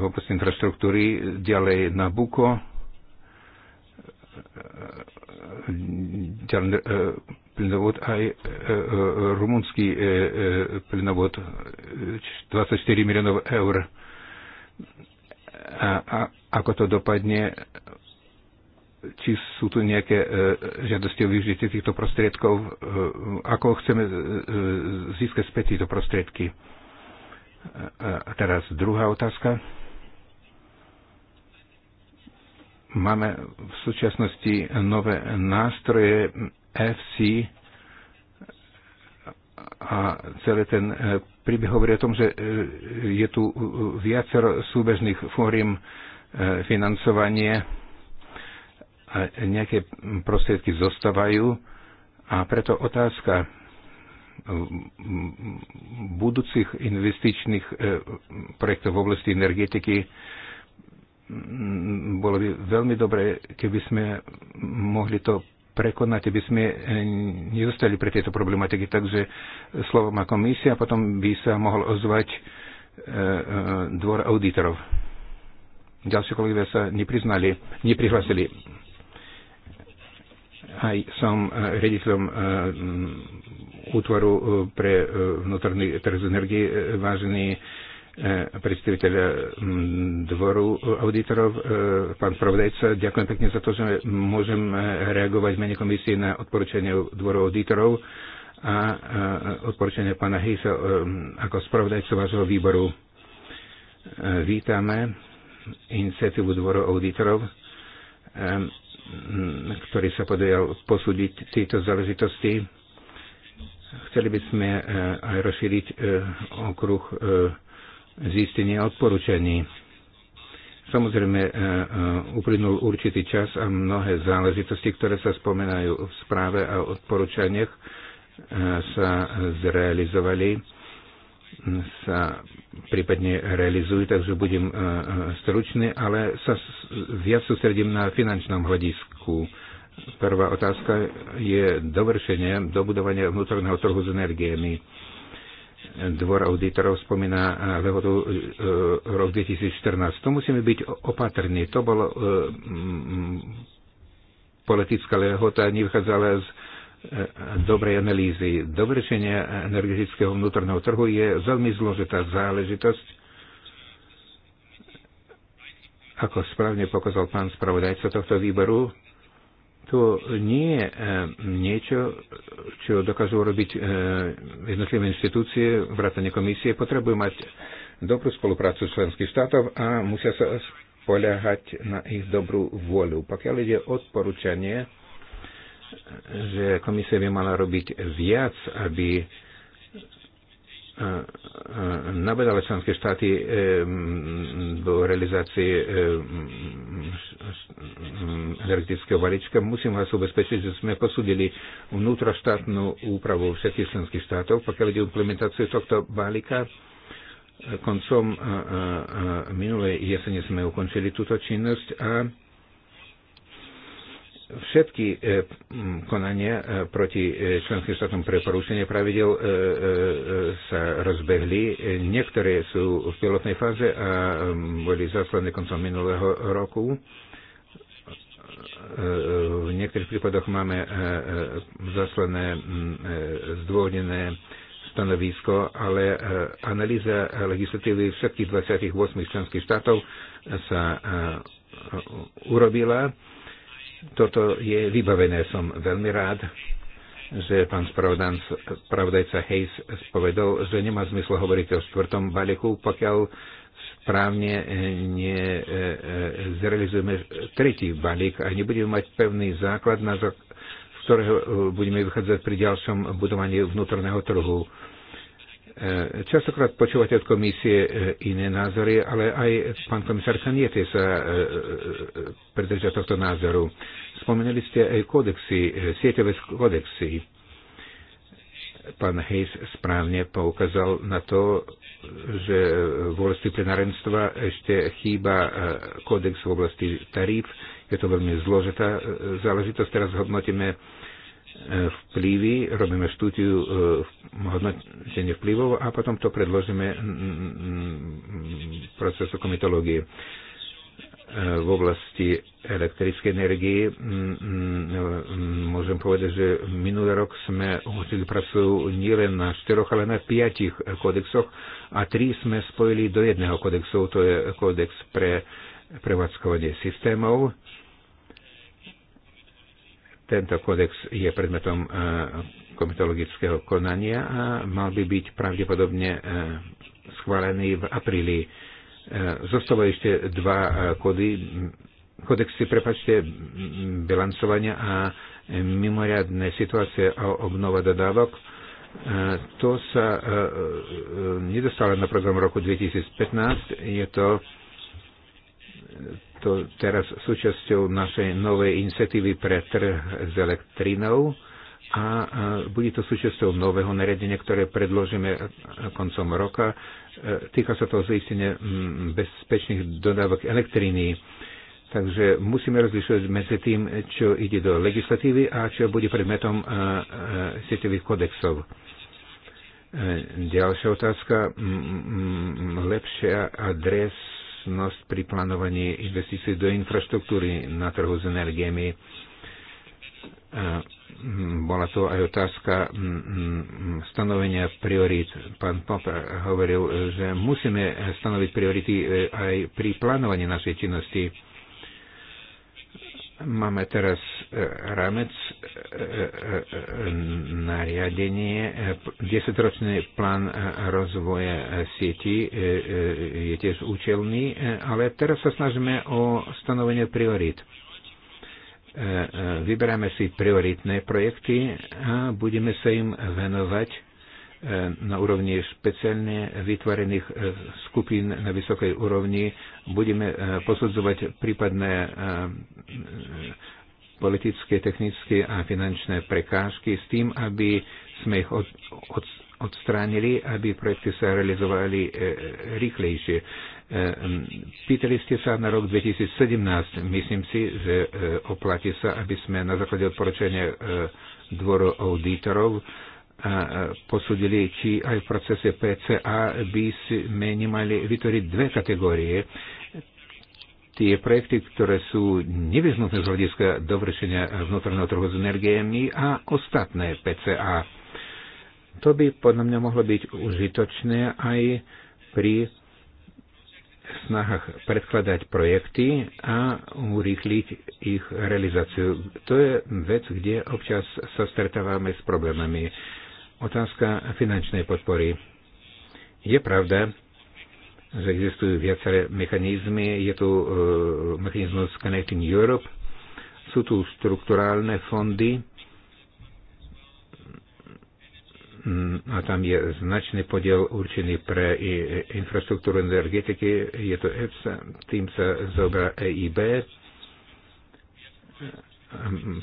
v oblasti infraštruktúry, ďalej na Buko, E, plynovod aj e, e, rumunský plynovod 24 миллиона eur. A, a ako to dopadne, či sú tu nejaké žiadosti o využitie týchto prostriedkov, ako chceme získať späť tieto prostriedky. A teraz druhá otázka. Máme v súčasnosti nové nástroje FC a celý ten e, príbeh hovorí o tom, že e, je tu e, viacero súbežných fóriem financovanie a nejaké prostriedky zostávajú a preto otázka budúcich investičných projektov v oblasti energetiky Mm, bolo by veľmi dobre, keby sme mohli to prekonať, aby sme eh, nezostali pre tieto problematiky. Takže slovo má komisia, potom by sa mohol ozvať eh, eh, dvor auditorov. Ďalšie kolegovia sa nepriznali, neprihlasili. Aj som rediteľom útvaru pre vnútorný trh z energie, vážený E, predstaviteľ e, dvoru auditorov, e, pán Provdejca. Ďakujem pekne za to, že môžem reagovať v mene komisie na odporúčanie dvoru auditorov a odporúčanie pána Hejsa ako spravodajcu vášho výboru. Vítame iniciatívu dvoru auditorov, ktorý sa podajal posúdiť tieto záležitosti. Chceli by sme aj rozšíriť okruh zistenie odporúčaní. Samozrejme, e, e, uplynul určitý čas a mnohé záležitosti, ktoré sa spomenajú v správe a odporúčaniach, e, sa zrealizovali, sa prípadne realizujú, takže budem stručný, ale sa viac sústredím na finančnom hľadisku. Prvá otázka je dovršenie, dobudovanie vnútorného trhu s energiemi Dvor auditorov spomína e, lehotu e, rok 2014. To musíme byť opatrní. To bolo e, politická lehota, nevychádzala z dobrej analýzy. Dovršenie energetického vnútorného trhu je veľmi zložitá záležitosť. Ako správne pokazal pán spravodajca tohto výboru, to nie je e, niečo, čo dokážu robiť e, jednotlivé inštitúcie, vrátane komisie. Potrebujú mať dobrú spoluprácu členských štátov a musia sa spoliehať na ich dobrú vôľu. Pokiaľ ide odporúčanie, že komisia by mala robiť viac, aby nabadala členské štáty do eh, realizácie eh, energetického balíčka. Musím vás ubezpečiť, že sme posúdili vnútroštátnu úpravu všetkých členských štátov, pokiaľ ide implementáciu tohto balíka. Koncom eh, minulej jesene sme ukončili túto činnosť a všetky e, konania e, proti e, členským štátom pre porušenie pravidel sa rozbehli. Niektoré sú v pilotnej fáze a boli zaslané koncom minulého roku. V niektorých prípadoch máme zaslané zdôvodnené stanovisko, ale analýza legislatívy všetkých 28 členských štátov sa urobila toto je vybavené. Som veľmi rád, že pán spravodajca Hayes povedal, že nemá zmysl hovoriť o štvrtom balíku, pokiaľ správne eh, nezrealizujeme eh, eh, tretí balík a nebudeme mať pevný základ, na z ktorého budeme vychádzať pri ďalšom budovaní vnútorného trhu. Častokrát počúvate od komisie e, iné názory, ale aj pán komisár Kaniete sa e, e, predržia tohto názoru. Spomenuli ste aj kodexy, sieťové kódexy. Pán Hayes správne poukázal na to, že v oblasti plenárenstva ešte chýba kódex v oblasti tarif. Je to veľmi zložitá záležitosť. Teraz hodnotíme vplyvy, robíme štúdiu e, hodnotenie vplyvov a potom to predložíme procesu komitológie e, v oblasti elektrickej energie. No, môžem povedať, že minulý rok sme umožnili prácu nielen na štyroch, ale na piatich kodexoch a tri sme spojili do jedného kodexu, to je kodex pre prevádzkovanie systémov tento kódex je predmetom e, komitologického konania a mal by byť pravdepodobne e, schválený v apríli. E, Zostalo ešte dva kody, kodexy, prepačte, bilancovania a mimoriadne situácie a obnova dodávok. To sa nedostalo na program roku 2015. Je to to teraz súčasťou našej novej iniciatívy pre trh s elektrinou a bude to súčasťou nového nariadenia, ktoré predložíme koncom roka. E, týka sa to zaistenia bezpečných dodávok elektriny. Takže musíme rozlišovať medzi tým, čo ide do legislatívy a čo bude predmetom e, e, sieťových kodexov. Ďalšia otázka. Lepšia adresa budúcnosť pri plánovaní investícií do infraštruktúry na trhu s energiami. E, bola to aj otázka stanovenia priorít. Pán Popper hovoril, že musíme stanoviť priority e, aj pri plánovaní našej činnosti Máme teraz e, ramec e, e, nariadenie, 10-ročný plán rozvoja sieti je tiež účelný, ale teraz sa snažíme o stanovenie priorít. Vyberáme si prioritné projekty a budeme sa im venovať E, na úrovni špeciálne vytvorených e, skupín na vysokej úrovni. Budeme e, posudzovať prípadné politické, technické a finančné prekážky s tým, aby sme ich od, od, odstránili, aby projekty sa realizovali rýchlejšie. Pýtali ste sa na rok 2017. Myslím si, že oplatí sa, aby sme na základe odporúčania dvoru auditorov posudili, či aj v procese PCA by sme nemali vytvoriť dve kategórie. Tie projekty, ktoré sú nevyhnutné z hľadiska dovršenia vnútorného trhu s energiami a ostatné PCA. To by podľa mňa mohlo byť užitočné aj pri snahách predkladať projekty a urýchliť ich realizáciu. To je vec, kde občas sa stretávame s problémami. Otázka finančnej podpory. Je pravda, že existujú viaceré mechanizmy. Je tu e, mechanizmus Connecting Europe, sú tu strukturálne fondy mm, a tam je značný podiel určený pre infraštruktúru energetiky, je to EFSA, tým sa zobra EIB,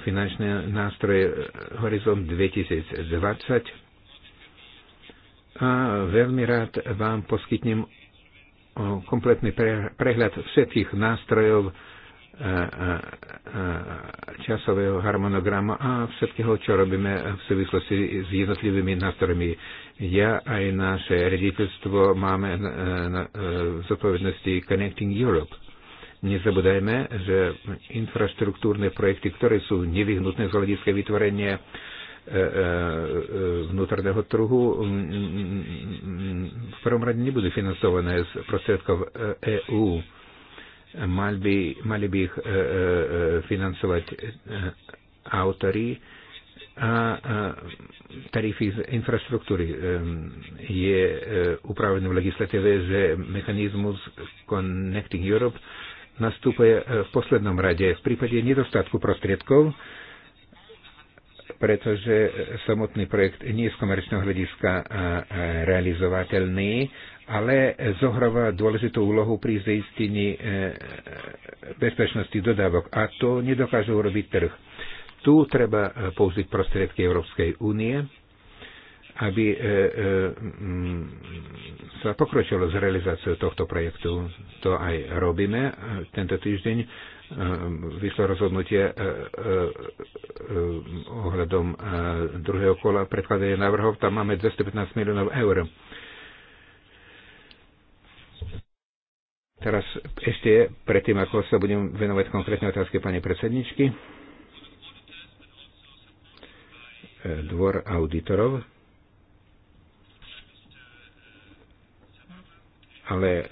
finančné nástroje Horizont 2020, a veľmi rád vám poskytnem kompletný prehľad všetkých nástrojov časového harmonogramu a všetkého, čo robíme v súvislosti s jednotlivými nástrojmi. Ja aj naše rediteľstvo máme e, e, v zodpovednosti Connecting Europe. Nezabúdajme, že infraštruktúrne projekty, ktoré sú nevyhnutné z hľadiska vytvorenia E, e, e, vnútorného trhu v prvom rade nebudú financované z prostriedkov EÚ. Mal by, mali by ich financovať autory a tarify z infraštruktúry. Je upravený v legislatíve, že mechanizmus Connecting Europe nastupuje v poslednom rade. V prípade nedostatku prostriedkov pretože samotný projekt nie je z komerčného hľadiska realizovateľný, ale zohráva dôležitú úlohu pri zaistení e, bezpečnosti dodávok a to nedokáže urobiť trh. Tu treba e, použiť prostriedky Európskej únie, aby e, mm, sa pokročilo s realizáciou tohto projektu. To aj robíme tento týždeň Ehm, vyšlo rozhodnutie e, e, e, ohľadom druhého kola predkladenia návrhov. Tam máme 215 miliónov eur. Teraz ešte predtým, ako sa budem venovať konkrétne otázke pani predsedničky, dvor auditorov ale e,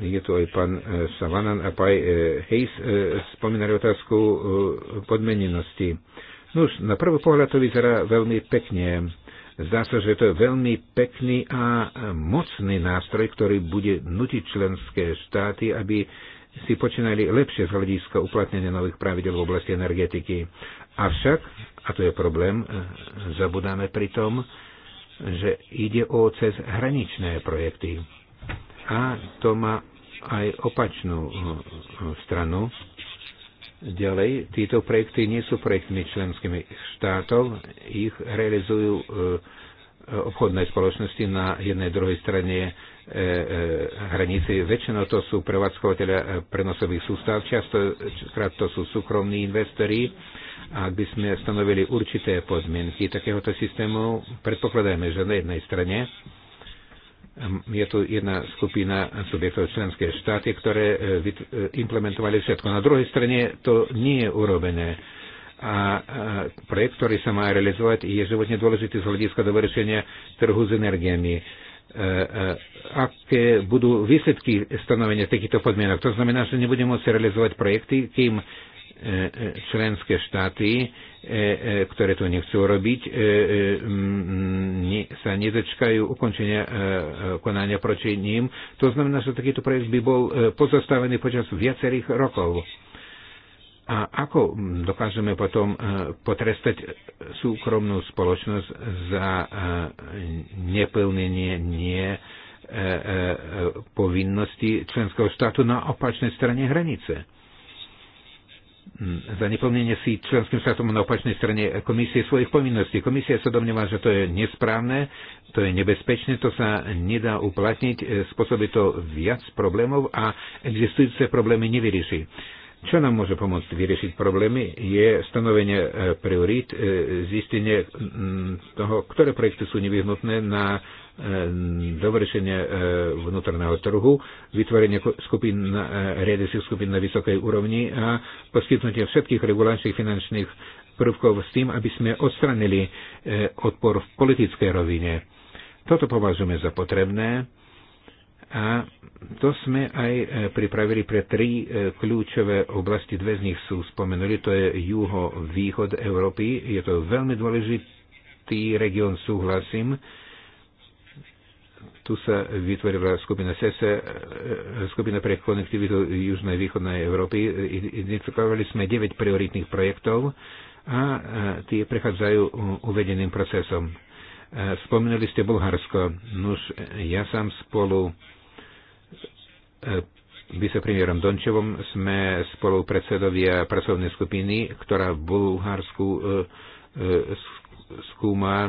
je tu aj pán e, Savanan a pán e, Hayes spomínali otázku podmenenosti. Nuž, no na prvý pohľad to vyzerá veľmi pekne. Zdá sa, že to je veľmi pekný a mocný nástroj, ktorý bude nutiť členské štáty, aby si počínali lepšie z hľadiska uplatnenia nových pravidel v oblasti energetiky. Avšak, a to je problém, zabudáme pri tom, že ide o cez hraničné projekty a to má aj opačnú eh, eh, stranu. Ďalej, títo projekty nie sú projektmi členskými štátov, ich realizujú eh, obchodné spoločnosti na jednej druhej strane hranici. Väčšinou to sú prevádzkovateľia prenosových sústav, častokrát to sú súkromní investori. A ak by sme stanovili určité podmienky takéhoto systému, predpokladajme, že na jednej strane Ehm, je tu jedna skupina subjektov členské štáty, ktoré e, e, implementovali všetko. Na druhej strane to nie je urobené. A projekt, ktorý sa má realizovať, je životne dôležitý z hľadiska dovršenia trhu s energiami. E, aké budú výsledky stanovenia takýchto podmienok? To znamená, že nebudeme môcť realizovať projekty, kým členské štáty, e, e, ktoré to nechcú robiť, e, sa nezačkajú ukončenia konania proti ním. To znamená, že takýto projekt by bol pozostavený počas viacerých rokov. A ako dokážeme potom potrestať súkromnú spoločnosť za neplnenie nie povinnosti členského štátu na opačnej strane hranice? Hm, za neplnenie si členským štátom na opačnej strane komisie svojich povinností. Komisia sa domnieva, že to je nesprávne, to je nebezpečné, to sa nedá uplatniť, e, spôsobí to viac problémov a existujúce problémy nevyrieši. Čo nám môže pomôcť vyriešiť problémy, je stanovenie e, priorít, e, zistenie hm, toho, ktoré projekty sú nevyhnutné na Ehm, dovršenie ehm, vnútorného trhu, vytvorenie skupín, e, riadecich skupín na vysokej úrovni a poskytnutie všetkých regulačných finančných prvkov s tým, aby sme odstranili e, odpor v politickej rovine. Toto považujeme za potrebné a to sme aj e, pripravili pre tri kľúčové oblasti. Dve z nich sú spomenuli, to je juho-východ Európy. Je to veľmi dôležitý región, súhlasím tu sa vytvorila skupina SESE, skupina pre konektivitu Južnej a Východnej Európy. Identifikovali sme 9 prioritných projektov a e, tie prechádzajú uvedeným procesom. E, spomínali ste Bulharsko. Nuž, ja sám spolu e, vicepremiérom Dončevom sme spolu predsedovia pracovnej skupiny, ktorá v Bulharsku skúma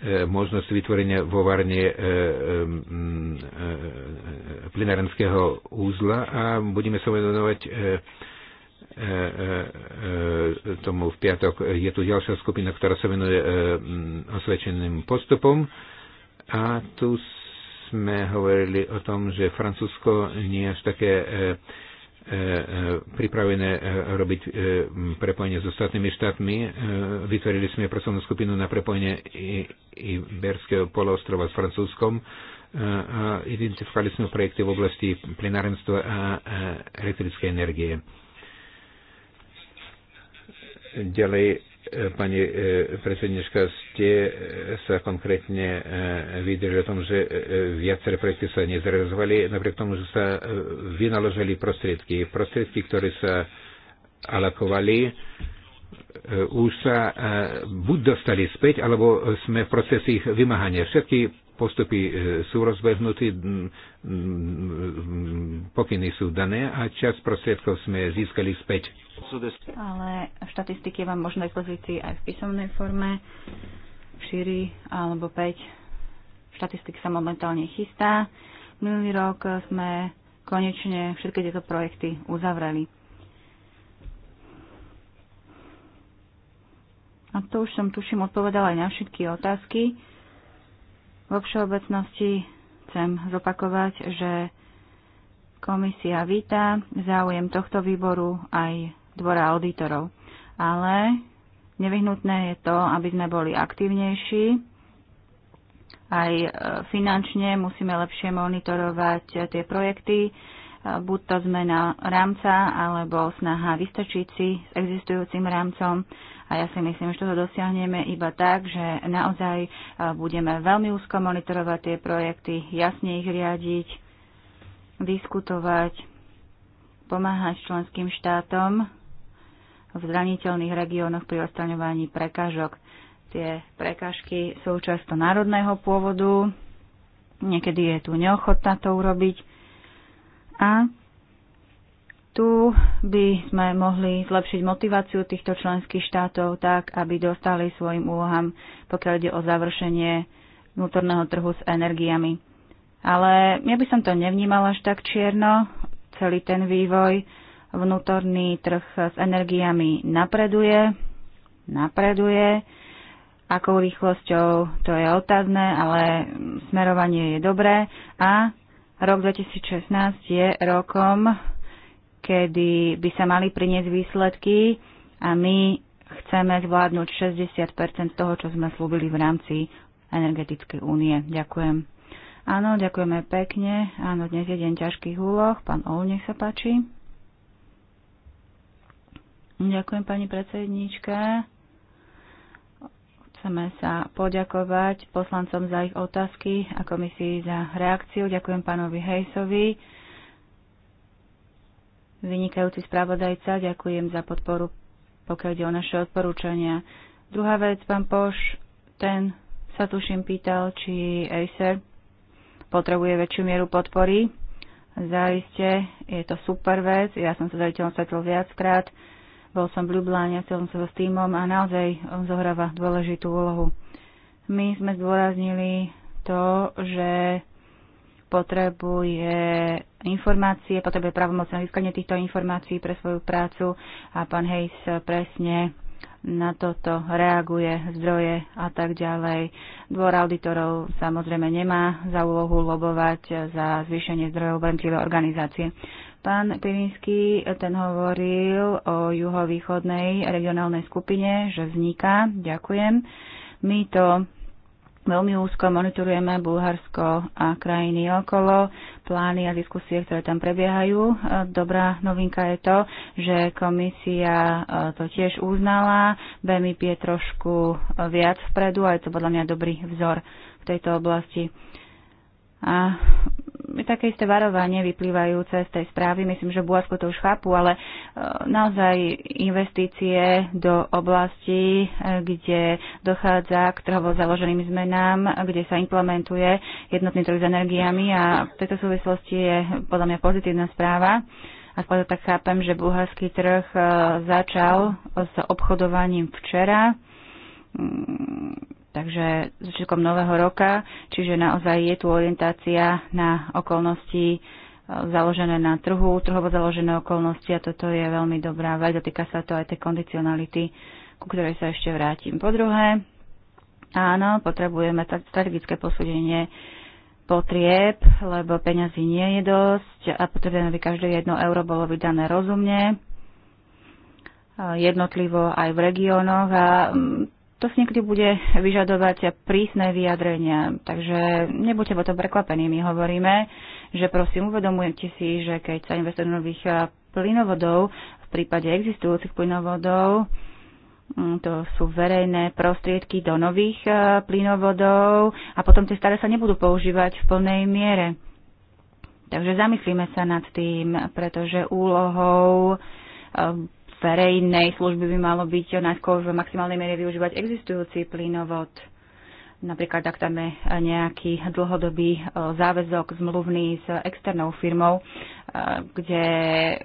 E, možnosť vytvorenia vo Varne e, e, plinárenského úzla a budeme sa venovať tomu v piatok. Je tu ďalšia skupina, ktorá sa venuje osvedčeným postupom a tu sme hovorili o tom, že Francúzsko nie je až také E, e, pripravené e, robiť prepojenie s ostatnými štátmi. Vytvorili sme pracovnú skupinu na prepojenie Iberského poloostrova s Francúzskom a identifikovali sme projekty v oblasti plynárenstva a elektrickej energie. Ďalej Pani e, predsednička, ste e, sa konkrétne e, vydržali o tom, že viaceré projekty sa nezrealizovali, napriek tomu, že sa vynaložili prostriedky. Prostriedky, ktoré sa alakovali, už sa buď dostali späť, alebo sme v procese ich vymáhania. Všetky postupy e, sú rozbehnutí, pokyny sú dané a čas prostriedkov sme získali späť. Ale štatistiky vám možno pozícii aj v písomnej forme, 4 alebo 5. Štatistik sa momentálne chystá. Minulý rok sme konečne všetky tieto projekty uzavreli. A to už som tuším odpovedala aj na všetky otázky. Vo všeobecnosti chcem zopakovať, že komisia víta záujem tohto výboru aj dvora auditorov. Ale nevyhnutné je to, aby sme boli aktívnejší. Aj e, finančne musíme lepšie monitorovať tie projekty, e, buď to zmena rámca alebo snaha vystačiť si s existujúcim rámcom a ja si myslím, že toho dosiahneme iba tak, že naozaj e, budeme veľmi úzko monitorovať tie projekty, jasne ich riadiť, diskutovať, pomáhať členským štátom v zraniteľných regiónoch pri odstraňovaní prekážok. Tie prekážky sú často národného pôvodu, niekedy je tu neochotná to urobiť a tu by sme mohli zlepšiť motiváciu týchto členských štátov tak, aby dostali svojim úlohám, pokiaľ ide o završenie vnútorného trhu s energiami. Ale ja by som to nevnímala až tak čierno, celý ten vývoj. Vnútorný trh s energiami napreduje, napreduje. Akou rýchlosťou to je otázne, ale smerovanie je dobré a rok 2016 je rokom kedy by sa mali priniesť výsledky a my chceme zvládnuť 60 toho, čo sme slúbili v rámci energetickej únie. Ďakujem. Áno, ďakujeme pekne. Áno, dnes je deň ťažkých úloh. Pán Ol, nech sa páči. Ďakujem, pani predsedníčka. Chceme sa poďakovať poslancom za ich otázky a komisii za reakciu. Ďakujem pánovi Hejsovi vynikajúci spravodajca, ďakujem za podporu, pokiaľ ide o naše odporúčania. Druhá vec, pán Poš, ten sa tuším pýtal, či Acer potrebuje väčšiu mieru podpory. Zaiste, je to super vec, ja som sa zajiteľom stretol viackrát, bol som v Ljubláne, som sa s týmom a naozaj on zohráva dôležitú úlohu. My sme zdôraznili to, že potrebuje informácie, potrebuje pravomocné získanie týchto informácií pre svoju prácu a pán Hejs presne na toto reaguje, zdroje a tak ďalej. Dvor auditorov samozrejme nemá za úlohu lobovať za zvýšenie zdrojov v organizácie. Pán Pirinský ten hovoril o juhovýchodnej regionálnej skupine, že vzniká. Ďakujem. My to Veľmi úzko monitorujeme Bulharsko a krajiny okolo, plány a diskusie, ktoré tam prebiehajú. E, dobrá novinka je to, že komisia e, to tiež uznala, BMIP je trošku e, viac vpredu a je to podľa mňa dobrý vzor v tejto oblasti. A je také isté varovanie vyplývajúce z tej správy. Myslím, že Bulharsko to už chápu, ale e, naozaj investície do oblasti, e, kde dochádza k trhovo založeným zmenám, kde sa implementuje jednotný trh s energiami a v tejto súvislosti je podľa mňa pozitívna správa aspoň tak chápem, že bulharský trh e, začal s obchodovaním včera. Mm, takže začiatkom nového roka, čiže naozaj je tu orientácia na okolnosti e, založené na trhu, trhovo založené okolnosti a toto je veľmi dobrá vec Dotýka sa to aj tej kondicionality, ku ktorej sa ešte vrátim. Po druhé, áno, potrebujeme strategické posúdenie potrieb, lebo peňazí nie je dosť a potrebujeme, aby každé jedno euro bolo vydané rozumne, jednotlivo aj v regiónoch a mm, to si niekedy bude vyžadovať prísne vyjadrenia. Takže nebuďte o to prekvapení. My hovoríme, že prosím, uvedomujete si, že keď sa investuje do nových eh, plynovodov, v prípade existujúcich plynovodov, mm, to sú verejné prostriedky do nových eh, plynovodov a potom tie staré sa nebudú používať v plnej miere. Takže zamyslíme sa nad tým, pretože úlohou eh, verejnej služby by malo byť najskôr v maximálnej miere využívať existujúci plynovod. Napríklad, ak dáme nejaký dlhodobý e, záväzok zmluvný s externou firmou, e, kde e,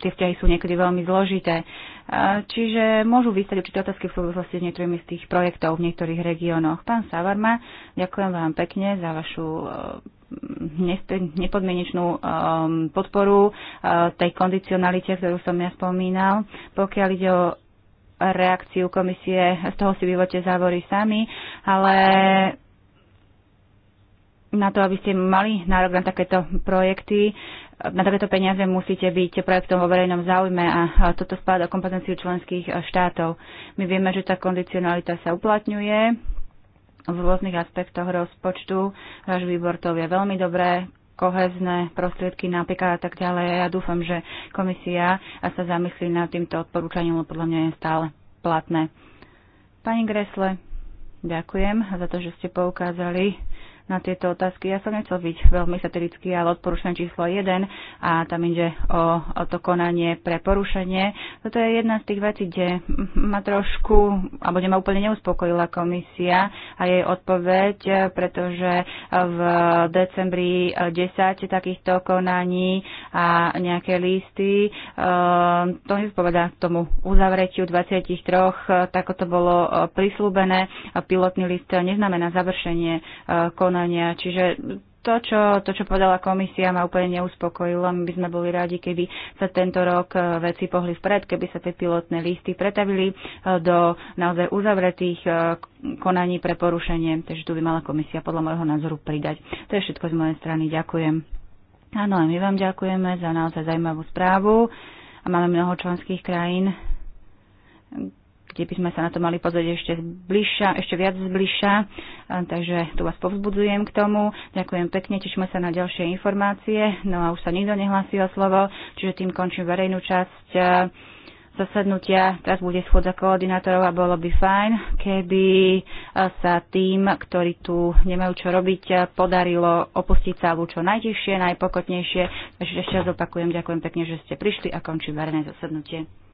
tie vzťahy sú niekedy veľmi zložité. Čiže môžu vystať určité otázky v súvislosti s niektorými z tých projektov v niektorých regiónoch. Pán Savarma, ďakujem vám pekne za vašu nepodmienečnú podporu tej kondicionalite, ktorú som ja spomínal. Pokiaľ ide o reakciu komisie, z toho si vyvote závory sami, ale na to, aby ste mali nárok na takéto projekty, na takéto peniaze musíte byť projektom vo verejnom záujme a toto spadá do kompetenciu členských štátov. My vieme, že tá kondicionalita sa uplatňuje v rôznych aspektoch rozpočtu. Váš výbor to vie veľmi dobre, kohezné prostriedky napríklad a tak ďalej. Ja dúfam, že komisia sa zamyslí nad týmto odporúčaním, lebo podľa mňa je stále platné. Pani Gresle, ďakujem za to, že ste poukázali na tieto otázky. Ja som nechcel byť veľmi satirický, ale odporúčam číslo 1 a tam ide o, o to konanie pre porušenie. Toto je jedna z tých vecí, kde ma trošku, alebo kde ma úplne neuspokojila komisia a jej odpoveď, pretože v decembri 10 takýchto konaní a nejaké listy, ehm, to nezpovedá tomu uzavretiu 23, tak to bolo e, prislúbené. Pilotný list neznamená završenie e, konania konania. Čiže to čo, to, čo povedala komisia, ma úplne neuspokojilo. My by sme boli radi, keby sa tento rok e, veci pohli vpred, keby sa tie pilotné listy pretavili e, do naozaj uzavretých e, konaní pre porušenie. Takže tu by mala komisia podľa môjho názoru pridať. To je všetko z mojej strany. Ďakujem. Áno, my vám ďakujeme za naozaj zaujímavú správu. A máme mnoho členských krajín, kde by sme sa na to mali pozrieť ešte zbližša, ešte viac zbližša. Takže tu vás povzbudzujem k tomu. Ďakujem pekne, tešíme sa na ďalšie informácie. No a už sa nikto nehlásil o slovo, čiže tým končím verejnú časť zasadnutia. Teraz bude schôdza koordinátorov a bolo by fajn, keby sa tým, ktorí tu nemajú čo robiť, podarilo opustiť sálu čo najtišie, najpokotnejšie. Takže ešte raz opakujem, ďakujem pekne, že ste prišli a končím verejné zasadnutie.